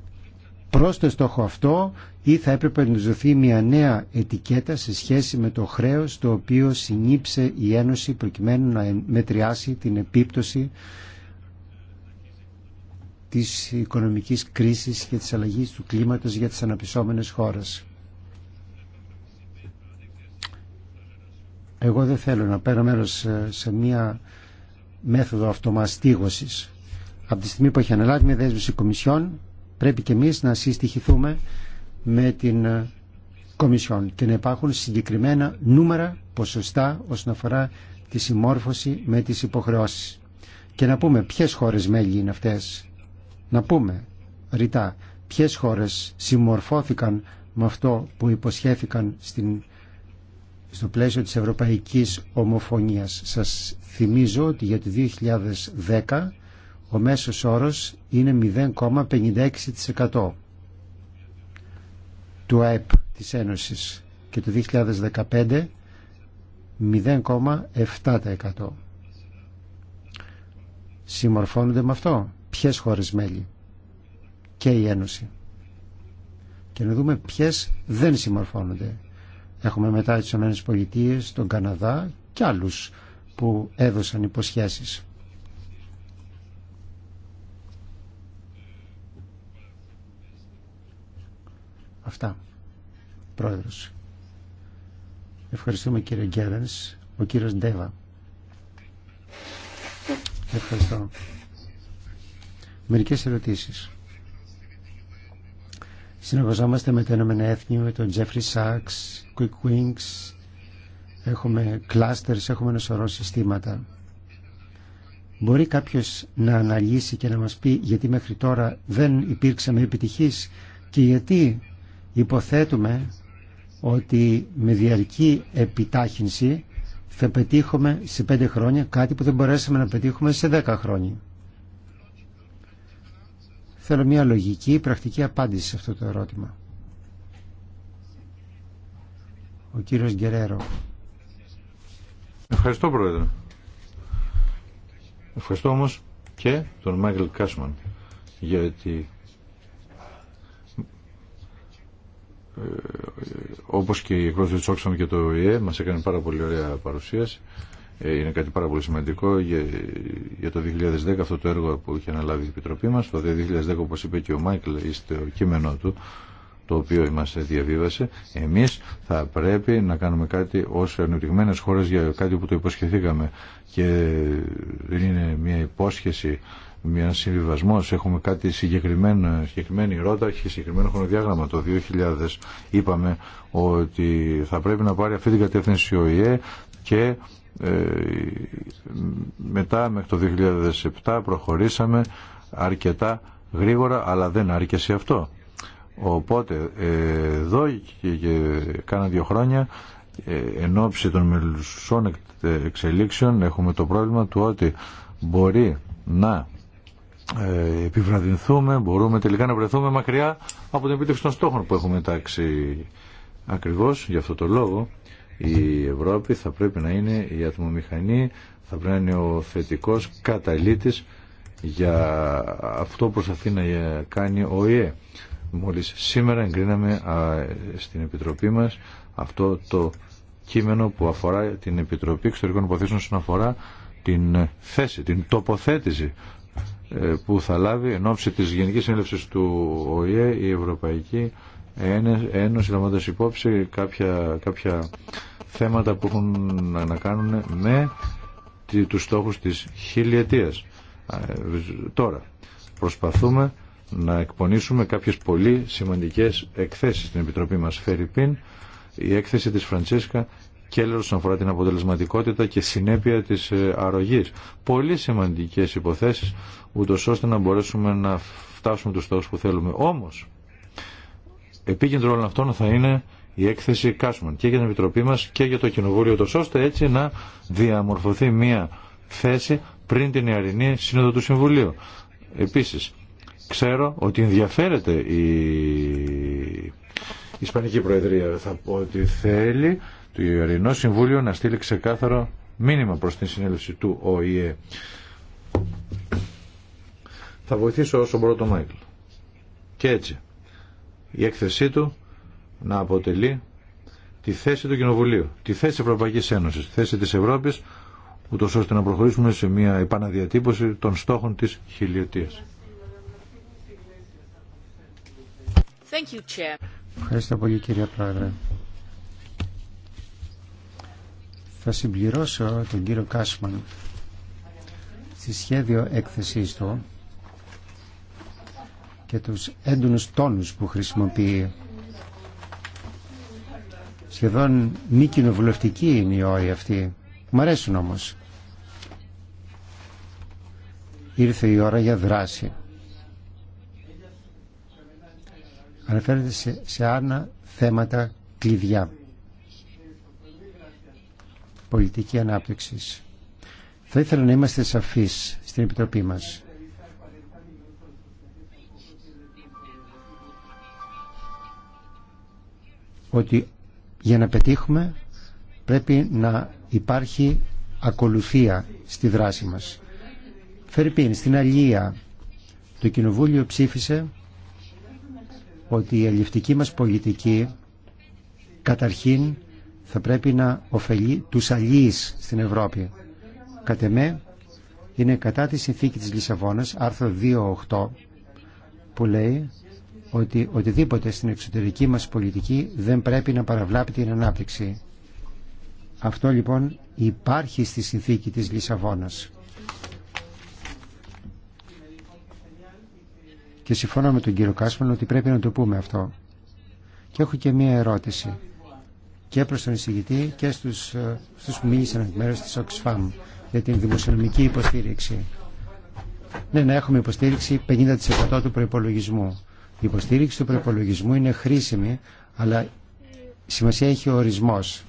προς το στόχο αυτό ή θα έπρεπε να δοθεί μια νέα ετικέτα σε σχέση με το χρέος το οποίο συνήψε η Ένωση προκειμένου να μετριάσει την επίπτωση της οικονομικής κρίσης και της αλλαγής του κλίματος για τις αναπτυσσόμενες χώρες. Εγώ δεν θέλω να παίρνω μέρος σε μια μέθοδο αυτομαστίγωσης. Από τη στιγμή που έχει αναλάβει μια δέσμευση κομισιόν πρέπει και εμείς να συστοιχηθούμε με την ε, Κομισιόν και να υπάρχουν συγκεκριμένα νούμερα, ποσοστά όσον αφορά τη συμμόρφωση με τις υποχρεώσεις. Και να πούμε ποιες χώρες μέλη είναι αυτές. Να πούμε ρητά ποιες χώρες συμμορφώθηκαν με αυτό που υποσχέθηκαν στην, στο πλαίσιο της Ευρωπαϊκής Ομοφωνίας. Σας θυμίζω ότι για το 2010 ο μέσος όρος είναι 0,56% του ΑΕΠ της Ένωσης και το 2015 0,7%. Συμμορφώνονται με αυτό ποιες χώρες μέλη και η Ένωση. Και να δούμε ποιες δεν συμμορφώνονται. Έχουμε μετά τις ΗΠΑ, τον Καναδά και άλλους που έδωσαν υποσχέσεις. Αυτά. Πρόεδρος. Ευχαριστούμε κύριε Γκέρενς. Ο κύριος Ντέβα. Ευχαριστώ. Μερικές ερωτήσεις. Συνεργαζόμαστε με το Ηνωμένα Έθνη, με τον Jeffrey Sachs, Quick Wings, έχουμε clusters, έχουμε ένα σωρό συστήματα. Μπορεί κάποιος να αναλύσει και να μας πει γιατί μέχρι τώρα δεν υπήρξαμε επιτυχής και γιατί Υποθέτουμε ότι με διαρκή επιτάχυνση θα πετύχουμε σε πέντε χρόνια κάτι που δεν μπορέσαμε να πετύχουμε σε δέκα χρόνια. Θέλω μια λογική, πρακτική απάντηση σε αυτό το ερώτημα. Ο κύριος Γκερέρο. Ευχαριστώ Πρόεδρε. Ευχαριστώ όμως και τον Μάικλ Κάσμαν γιατί Ε, όπως και η εκπρόσωπη τη και το ΟΗΕ μας έκανε πάρα πολύ ωραία παρουσίαση. Ε, είναι κάτι πάρα πολύ σημαντικό για, το 2010 αυτό το έργο που είχε αναλάβει η Επιτροπή μας. Το 2010 όπως είπε και ο Μάικλ ο κείμενό του το οποίο μας διαβίβασε, εμείς θα πρέπει να κάνουμε κάτι ως ανεπτυγμένες χώρες για κάτι που το υποσχεθήκαμε και είναι μια υπόσχεση μια συμβιβασμό, έχουμε κάτι συγκεκριμένο, συγκεκριμένη ρότα και συγκεκριμένο χρονοδιάγραμμα. Το 2000 είπαμε ότι θα πρέπει να πάρει αυτή την κατεύθυνση ο ΙΕ και ε, μετά μέχρι το 2007 προχωρήσαμε αρκετά γρήγορα αλλά δεν άρκεσε αυτό. Οπότε ε, εδώ και, κάνα δύο χρόνια ε, εν ώψη των μελουσών εξελίξεων έχουμε το πρόβλημα του ότι μπορεί να ε, επιβραδυνθούμε, μπορούμε τελικά να βρεθούμε μακριά από την επίτευξη των στόχων που έχουμε εντάξει. Ακριβώς γι' αυτό το λόγο η Ευρώπη θα πρέπει να είναι η ατμομηχανή, θα πρέπει να είναι ο θετικός καταλήτης για αυτό που προσπαθεί να κάνει ο ΙΕ. Μόλις σήμερα εγκρίναμε στην Επιτροπή μας αυτό το κείμενο που αφορά την Επιτροπή Εξωτερικών Υποθέσεων όσον αφορά την θέση, την τοποθέτηση ε, που θα λάβει εν ώψη της Γενικής Συνέλευσης του ΟΗΕ η Ευρωπαϊκή Ένωση λαμβάνοντας υπόψη κάποια, θέματα που έχουν να κάνουν με τους στόχους της χιλιετίας. Ε, τώρα προσπαθούμε να εκπονήσουμε κάποιες πολύ σημαντικές εκθέσεις στην Επιτροπή μας Φερρυπίν η έκθεση της Φραντσέσκα Κέλλερ όσον αφορά την αποτελεσματικότητα και συνέπεια της ε, αρρωγής. Πολύ σημαντικές υποθέσεις, ούτω ώστε να μπορέσουμε να φτάσουμε τους στόχους που θέλουμε. Όμως, επίκεντρο όλων αυτών θα είναι η έκθεση Κάσμαν και για την Επιτροπή μας και για το Κοινοβούλιο, ούτως ώστε έτσι να διαμορφωθεί μια θέση πριν την Ιαρινή Σύνοδο του Συμβουλίου. Επίσης, ξέρω ότι ενδιαφέρεται η Ισπανική Προεδρία θα πω ότι θέλει το Ιερινό Συμβούλιο να στείλει ξεκάθαρο μήνυμα προς την συνέλευση του ΟΗΕ. Θα βοηθήσω όσο μπορώ τον Μάικλ. Και έτσι η έκθεσή του να αποτελεί τη θέση του Κοινοβουλίου, τη θέση της Ευρωπαϊκής Ένωσης, τη θέση της Ευρώπης, ούτω ώστε να προχωρήσουμε σε μια επαναδιατύπωση των στόχων της χιλιετίας. Ευχαριστώ πολύ κυρία Πρόεδρε. Θα συμπληρώσω τον κύριο Κάσμαν στη σχέδιο έκθεσής του και τους έντονους τόνους που χρησιμοποιεί. Σχεδόν μη κοινοβουλευτική είναι η όρη αυτή. Μου αρέσουν όμως. Ήρθε η ώρα για δράση. Αναφέρεται σε, σε άλλα θέματα κλειδιά πολιτική ανάπτυξης. Θα ήθελα να είμαστε σαφείς στην Επιτροπή μας. Ότι για να πετύχουμε πρέπει να υπάρχει ακολουθία στη δράση μας. Φερρυπίν, στην Αλία το Κοινοβούλιο ψήφισε ότι η αλληλευτική μας πολιτική καταρχήν θα πρέπει να ωφελεί τους αλλιείς στην Ευρώπη. Κατ' εμέ είναι κατά τη συνθήκη της Λισαβόνας, άρθρο 2.8, που λέει ότι οτιδήποτε στην εξωτερική μας πολιτική δεν πρέπει να παραβλάπει την ανάπτυξη. Αυτό λοιπόν υπάρχει στη συνθήκη της Λισαβόνας. Και συμφωνώ με τον κύριο Κάσμαν ότι πρέπει να το πούμε αυτό. Και έχω και μία ερώτηση και προς τον εισηγητή και στους, ε, στους που μίλησαν μέρους της Oxfam για την δημοσιονομική υποστήριξη. Ναι, να έχουμε υποστήριξη 50% του προϋπολογισμού. Η υποστήριξη του προϋπολογισμού είναι χρήσιμη, αλλά σημασία έχει ο ορισμός.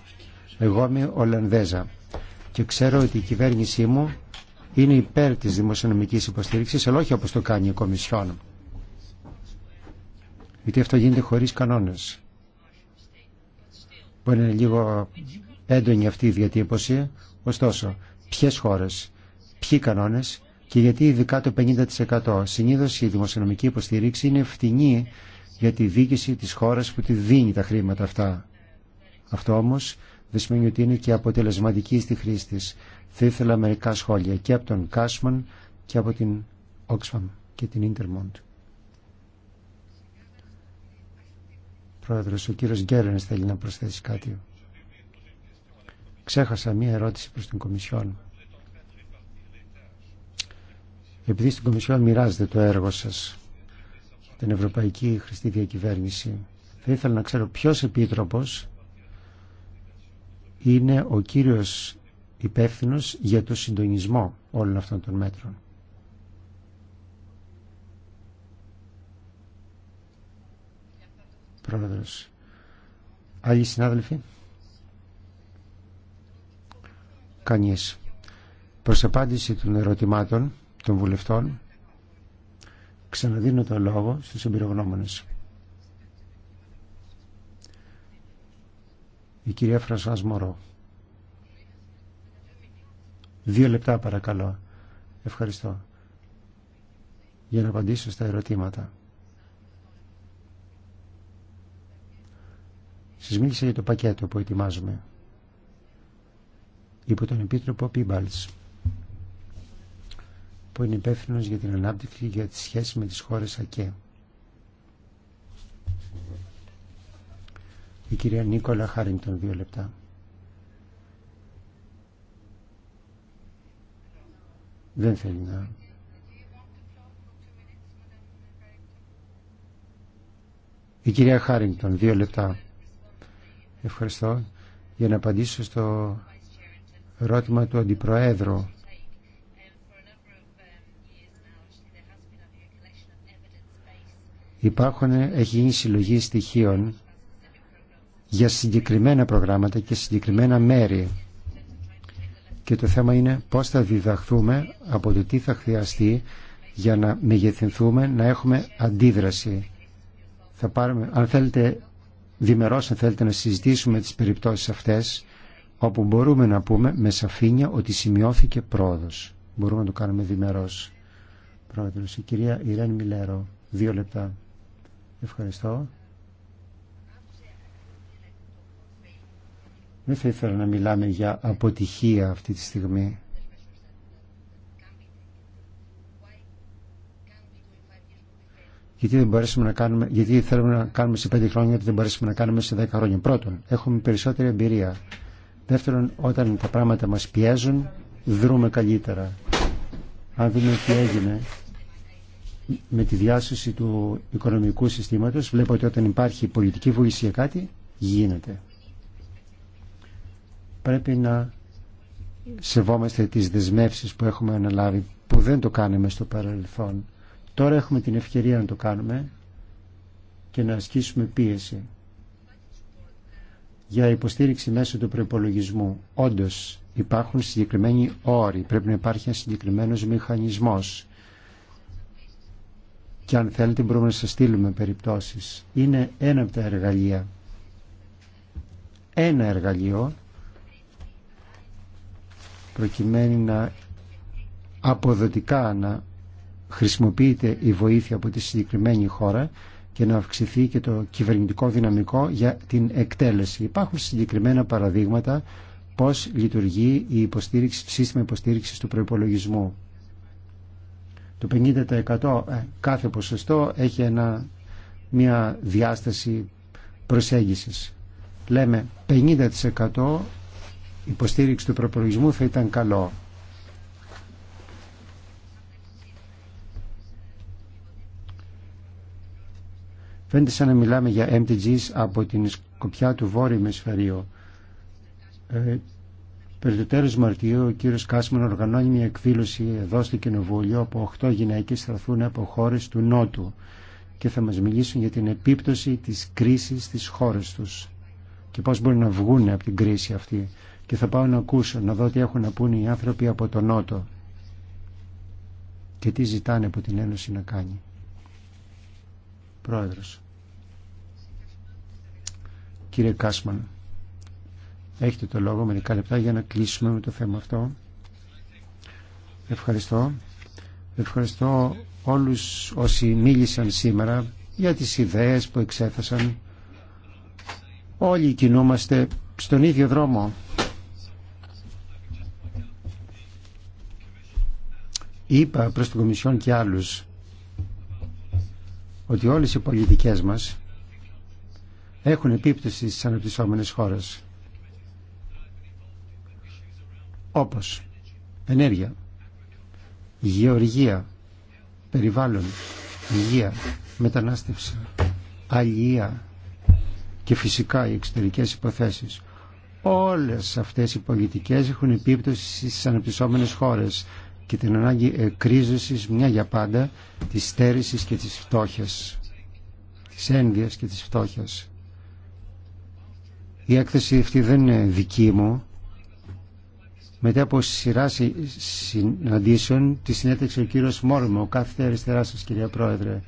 Εγώ είμαι Ολλανδέζα και ξέρω ότι η κυβέρνησή μου είναι υπέρ της δημοσιονομικής υποστήριξης, αλλά όχι όπως το κάνει η Κομισιόν. Γιατί αυτό γίνεται χωρίς κανόνες. Μπορεί να είναι λίγο έντονη αυτή η διατύπωση. Ωστόσο, ποιε χώρε, ποιοι κανόνε και γιατί ειδικά το 50%. Συνήθω η δημοσιονομική υποστήριξη είναι φτηνή για τη δίκηση της χώρα που τη δίνει τα χρήματα αυτά. Αυτό όμως δεν σημαίνει ότι είναι και αποτελεσματική στη χρήση τη. Θα ήθελα μερικά σχόλια και από τον Κάσμαν και από την Oxfam και την Intermont. Πρόεδρος. Ο κύριος Γκέρενς θέλει να προσθέσει κάτι. Ξέχασα μία ερώτηση προς την Κομισιόν. Επειδή στην Κομισιόν μοιράζεται το έργο σας, την Ευρωπαϊκή Χρηστή Διακυβέρνηση, θα ήθελα να ξέρω ποιος επίτροπος είναι ο κύριος υπεύθυνο για το συντονισμό όλων αυτών των μέτρων. Πρόεδρος. Άλλοι συνάδελφοι. Κανείς. Προς απάντηση των ερωτημάτων των βουλευτών ξαναδίνω το λόγο στους εμπειρογνώμονες. Η κυρία Φρασάς Μωρό. Δύο λεπτά παρακαλώ. Ευχαριστώ. Για να απαντήσω στα ερωτήματα. Σας μίλησα για το πακέτο που ετοιμάζουμε υπό τον Επίτροπο Πίμπαλτς που είναι υπεύθυνο για την ανάπτυξη και για τη σχέση με τις χώρες ΑΚΕ. Η κυρία Νίκολα Χάρινγκτον, δύο λεπτά. Δεν θέλει να... Η κυρία Χάρινγκτον, δύο λεπτά. Ευχαριστώ για να απαντήσω στο ερώτημα του Αντιπροέδρου. Υπάρχουν, έχει γίνει συλλογή στοιχείων για συγκεκριμένα προγράμματα και συγκεκριμένα μέρη. Και το θέμα είναι πώς θα διδαχθούμε από το τι θα χρειαστεί για να μεγεθυνθούμε, να έχουμε αντίδραση. Θα πάρουμε, αν θέλετε διμερώς αν θέλετε να συζητήσουμε τις περιπτώσεις αυτές όπου μπορούμε να πούμε με σαφήνεια ότι σημειώθηκε πρόοδος. Μπορούμε να το κάνουμε διμερώς. Πρόεδρος, η κυρία Ιρέν Μιλέρο, δύο λεπτά. Ευχαριστώ. Δεν θα ήθελα να μιλάμε για αποτυχία αυτή τη στιγμή. γιατί, δεν να κάνουμε, γιατί θέλουμε να κάνουμε σε πέντε χρόνια γιατί δεν μπορέσουμε να κάνουμε σε 10 χρόνια. Πρώτον, έχουμε περισσότερη εμπειρία. Δεύτερον, όταν τα πράγματα μα πιέζουν, δρούμε καλύτερα. Αν δούμε τι έγινε με τη διάσωση του οικονομικού συστήματος, βλέπω ότι όταν υπάρχει πολιτική βοήθεια για κάτι, γίνεται. Πρέπει να σεβόμαστε τις δεσμεύσεις που έχουμε αναλάβει, που δεν το κάνουμε στο παρελθόν. Τώρα έχουμε την ευκαιρία να το κάνουμε και να ασκήσουμε πίεση για υποστήριξη μέσω του προπολογισμού. Όντω υπάρχουν συγκεκριμένοι όροι, πρέπει να υπάρχει ένα συγκεκριμένο μηχανισμό. Και αν θέλετε μπορούμε να σα στείλουμε περιπτώσεις. Είναι ένα από τα εργαλεία. Ένα εργαλείο προκειμένου να αποδοτικά να χρησιμοποιείται η βοήθεια από τη συγκεκριμένη χώρα και να αυξηθεί και το κυβερνητικό δυναμικό για την εκτέλεση. Υπάρχουν συγκεκριμένα παραδείγματα πώς λειτουργεί η υποστήριξη, σύστημα υποστήριξης του προϋπολογισμού. Το 50% ε, κάθε ποσοστό έχει ένα, μια διάσταση προσέγγισης. Λέμε 50% υποστήριξη του προπολογισμού θα ήταν καλό. Φαίνεται σαν να μιλάμε για MTGs από την σκοπιά του Βόρειου Μεσφαρίου. Ε, Περί το Μαρτίου ο κύριος Κάσμαν οργανώνει μια εκδήλωση εδώ στο Κοινοβούλιο όπου 8 γυναίκες θα από χώρες του Νότου και θα μας μιλήσουν για την επίπτωση της κρίσης στις χώρες τους και πώς μπορούν να βγουν από την κρίση αυτή και θα πάω να ακούσω, να δω τι έχουν να πούνε οι άνθρωποι από το Νότο και τι ζητάνε από την Ένωση να κάνει. Πρόεδρος. Κύριε Κάσμαν, έχετε το λόγο μερικά λεπτά για να κλείσουμε με το θέμα αυτό. Ευχαριστώ. Ευχαριστώ όλους όσοι μίλησαν σήμερα για τις ιδέες που εξέθεσαν. Όλοι κινούμαστε στον ίδιο δρόμο. Είπα προς την Κομισιόν και άλλους ότι όλες οι πολιτικές μας έχουν επίπτωση στις αναπτυσσόμενες χώρες. Όπως ενέργεια, γεωργία, περιβάλλον, υγεία, μετανάστευση, αλληλεία και φυσικά οι εξωτερικές υποθέσεις. Όλες αυτές οι πολιτικές έχουν επίπτωση στις αναπτυσσόμενες χώρες και την ανάγκη εκρίζωσης μια για πάντα της στέρησης και της φτώχειας, της ένδυας και της φτώχειας. Η έκθεση αυτή δεν είναι δική μου. Μετά από σειρά συναντήσεων τη συνέταξε ο κύριος Μόρμο, κάθε αριστερά σας κυρία Πρόεδρε.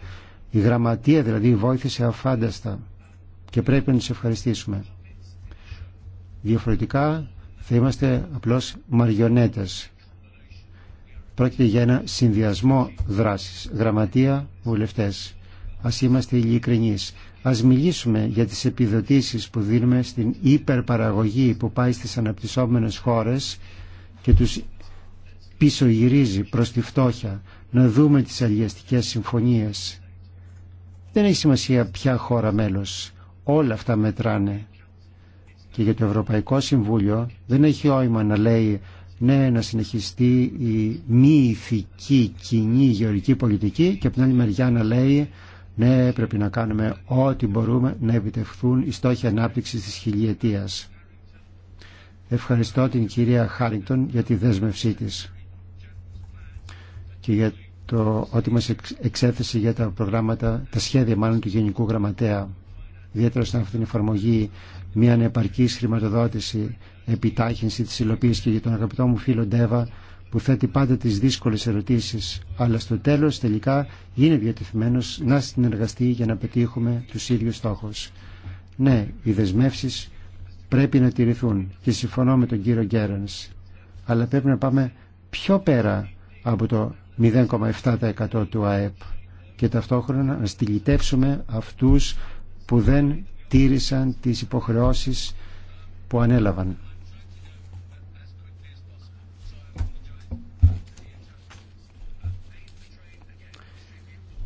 Η γραμματεία δηλαδή βόηθησε αφάνταστα και πρέπει να τους ευχαριστήσουμε. Διαφορετικά θα είμαστε απλώς μαριονέτες Πρόκειται για ένα συνδυασμό δράσης. Γραμματεία, βουλευτές. Ας είμαστε ειλικρινείς. Ας μιλήσουμε για τις επιδοτήσεις που δίνουμε στην υπερπαραγωγή που πάει στις αναπτυσσόμενες χώρες και τους πίσω γυρίζει προς τη φτώχεια. Να δούμε τις αλλιαστικές συμφωνίες. Δεν έχει σημασία ποια χώρα μέλος. Όλα αυτά μετράνε. Και για το Ευρωπαϊκό Συμβούλιο δεν έχει όημα να λέει ναι να συνεχιστεί η μη ηθική κοινή γεωρική πολιτική και από την άλλη μεριά να λέει ναι πρέπει να κάνουμε ό,τι μπορούμε να επιτευχθούν οι στόχοι ανάπτυξης της χιλιετίας. Ευχαριστώ την κυρία Χάρινγκτον για τη δέσμευσή της και για το ότι μας εξέθεσε για τα προγράμματα, τα σχέδια μάλλον του Γενικού Γραμματέα ιδιαίτερα στην την εφαρμογή μια ανεπαρκής χρηματοδότηση επιτάχυνση της υλοποίησης και για τον αγαπητό μου φίλο Ντέβα που θέτει πάντα τις δύσκολες ερωτήσεις αλλά στο τέλος τελικά είναι διατεθειμένος να συνεργαστεί για να πετύχουμε τους ίδιους στόχους. Ναι, οι δεσμεύσει πρέπει να τηρηθούν και συμφωνώ με τον κύριο Γκέρανς αλλά πρέπει να πάμε πιο πέρα από το 0,7% του ΑΕΠ και ταυτόχρονα να στυλιτεύσουμε αυτούς που δεν τήρησαν τις υποχρεώσεις που ανέλαβαν.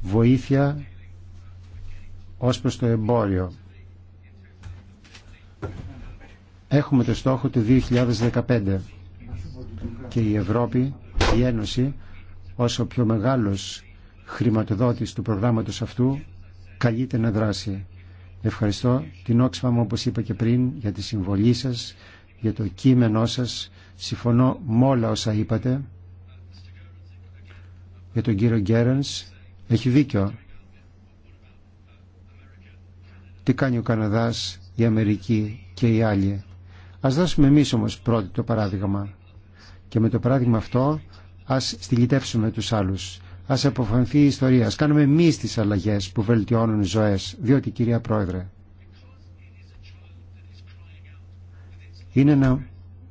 βοήθεια ως προς το εμπόριο. Έχουμε το στόχο του 2015 και η Ευρώπη, η Ένωση, ως ο πιο μεγάλος χρηματοδότης του προγράμματος αυτού, καλείται να δράσει. Ευχαριστώ την όξφα μου, όπως είπα και πριν, για τη συμβολή σας, για το κείμενό σας. Συμφωνώ με όλα όσα είπατε. Για τον κύριο Γκέρενς, έχει δίκιο. Τι κάνει ο Καναδάς, η Αμερική και οι άλλοι. Ας δώσουμε εμείς όμως πρώτοι το παράδειγμα. Και με το παράδειγμα αυτό ας στυλιτεύσουμε τους άλλους. Ας αποφανθεί η ιστορία. Ας κάνουμε εμεί τις αλλαγές που βελτιώνουν ζωές. Διότι κυρία Πρόεδρε, είναι ένα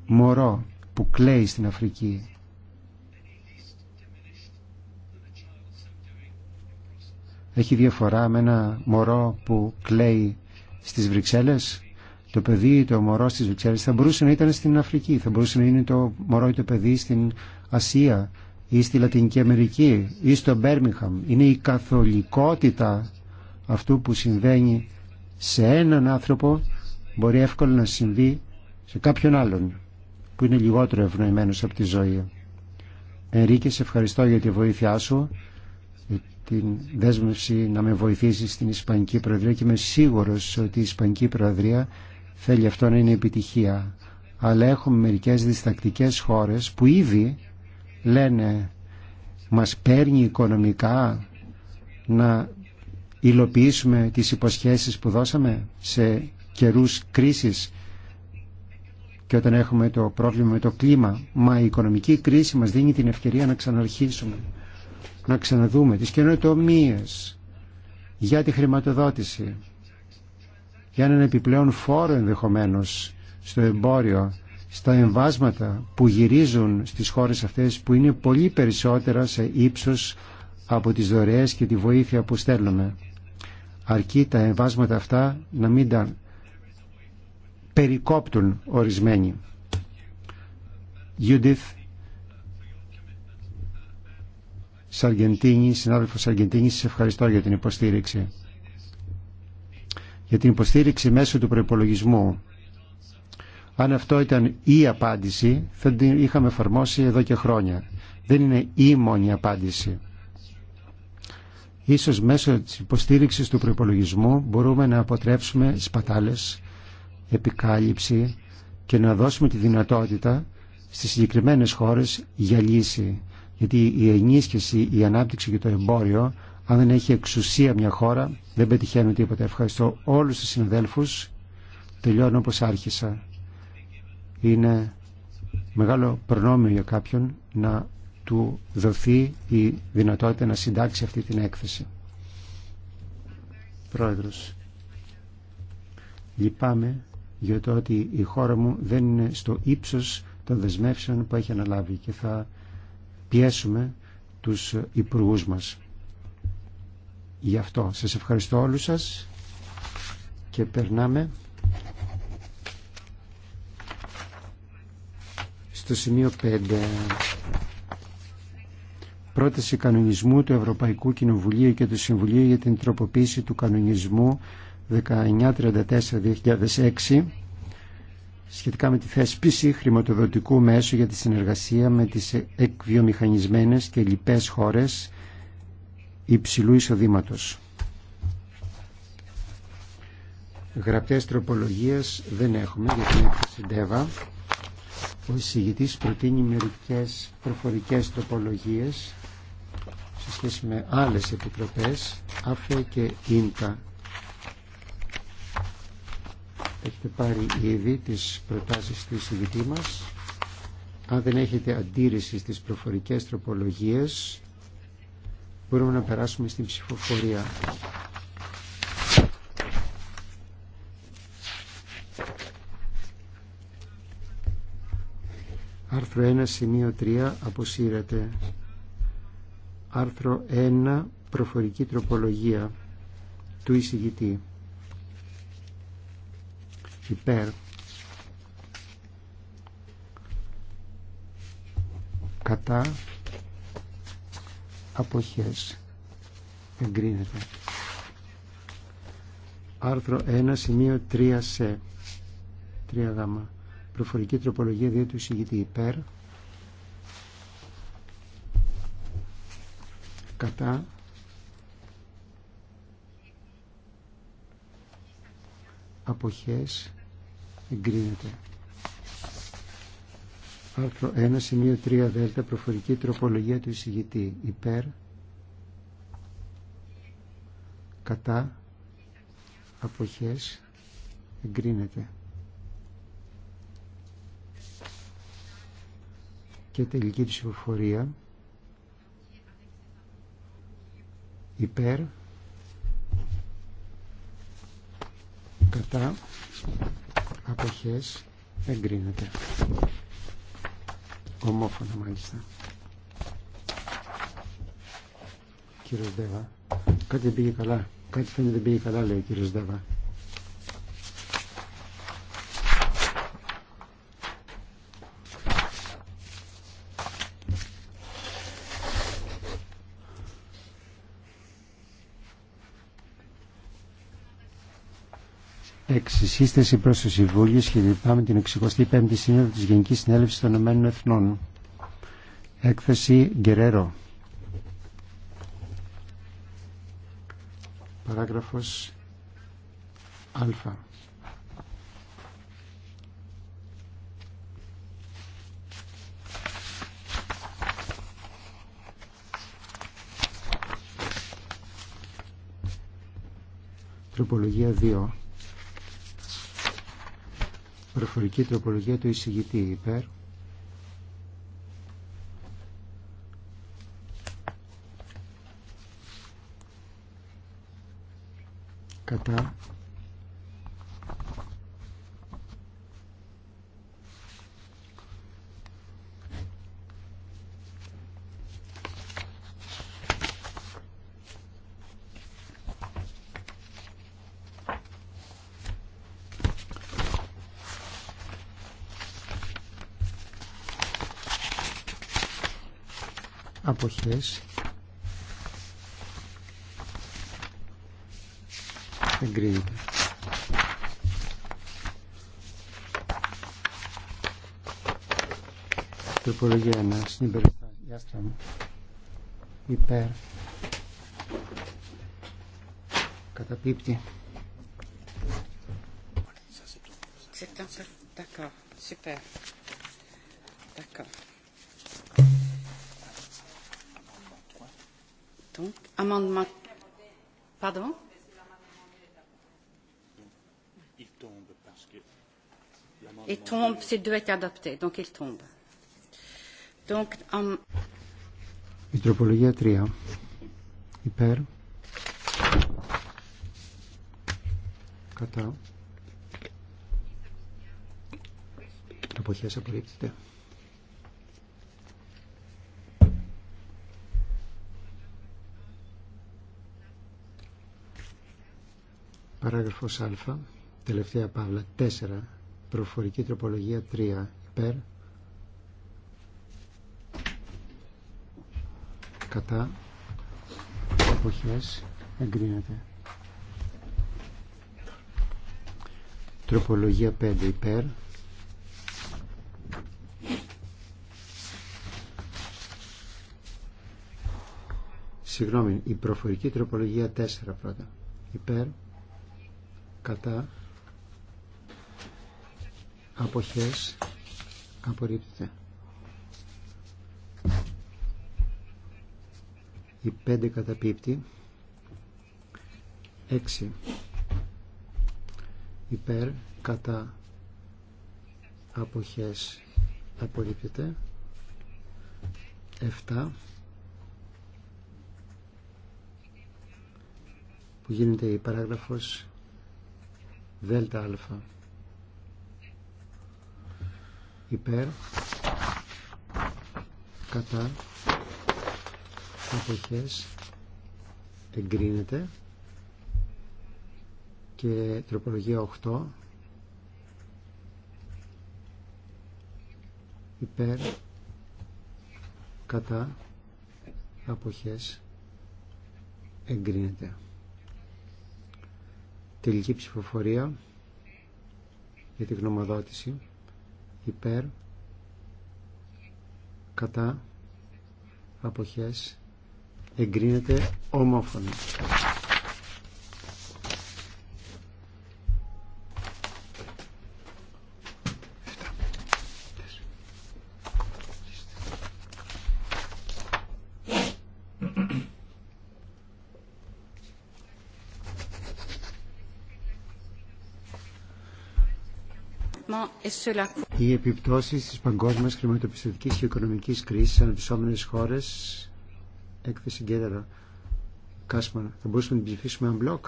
μωρό που κλαίει στην Αφρική έχει διαφορά με ένα μωρό που κλαίει στις Βρυξέλλες το παιδί ή το μωρό στις Βρυξέλλες θα μπορούσε να ήταν στην Αφρική θα μπορούσε να είναι το μωρό ή το παιδί στην Ασία ή στη Λατινική Αμερική ή στο Μπέρμιχαμ είναι η καθολικότητα αυτού που συμβαίνει σε έναν άνθρωπο μπορεί εύκολα να συμβεί σε κάποιον άλλον που είναι λιγότερο ευνοημένος από τη ζωή. Ενρίκη, σε εναν ανθρωπο μπορει ευκολα να συμβει σε καποιον αλλον που ειναι λιγοτερο ευνοημενος απο τη ζωη ενρικη ευχαριστω για τη βοήθειά σου την δέσμευση να με βοηθήσει στην Ισπανική Προεδρία και είμαι σίγουρος ότι η Ισπανική Προεδρία θέλει αυτό να είναι επιτυχία. Αλλά έχουμε μερικές διστακτικές χώρες που ήδη λένε μας παίρνει οικονομικά να υλοποιήσουμε τις υποσχέσεις που δώσαμε σε καιρούς κρίσης και όταν έχουμε το πρόβλημα με το κλίμα. Μα η οικονομική κρίση μας δίνει την ευκαιρία να ξαναρχίσουμε να ξαναδούμε τις καινοτομίε για τη χρηματοδότηση, για έναν επιπλέον φόρο ενδεχομένω στο εμπόριο, στα εμβάσματα που γυρίζουν στις χώρες αυτές που είναι πολύ περισσότερα σε ύψος από τις δωρεές και τη βοήθεια που στέλνουμε. Αρκεί τα εμβάσματα αυτά να μην τα περικόπτουν ορισμένοι. Judith Σαργεντίνη, συνάδελφο Σαργεντίνη, σε ευχαριστώ για την υποστήριξη. Για την υποστήριξη μέσω του προπολογισμού. Αν αυτό ήταν η απάντηση, θα την είχαμε εφαρμόσει εδώ και χρόνια. Δεν είναι η μόνη απάντηση. Ίσως μέσω της υποστήριξης του προπολογισμού μπορούμε να αποτρέψουμε σπατάλες, επικάλυψη και να δώσουμε τη δυνατότητα στις συγκεκριμένες χώρες για λύση γιατί η ενίσχυση, η ανάπτυξη και το εμπόριο, αν δεν έχει εξουσία μια χώρα, δεν πετυχαίνει τίποτα. Ευχαριστώ όλους τους συναδέλφους. Τελειώνω όπως άρχισα. Είναι μεγάλο προνόμιο για κάποιον να του δοθεί η δυνατότητα να συντάξει αυτή την έκθεση. Πρόεδρος, λυπάμαι για το ότι η χώρα μου δεν είναι στο ύψος των δεσμεύσεων που έχει αναλάβει και θα πιέσουμε τους υπουργούς μας. Γι' αυτό σας ευχαριστώ όλους σας και περνάμε στο σημείο 5 πρόταση κανονισμού του Ευρωπαϊκού Κοινοβουλίου και του Συμβουλίου για την τροποποίηση του κανονισμού 1934-2006 σχετικά με τη θέσπιση χρηματοδοτικού μέσου για τη συνεργασία με τις εκβιομηχανισμένες και λοιπές χώρες υψηλού εισοδήματος. Γραπτές τροπολογίες δεν έχουμε για την έκθεση ΔΕΒΑ. Ο εισηγητής προτείνει μερικές προφορικές τροπολογίες σε σχέση με άλλες επιτροπές, ΑΦΕ και ΙΝΤΑ. Έχετε πάρει ήδη τις προτάσεις του εισηγητή μας. Αν δεν έχετε αντίρρηση στις προφορικές τροπολογίες, μπορούμε να περάσουμε στην ψηφοφορία. Άρθρο 1 σημείο 3 αποσύρεται. Άρθρο 1 προφορική τροπολογία του εισηγητή υπέρ κατά αποχές εγκρίνεται άρθρο 1 σημείο 3 σε 3 γάμα προφορική τροπολογία 2 του εισηγητή υπέρ κατά αποχές εγκρίνεται. Άρθρο 1 σημείο 3 δέλτα προφορική τροπολογία του εισηγητή υπέρ κατά αποχές εγκρίνεται. Και τελική υποφορία. υπέρ κατά αποχές εγκρίνεται ομόφωνα μάλιστα κύριος Δέβα κάτι δεν πήγε καλά κάτι φαίνεται δεν πήγε καλά λέει ο κύριος Δέβα εξισύσθεση προς το Συμβούλιο σχετικά με την 65η Σύνοδο της Γενικής Συνέλευσης των Ηνωμένων Εθνών. Έκθεση Γκερέρο. Παράγραφος Α. Τροπολογία 2 προφορική τροπολογία του εισηγητή υπέρ Τροπολογία 1. Υπέρ. Καταπίπτει. D'accord, super. D'accord. Donc, amendement. Pardon Il tombe parce que. Il tombe, ces deux étaient adoptés, donc il tombe. Donc, um... Η 3. Υπέρ. Κατά. Αποχές απορρίπτεται. Παράγραφος α, τελευταία παύλα 4, προφορική τροπολογία 3, υπέρ, κατά εποχές εγκρίνεται τροπολογία 5 υπέρ συγγνώμη η προφορική τροπολογία 4 πρώτα υπέρ κατά αποχές απορρίπτεται η 5 καταπίπτει 6 υπέρ κατά αποχές απορρίπτεται 7 που γίνεται η παράγραφος δέλτα α υπέρ κατά αποχές εγκρίνεται και τροπολογία 8 υπέρ κατά αποχές εγκρίνεται τελική ψηφοφορία για τη γνωμοδότηση υπέρ κατά αποχές εγκρίνεται ομόφωνα. Οι επιπτώσεις της παγκόσμιας χρηματοπιστωτικής και οικονομικής κρίσης σε αναπτυσσόμενες χώρες έκθεση γκέτερα Κάσμανα. Θα μπορούσαμε να την ψηφίσουμε ένα μπλοκ.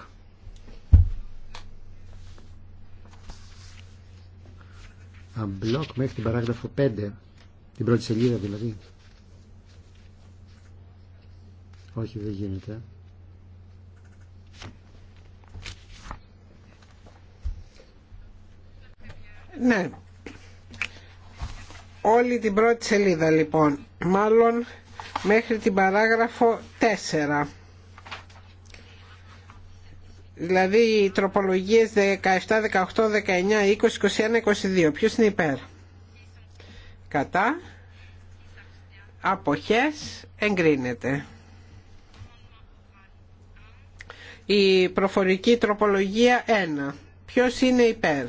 Αμπλοκ μέχρι την παράγραφο 5, την πρώτη σελίδα δηλαδή. Όχι, δεν γίνεται. Ναι. Όλη την πρώτη σελίδα λοιπόν. Μάλλον μέχρι την παράγραφο 4 δηλαδή οι τροπολογίες 17, 18, 19, 20, 21, 22 ποιος είναι υπέρ κατά αποχές εγκρίνεται η προφορική τροπολογία 1 ποιος είναι υπέρ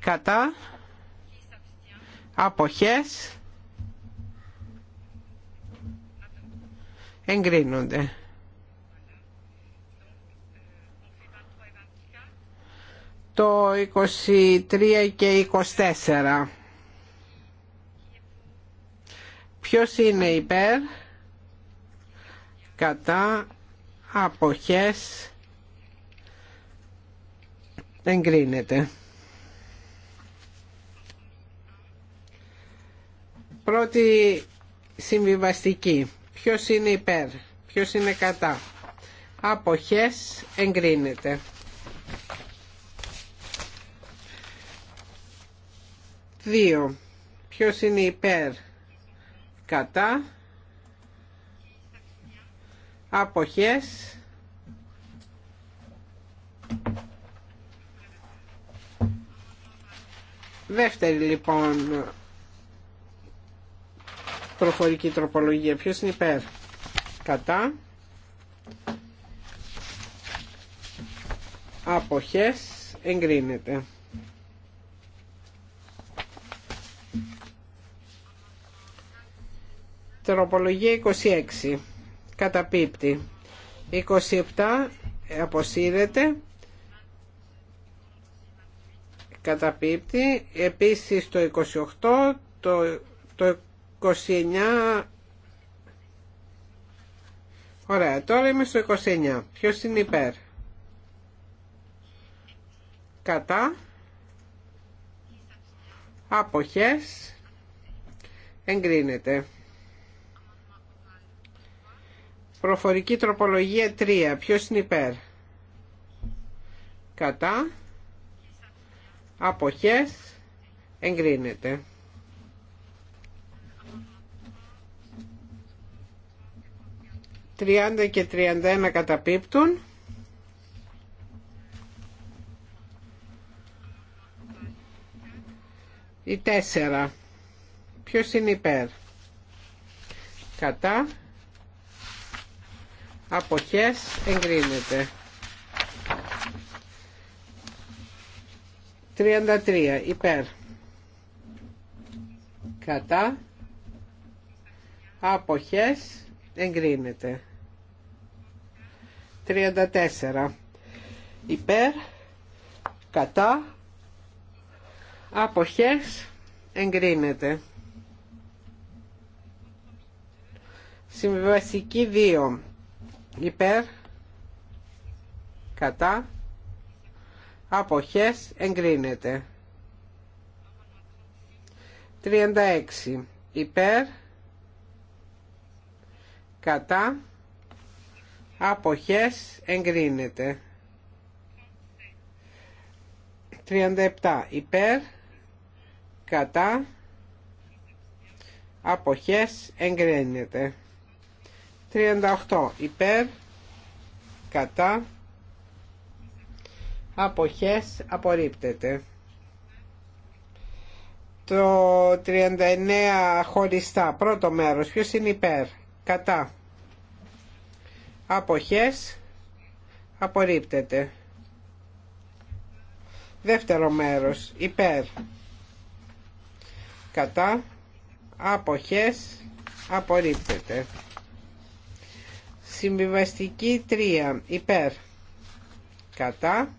κατά αποχές εγκρίνονται. Το 23 και 24. Ποιος είναι υπέρ, κατά, αποχές, εγκρίνεται. Πρώτη συμβιβαστική. Ποιος είναι υπέρ, ποιος είναι κατά. Αποχές εγκρίνεται. Δύο. Ποιος είναι υπέρ, κατά. Αποχές. Δεύτερη λοιπόν προφορική τροπολογία. Ποιο είναι υπέρ. Κατά. Αποχές εγκρίνεται. Τροπολογία 26. Καταπίπτει. 27 αποσύρεται. Καταπίπτει. Επίσης το 28, το, το 29 Ωραία, τώρα είμαι στο 29. Ποιος είναι υπέρ. Κατά. Αποχές. Εγκρίνεται. Προφορική τροπολογία 3. Ποιος είναι υπέρ. Κατά. Αποχές. Εγκρίνεται. 30 και 31 καταπίπτουν. Η 4. Ποιος είναι υπέρ. Κατά. Αποχές εγκρίνεται. 33. Υπέρ. Κατά. Αποχές εγκρίνεται. 34 υπέρ κατά αποχές εγκρίνεται Συμβασική 2 υπέρ κατά αποχές εγκρίνεται 36 υπέρ κατά αποχές εγκρίνεται 37 υπέρ κατά αποχές εγκρίνεται 38 υπέρ κατά αποχές απορρίπτεται το 39 χωριστά πρώτο μέρος ποιος είναι υπέρ κατά αποχές απορρίπτεται δεύτερο μέρος υπέρ κατά αποχές απορρίπτεται συμβιβαστική 3 υπέρ κατά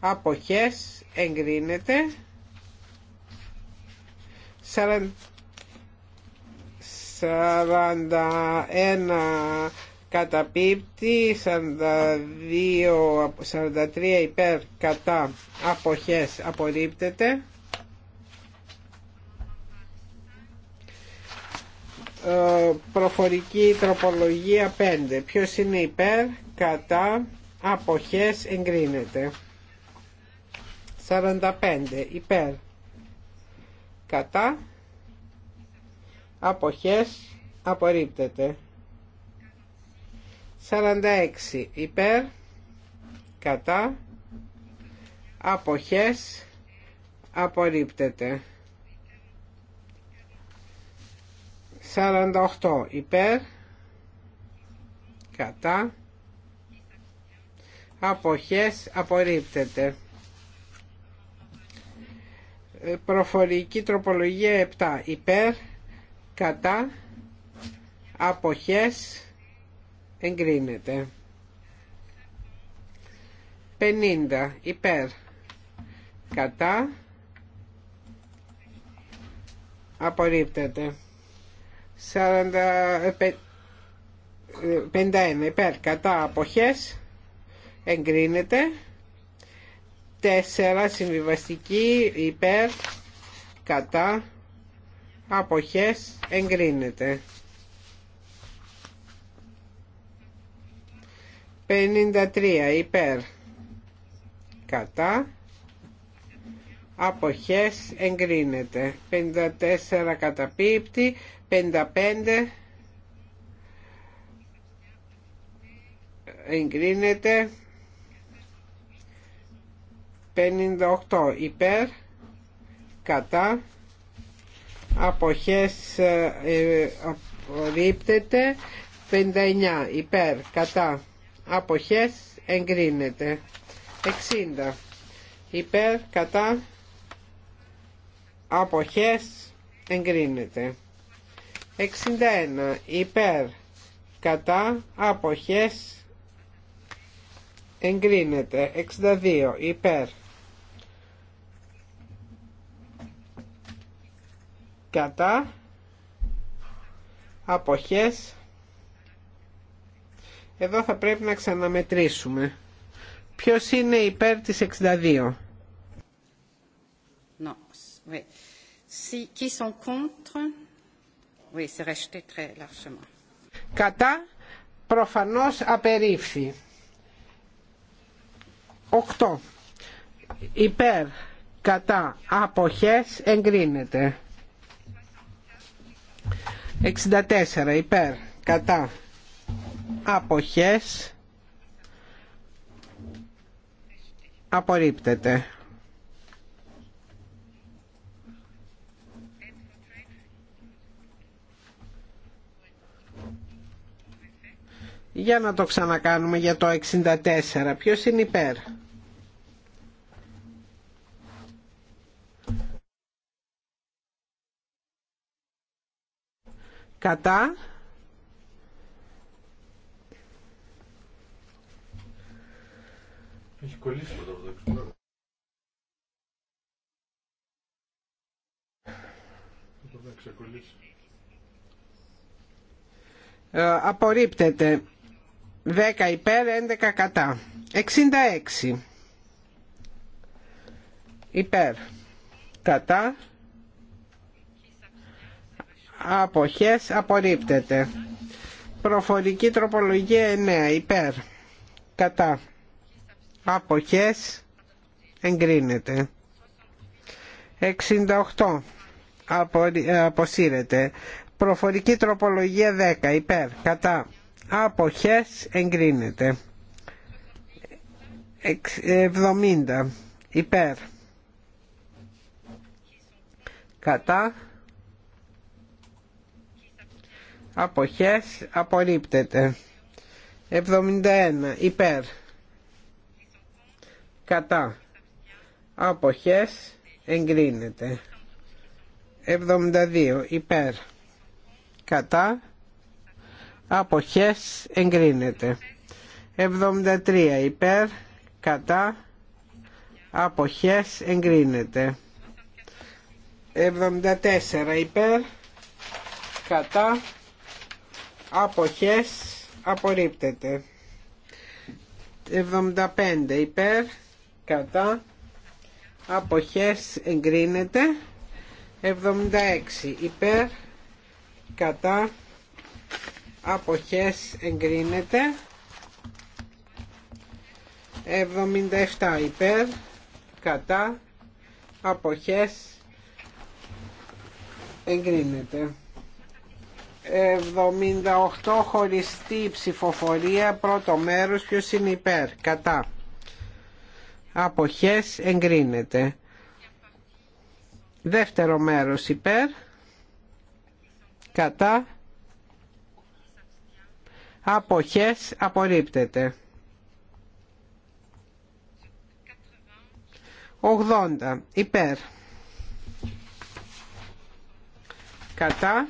αποχές εγκρίνεται 41 καταπίπτει 42 43 υπέρ κατά αποχές απορρίπτεται ε, προφορική τροπολογία 5 ποιος είναι υπέρ κατά αποχές εγκρίνεται 45 υπέρ κατά αποχές απορρίπτεται 46 υπέρ κατά αποχές απορρίπτεται 48 υπέρ κατά αποχές απορρίπτεται ε, προφορική τροπολογία 7 υπέρ κατά αποχές εγκρίνεται 50 υπέρ κατά απορρίπτεται 51 υπέρ κατά αποχές εγκρίνεται 4 συμβιβαστική υπέρ κατά αποχές εγκρίνεται 53 υπέρ κατά αποχές εγκρίνεται 54 καταπίπτει 55 εγκρίνεται 58 υπέρ κατά αποχές ε, ε, απορρίπτεται 59 υπέρ κατά αποχές εγκρίνεται 60 υπέρ κατά αποχές εγκρίνεται 61 υπέρ κατά αποχές εγκρίνεται 62 υπέρ κατά αποχές εδώ θα πρέπει να ξαναμετρήσουμε ποιος είναι υπέρ της 62 non oui si qui sont contre oui très κατά προφανώς απερίφθη 8 υπέρ κατά αποχές εγκρίνεται 64 υπέρ κατά αποχές απορρίπτεται. Για να το ξανακάνουμε για το 64. Ποιος είναι υπέρ. Κατά. Έχει κολλήσει το ε, απορρίπτεται 10 υπέρ 11 κατά 66 υπέρ κατά αποχές απορρίπτεται προφορική τροπολογία 9 υπέρ κατά αποχές εγκρίνεται 68 αποσύρεται προφορική τροπολογία 10 υπέρ κατά αποχές εγκρίνεται 70 υπέρ κατά αποχές απορρίπτεται 71 υπέρ κατά αποχές εγκρίνεται 72 υπέρ κατά αποχές εγκρίνεται 73 υπέρ κατά αποχές εγκρίνεται 74 υπέρ κατά αποχές απορρίπτεται 75 υπέρ κατά αποχές εγκρίνεται 76 υπέρ κατά αποχές εγκρίνεται 77 υπέρ κατά αποχές εγκρίνεται 78 χωριστή ψηφοφορία πρώτο μέρος ποιος είναι υπέρ κατά αποχές εγκρίνεται δεύτερο μέρος υπέρ κατά αποχές απορρίπτεται 80 υπέρ κατά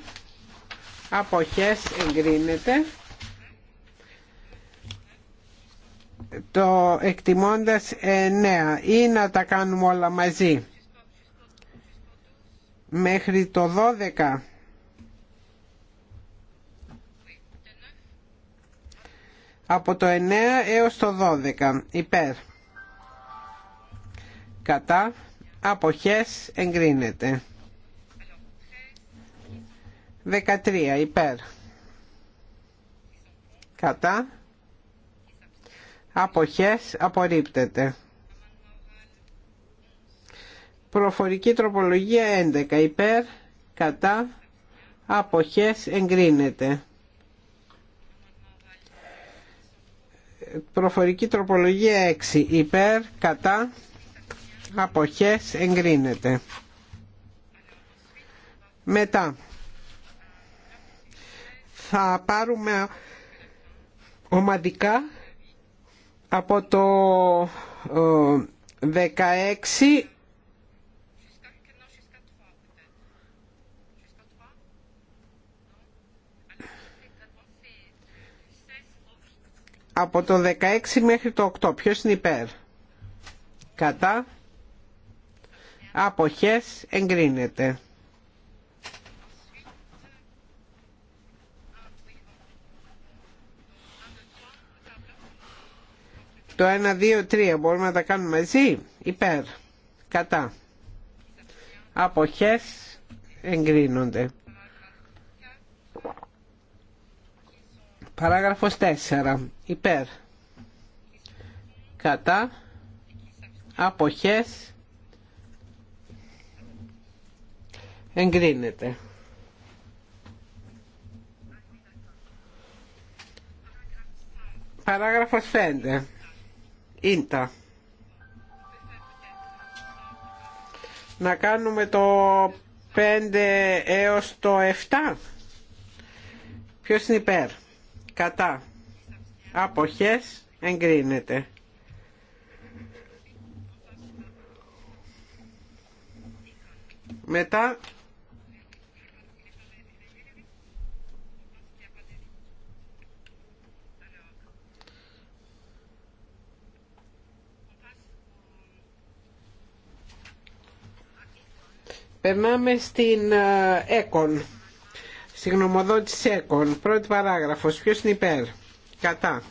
αποχές εγκρίνεται το εκτιμώντας 9 ε, ναι, ή να τα κάνουμε όλα μαζί μέχρι το 12 από το 9 έως το 12 υπέρ κατά αποχές εγκρίνεται 13 υπέρ κατά αποχές απορρίπτεται προφορική τροπολογία 11 υπέρ κατά αποχές εγκρίνεται προφορική τροπολογία 6 υπέρ κατά αποχές εγκρίνεται μετά θα πάρουμε ομαδικά από το 16 ε, από το 16 μέχρι το 8. ποιο είναι υπέρ. Κατά. Αποχές εγκρίνεται. Το 1, 2, 3 μπορούμε να τα κάνουμε μαζί. Υπέρ. Κατά. Αποχές εγκρίνονται. Παράγραφος 4. Υπέρ. Κατά. Αποχές εγκρίνεται. Παράγραφος 5. Ίντα. Να κάνουμε το 5 έως το 7. Ποιος είναι υπέρ. Κατά. Αποχές εγκρίνεται. Μετά Περνάμε στην ΕΚΟΝ. Στη ΕΚΟΝ. Πρώτη παράγραφος. Ποιος είναι υπέρ. Κατά.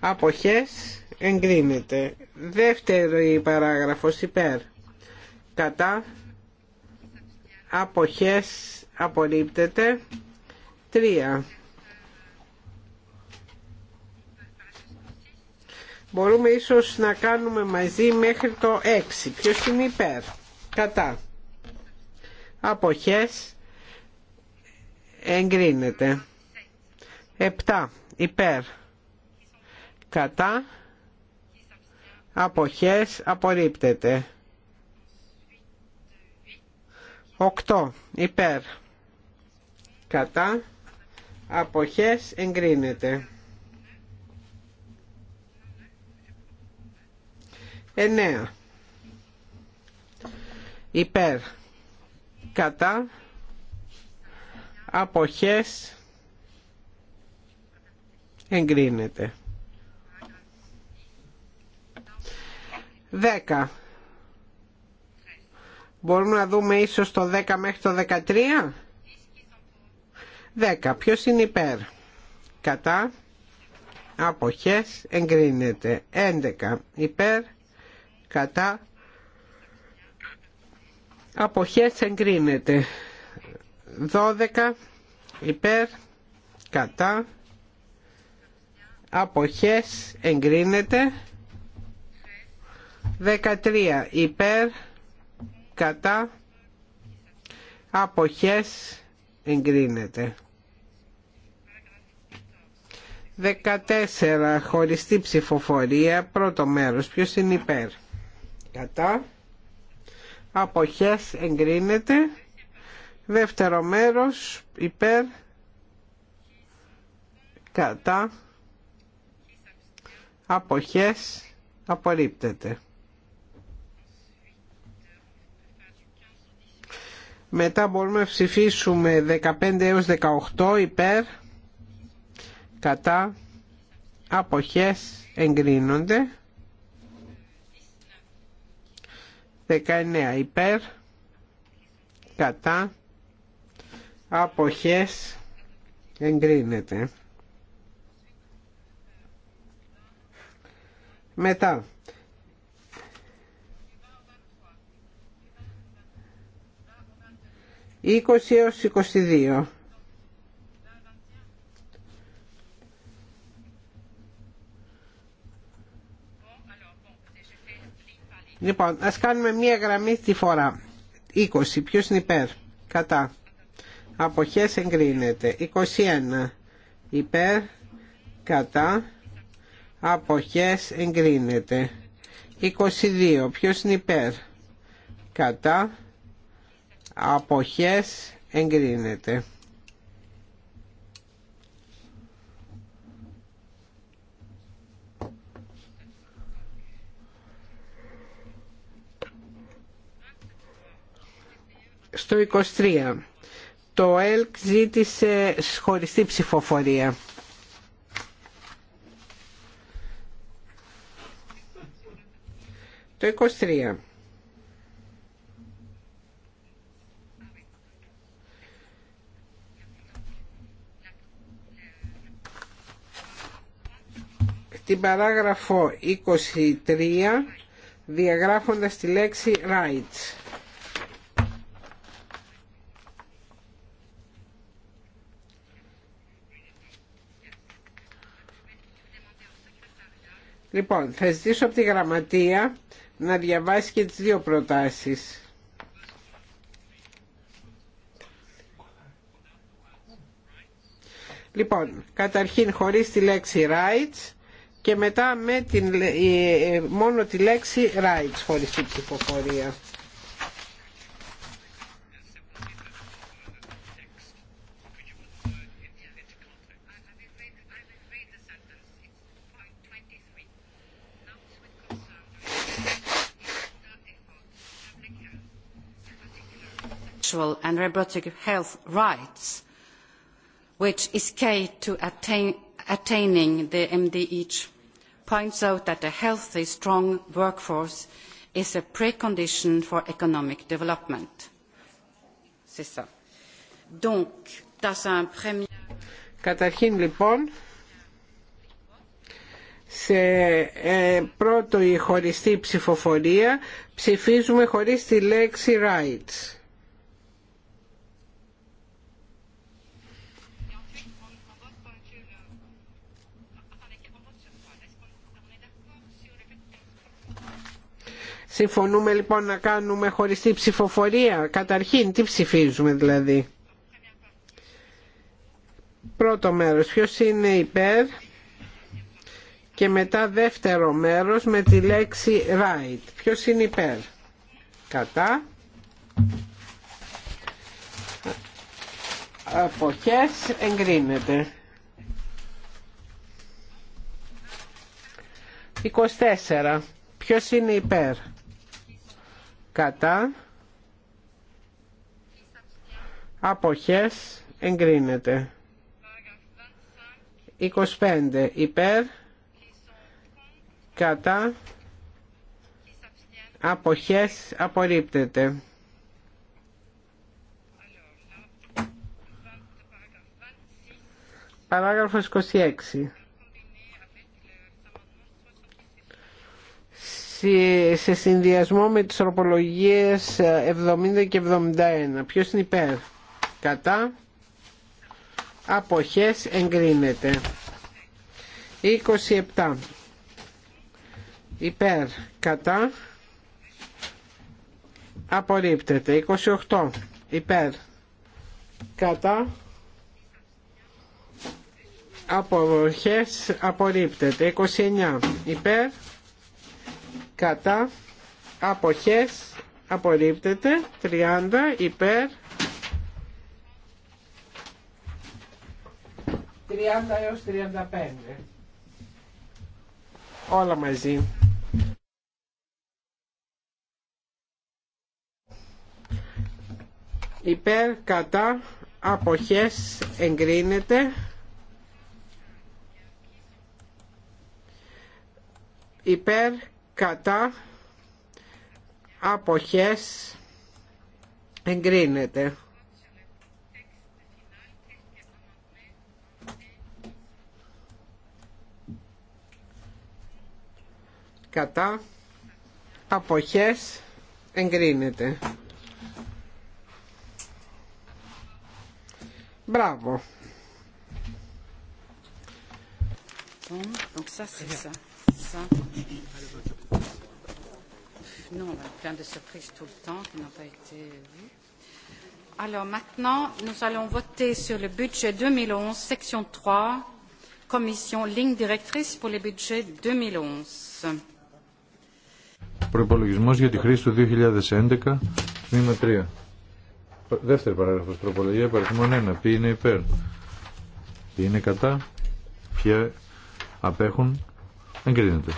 Αποχές. Εγκρίνεται. Δεύτερη παράγραφος. Υπέρ. Κατά. Αποχές. Απορρίπτεται. Τρία. Μπορούμε ίσως να κάνουμε μαζί μέχρι το 6. Ποιος είναι υπέρ. Κατά αποχές εγκρίνεται 7 υπέρ κατά αποχές απορρίπτεται 8 υπέρ κατά αποχές εγκρίνεται 9 υπέρ κατά αποχές εγκρίνεται 10 Μπορούμε να δούμε ίσως το 10 μέχρι το 13 10 Ποιος είναι υπέρ Κατά Αποχές εγκρίνεται 11 Υπέρ Κατά αποχές εγκρίνεται 12 υπέρ κατά αποχές εγκρίνεται 13 υπέρ κατά αποχές εγκρίνεται 14 χωριστή ψηφοφορία πρώτο μέρος ποιος είναι υπέρ κατά αποχές εγκρίνεται δεύτερο μέρος υπέρ κατά αποχές απορρίπτεται μετά μπορούμε να ψηφίσουμε 15 έως 18 υπέρ κατά αποχές εγκρίνονται 19 υπέρ κατά αποχές εγκρίνεται μετά είκοσι έως 22 Λοιπόν, ας κάνουμε μία γραμμή τη φορά. 20. Ποιος είναι υπέρ. Κατά. Αποχέ εγκρίνεται. 21. Υπέρ. Κατά. Αποχέ εγκρίνεται. 22. Ποιος είναι υπέρ. Κατά. Αποχές εγκρίνεται. στο 23. Το ΕΛΚ ζήτησε χωριστή ψηφοφορία. Το 23. Την παράγραφο 23 διαγράφοντας τη λέξη rights. Λοιπόν, θα ζητήσω από τη γραμματεία να διαβάσει και τις δύο προτάσεις. Λοιπόν, καταρχήν χωρίς τη λέξη rights και μετά με την, ε, μόνο τη λέξη rights χωρίς την ψηφοφορία. sexual and reproductive health rights, which is key to attaining the MDH, points out that a healthy, strong workforce is a precondition for economic development. Donc, un premier... Καταρχήν λοιπόν, σε πρώτο η χωριστή ψηφοφορία ψηφίζουμε χωρίς τη λέξη rights. Συμφωνούμε λοιπόν να κάνουμε χωριστή ψηφοφορία. Καταρχήν τι ψηφίζουμε δηλαδή. Πρώτο μέρος. Ποιος είναι υπέρ και μετά δεύτερο μέρος με τη λέξη right. Ποιος είναι υπέρ. Κατά. Αποχές εγκρίνεται. 24. Ποιος είναι υπέρ κατά αποχές εγκρίνεται 25 υπέρ κατά αποχές απορρίπτεται παράγραφος 26 σε συνδυασμό με τις τροπολογίες 70 και 71. Ποιος είναι υπέρ. Κατά. Αποχές εγκρίνεται. 27. Υπέρ. Κατά. Απορρίπτεται. 28. Υπέρ. Κατά. Αποχές απορρίπτεται. 29. Υπέρ κατά αποχές απορρίπτεται 30 υπέρ 30 έως 35 όλα μαζί υπέρ κατά αποχές εγκρίνεται υπέρ κατά αποχές εγκρίνεται. Κατά αποχές εγκρίνεται. Μπράβο. Non, on a plein de surprises tout le temps qui n'ont pas été vues. Alors maintenant, nous allons voter sur le budget 2011, section 3, commission ligne directrice pour le budget 2011. Προπολογισμός για τη χρήση του 2011, τμήμα 3. Δεύτερη παράγραφος, Προπολογία παριθμών 1. Ποιοι είναι υπέρ, ποιοι είναι κατά, ποιοι απέχουν, εγκρίνεται.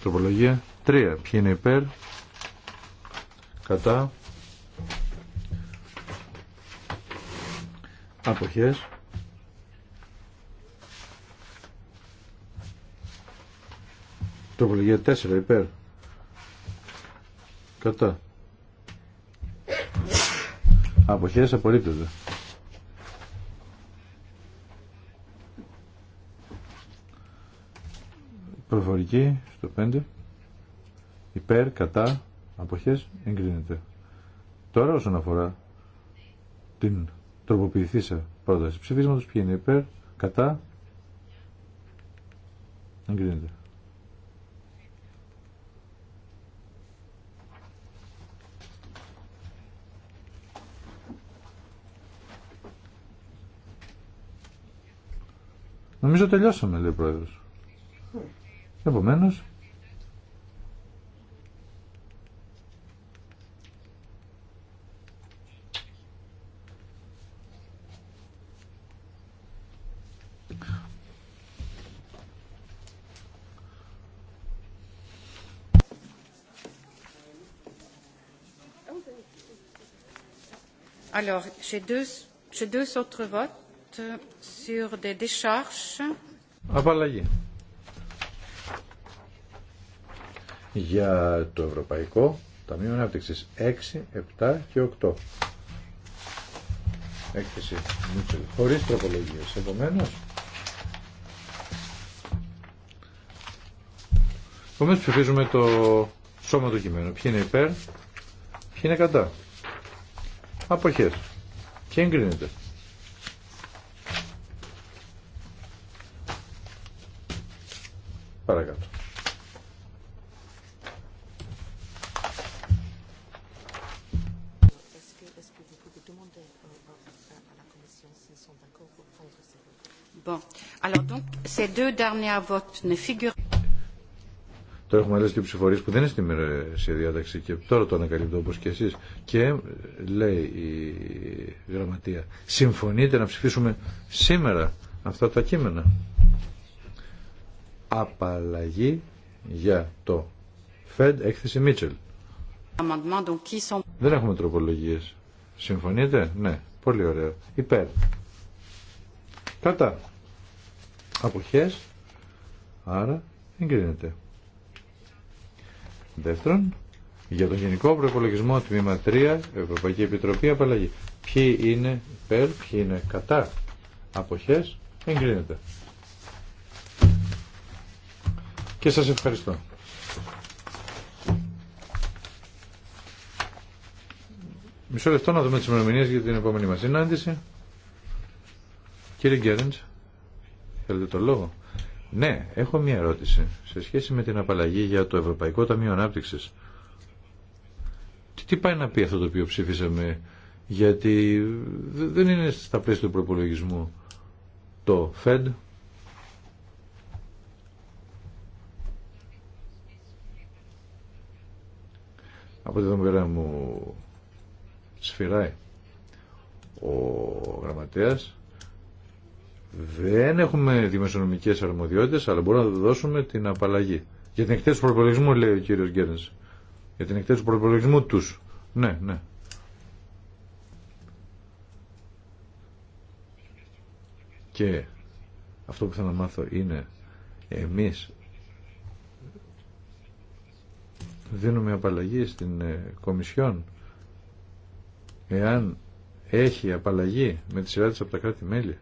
Τροπολογία Τρία. Ποιοι είναι υπέρ. Κατά. Αποχές. Τροπολογία τέσσερα υπέρ. Κατά. Αποχές απορρίπτονται. Προφορική στο 5 υπέρ, κατά, αποχές, εγκρίνεται. Τώρα όσον αφορά την τροποποιηθήσα πρόταση ψηφίσματος, ποιο είναι υπέρ, κατά, εγκρίνεται. Νομίζω τελειώσαμε, λέει ο Πρόεδρος. Επομένως, Απαλλαγή. Για το Ευρωπαϊκό Ταμείο Ανάπτυξη 6, 7 και 8. Έκθεση Μίτσελ. Χωρί τροπολογίε. Επομένω. Επομένω ψηφίζουμε το σώμα του κειμένου. Ποιοι είναι υπέρ, ποιοι είναι κατά αποχές και εγκρίνεται. Παρακάτω. Bon. Alors donc, ces deux derniers votes ne figurent έχουμε άλλε και ψηφορίε που δεν είναι στη μέρα ε, σε διάταξη και τώρα το ανακαλύπτω όπως και εσεί. Και ε, λέει η γραμματεία, συμφωνείτε να ψηφίσουμε σήμερα αυτά τα κείμενα. Απαλλαγή για το Fed έκθεση Μίτσελ. Δεν έχουμε τροπολογίε. Συμφωνείτε, ναι, πολύ ωραίο. Υπέρ. Κατά. Αποχές. Άρα εγκρίνεται. Δεύτερον, για τον Γενικό Προπολογισμό Τμήμα 3, Ευρωπαϊκή Επιτροπή Απαλλαγή. Ποιοι είναι υπέρ, ποιοι είναι κατά αποχές, εγκρίνεται. Και σας ευχαριστώ. Μισό λεπτό να δούμε τις ημερομηνίες για την επόμενη μας συνάντηση. Κύριε Γκέρντς, θέλετε το λόγο. Ναι, έχω μία ερώτηση σε σχέση με την απαλλαγή για το Ευρωπαϊκό Ταμείο Ανάπτυξη. Τι, τι πάει να πει αυτό το οποίο ψήφισαμε, γιατί δεν είναι στα πλαίσια του προπολογισμού το ΦΕΔ. Από εδώ πέρα μου σφυράει ο γραμματέας δεν έχουμε δημοσιονομικέ αρμοδιότητες, αλλά μπορούμε να δώσουμε την απαλλαγή. Για την εκτέλεση του προπολογισμού, λέει ο κύριο Γκέρνς. Για την εκτέλεση του προπολογισμού τους. Ναι, ναι. Και αυτό που θέλω να μάθω είναι εμείς δίνουμε απαλλαγή στην ε, Κομισιόν εάν έχει απαλλαγή με τη σειρά από τα κράτη-μέλη.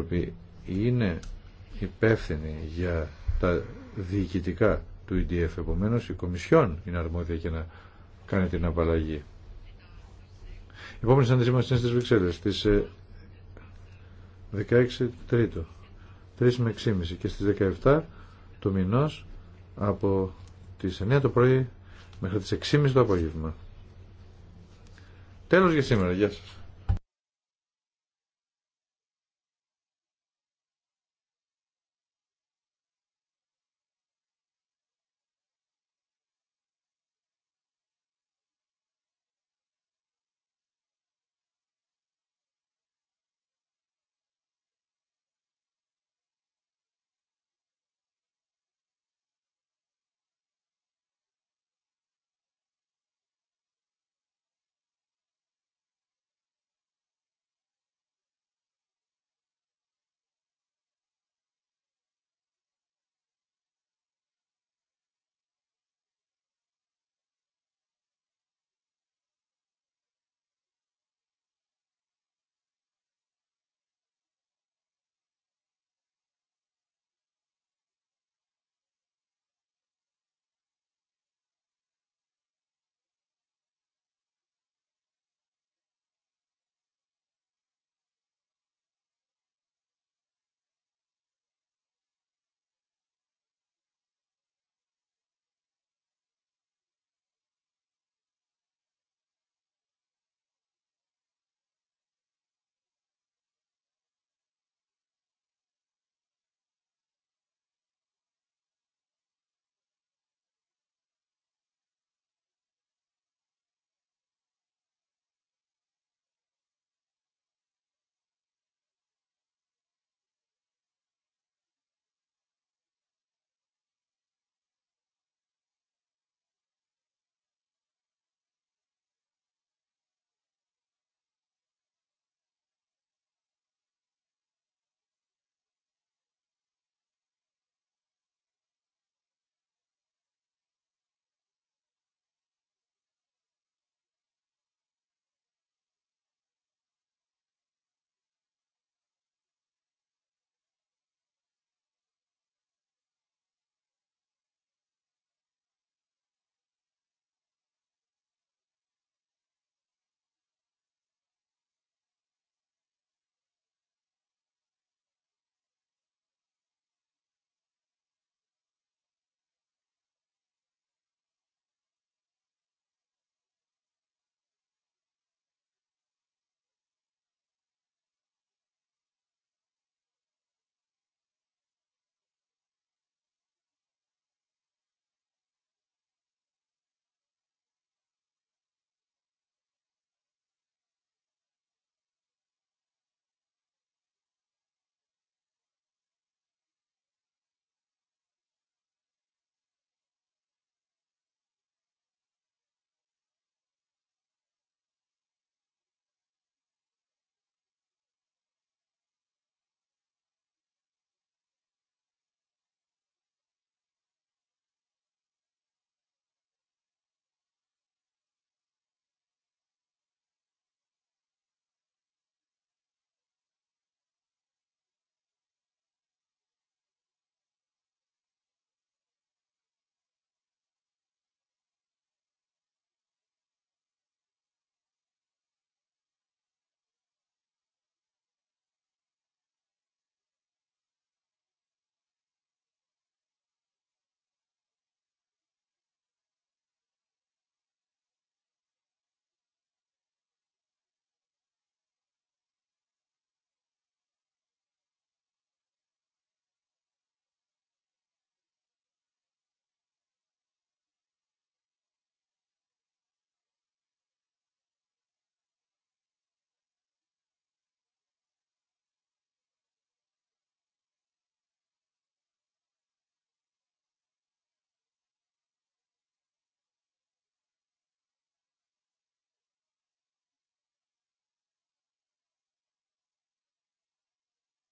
Επιτροπή είναι υπεύθυνη για τα διοικητικά του EDF. Επομένως, η Κομισιόν είναι αρμόδια για να κάνει την απαλλαγή. Η επόμενη συνάντηση μας είναι στις Βρυξέλλες, στις 16 ε, 3 με 6.30 και στις 17 το μηνός από τις 9 το πρωί μέχρι τις 6.30 το απόγευμα. Τέλος για σήμερα. Γεια σας.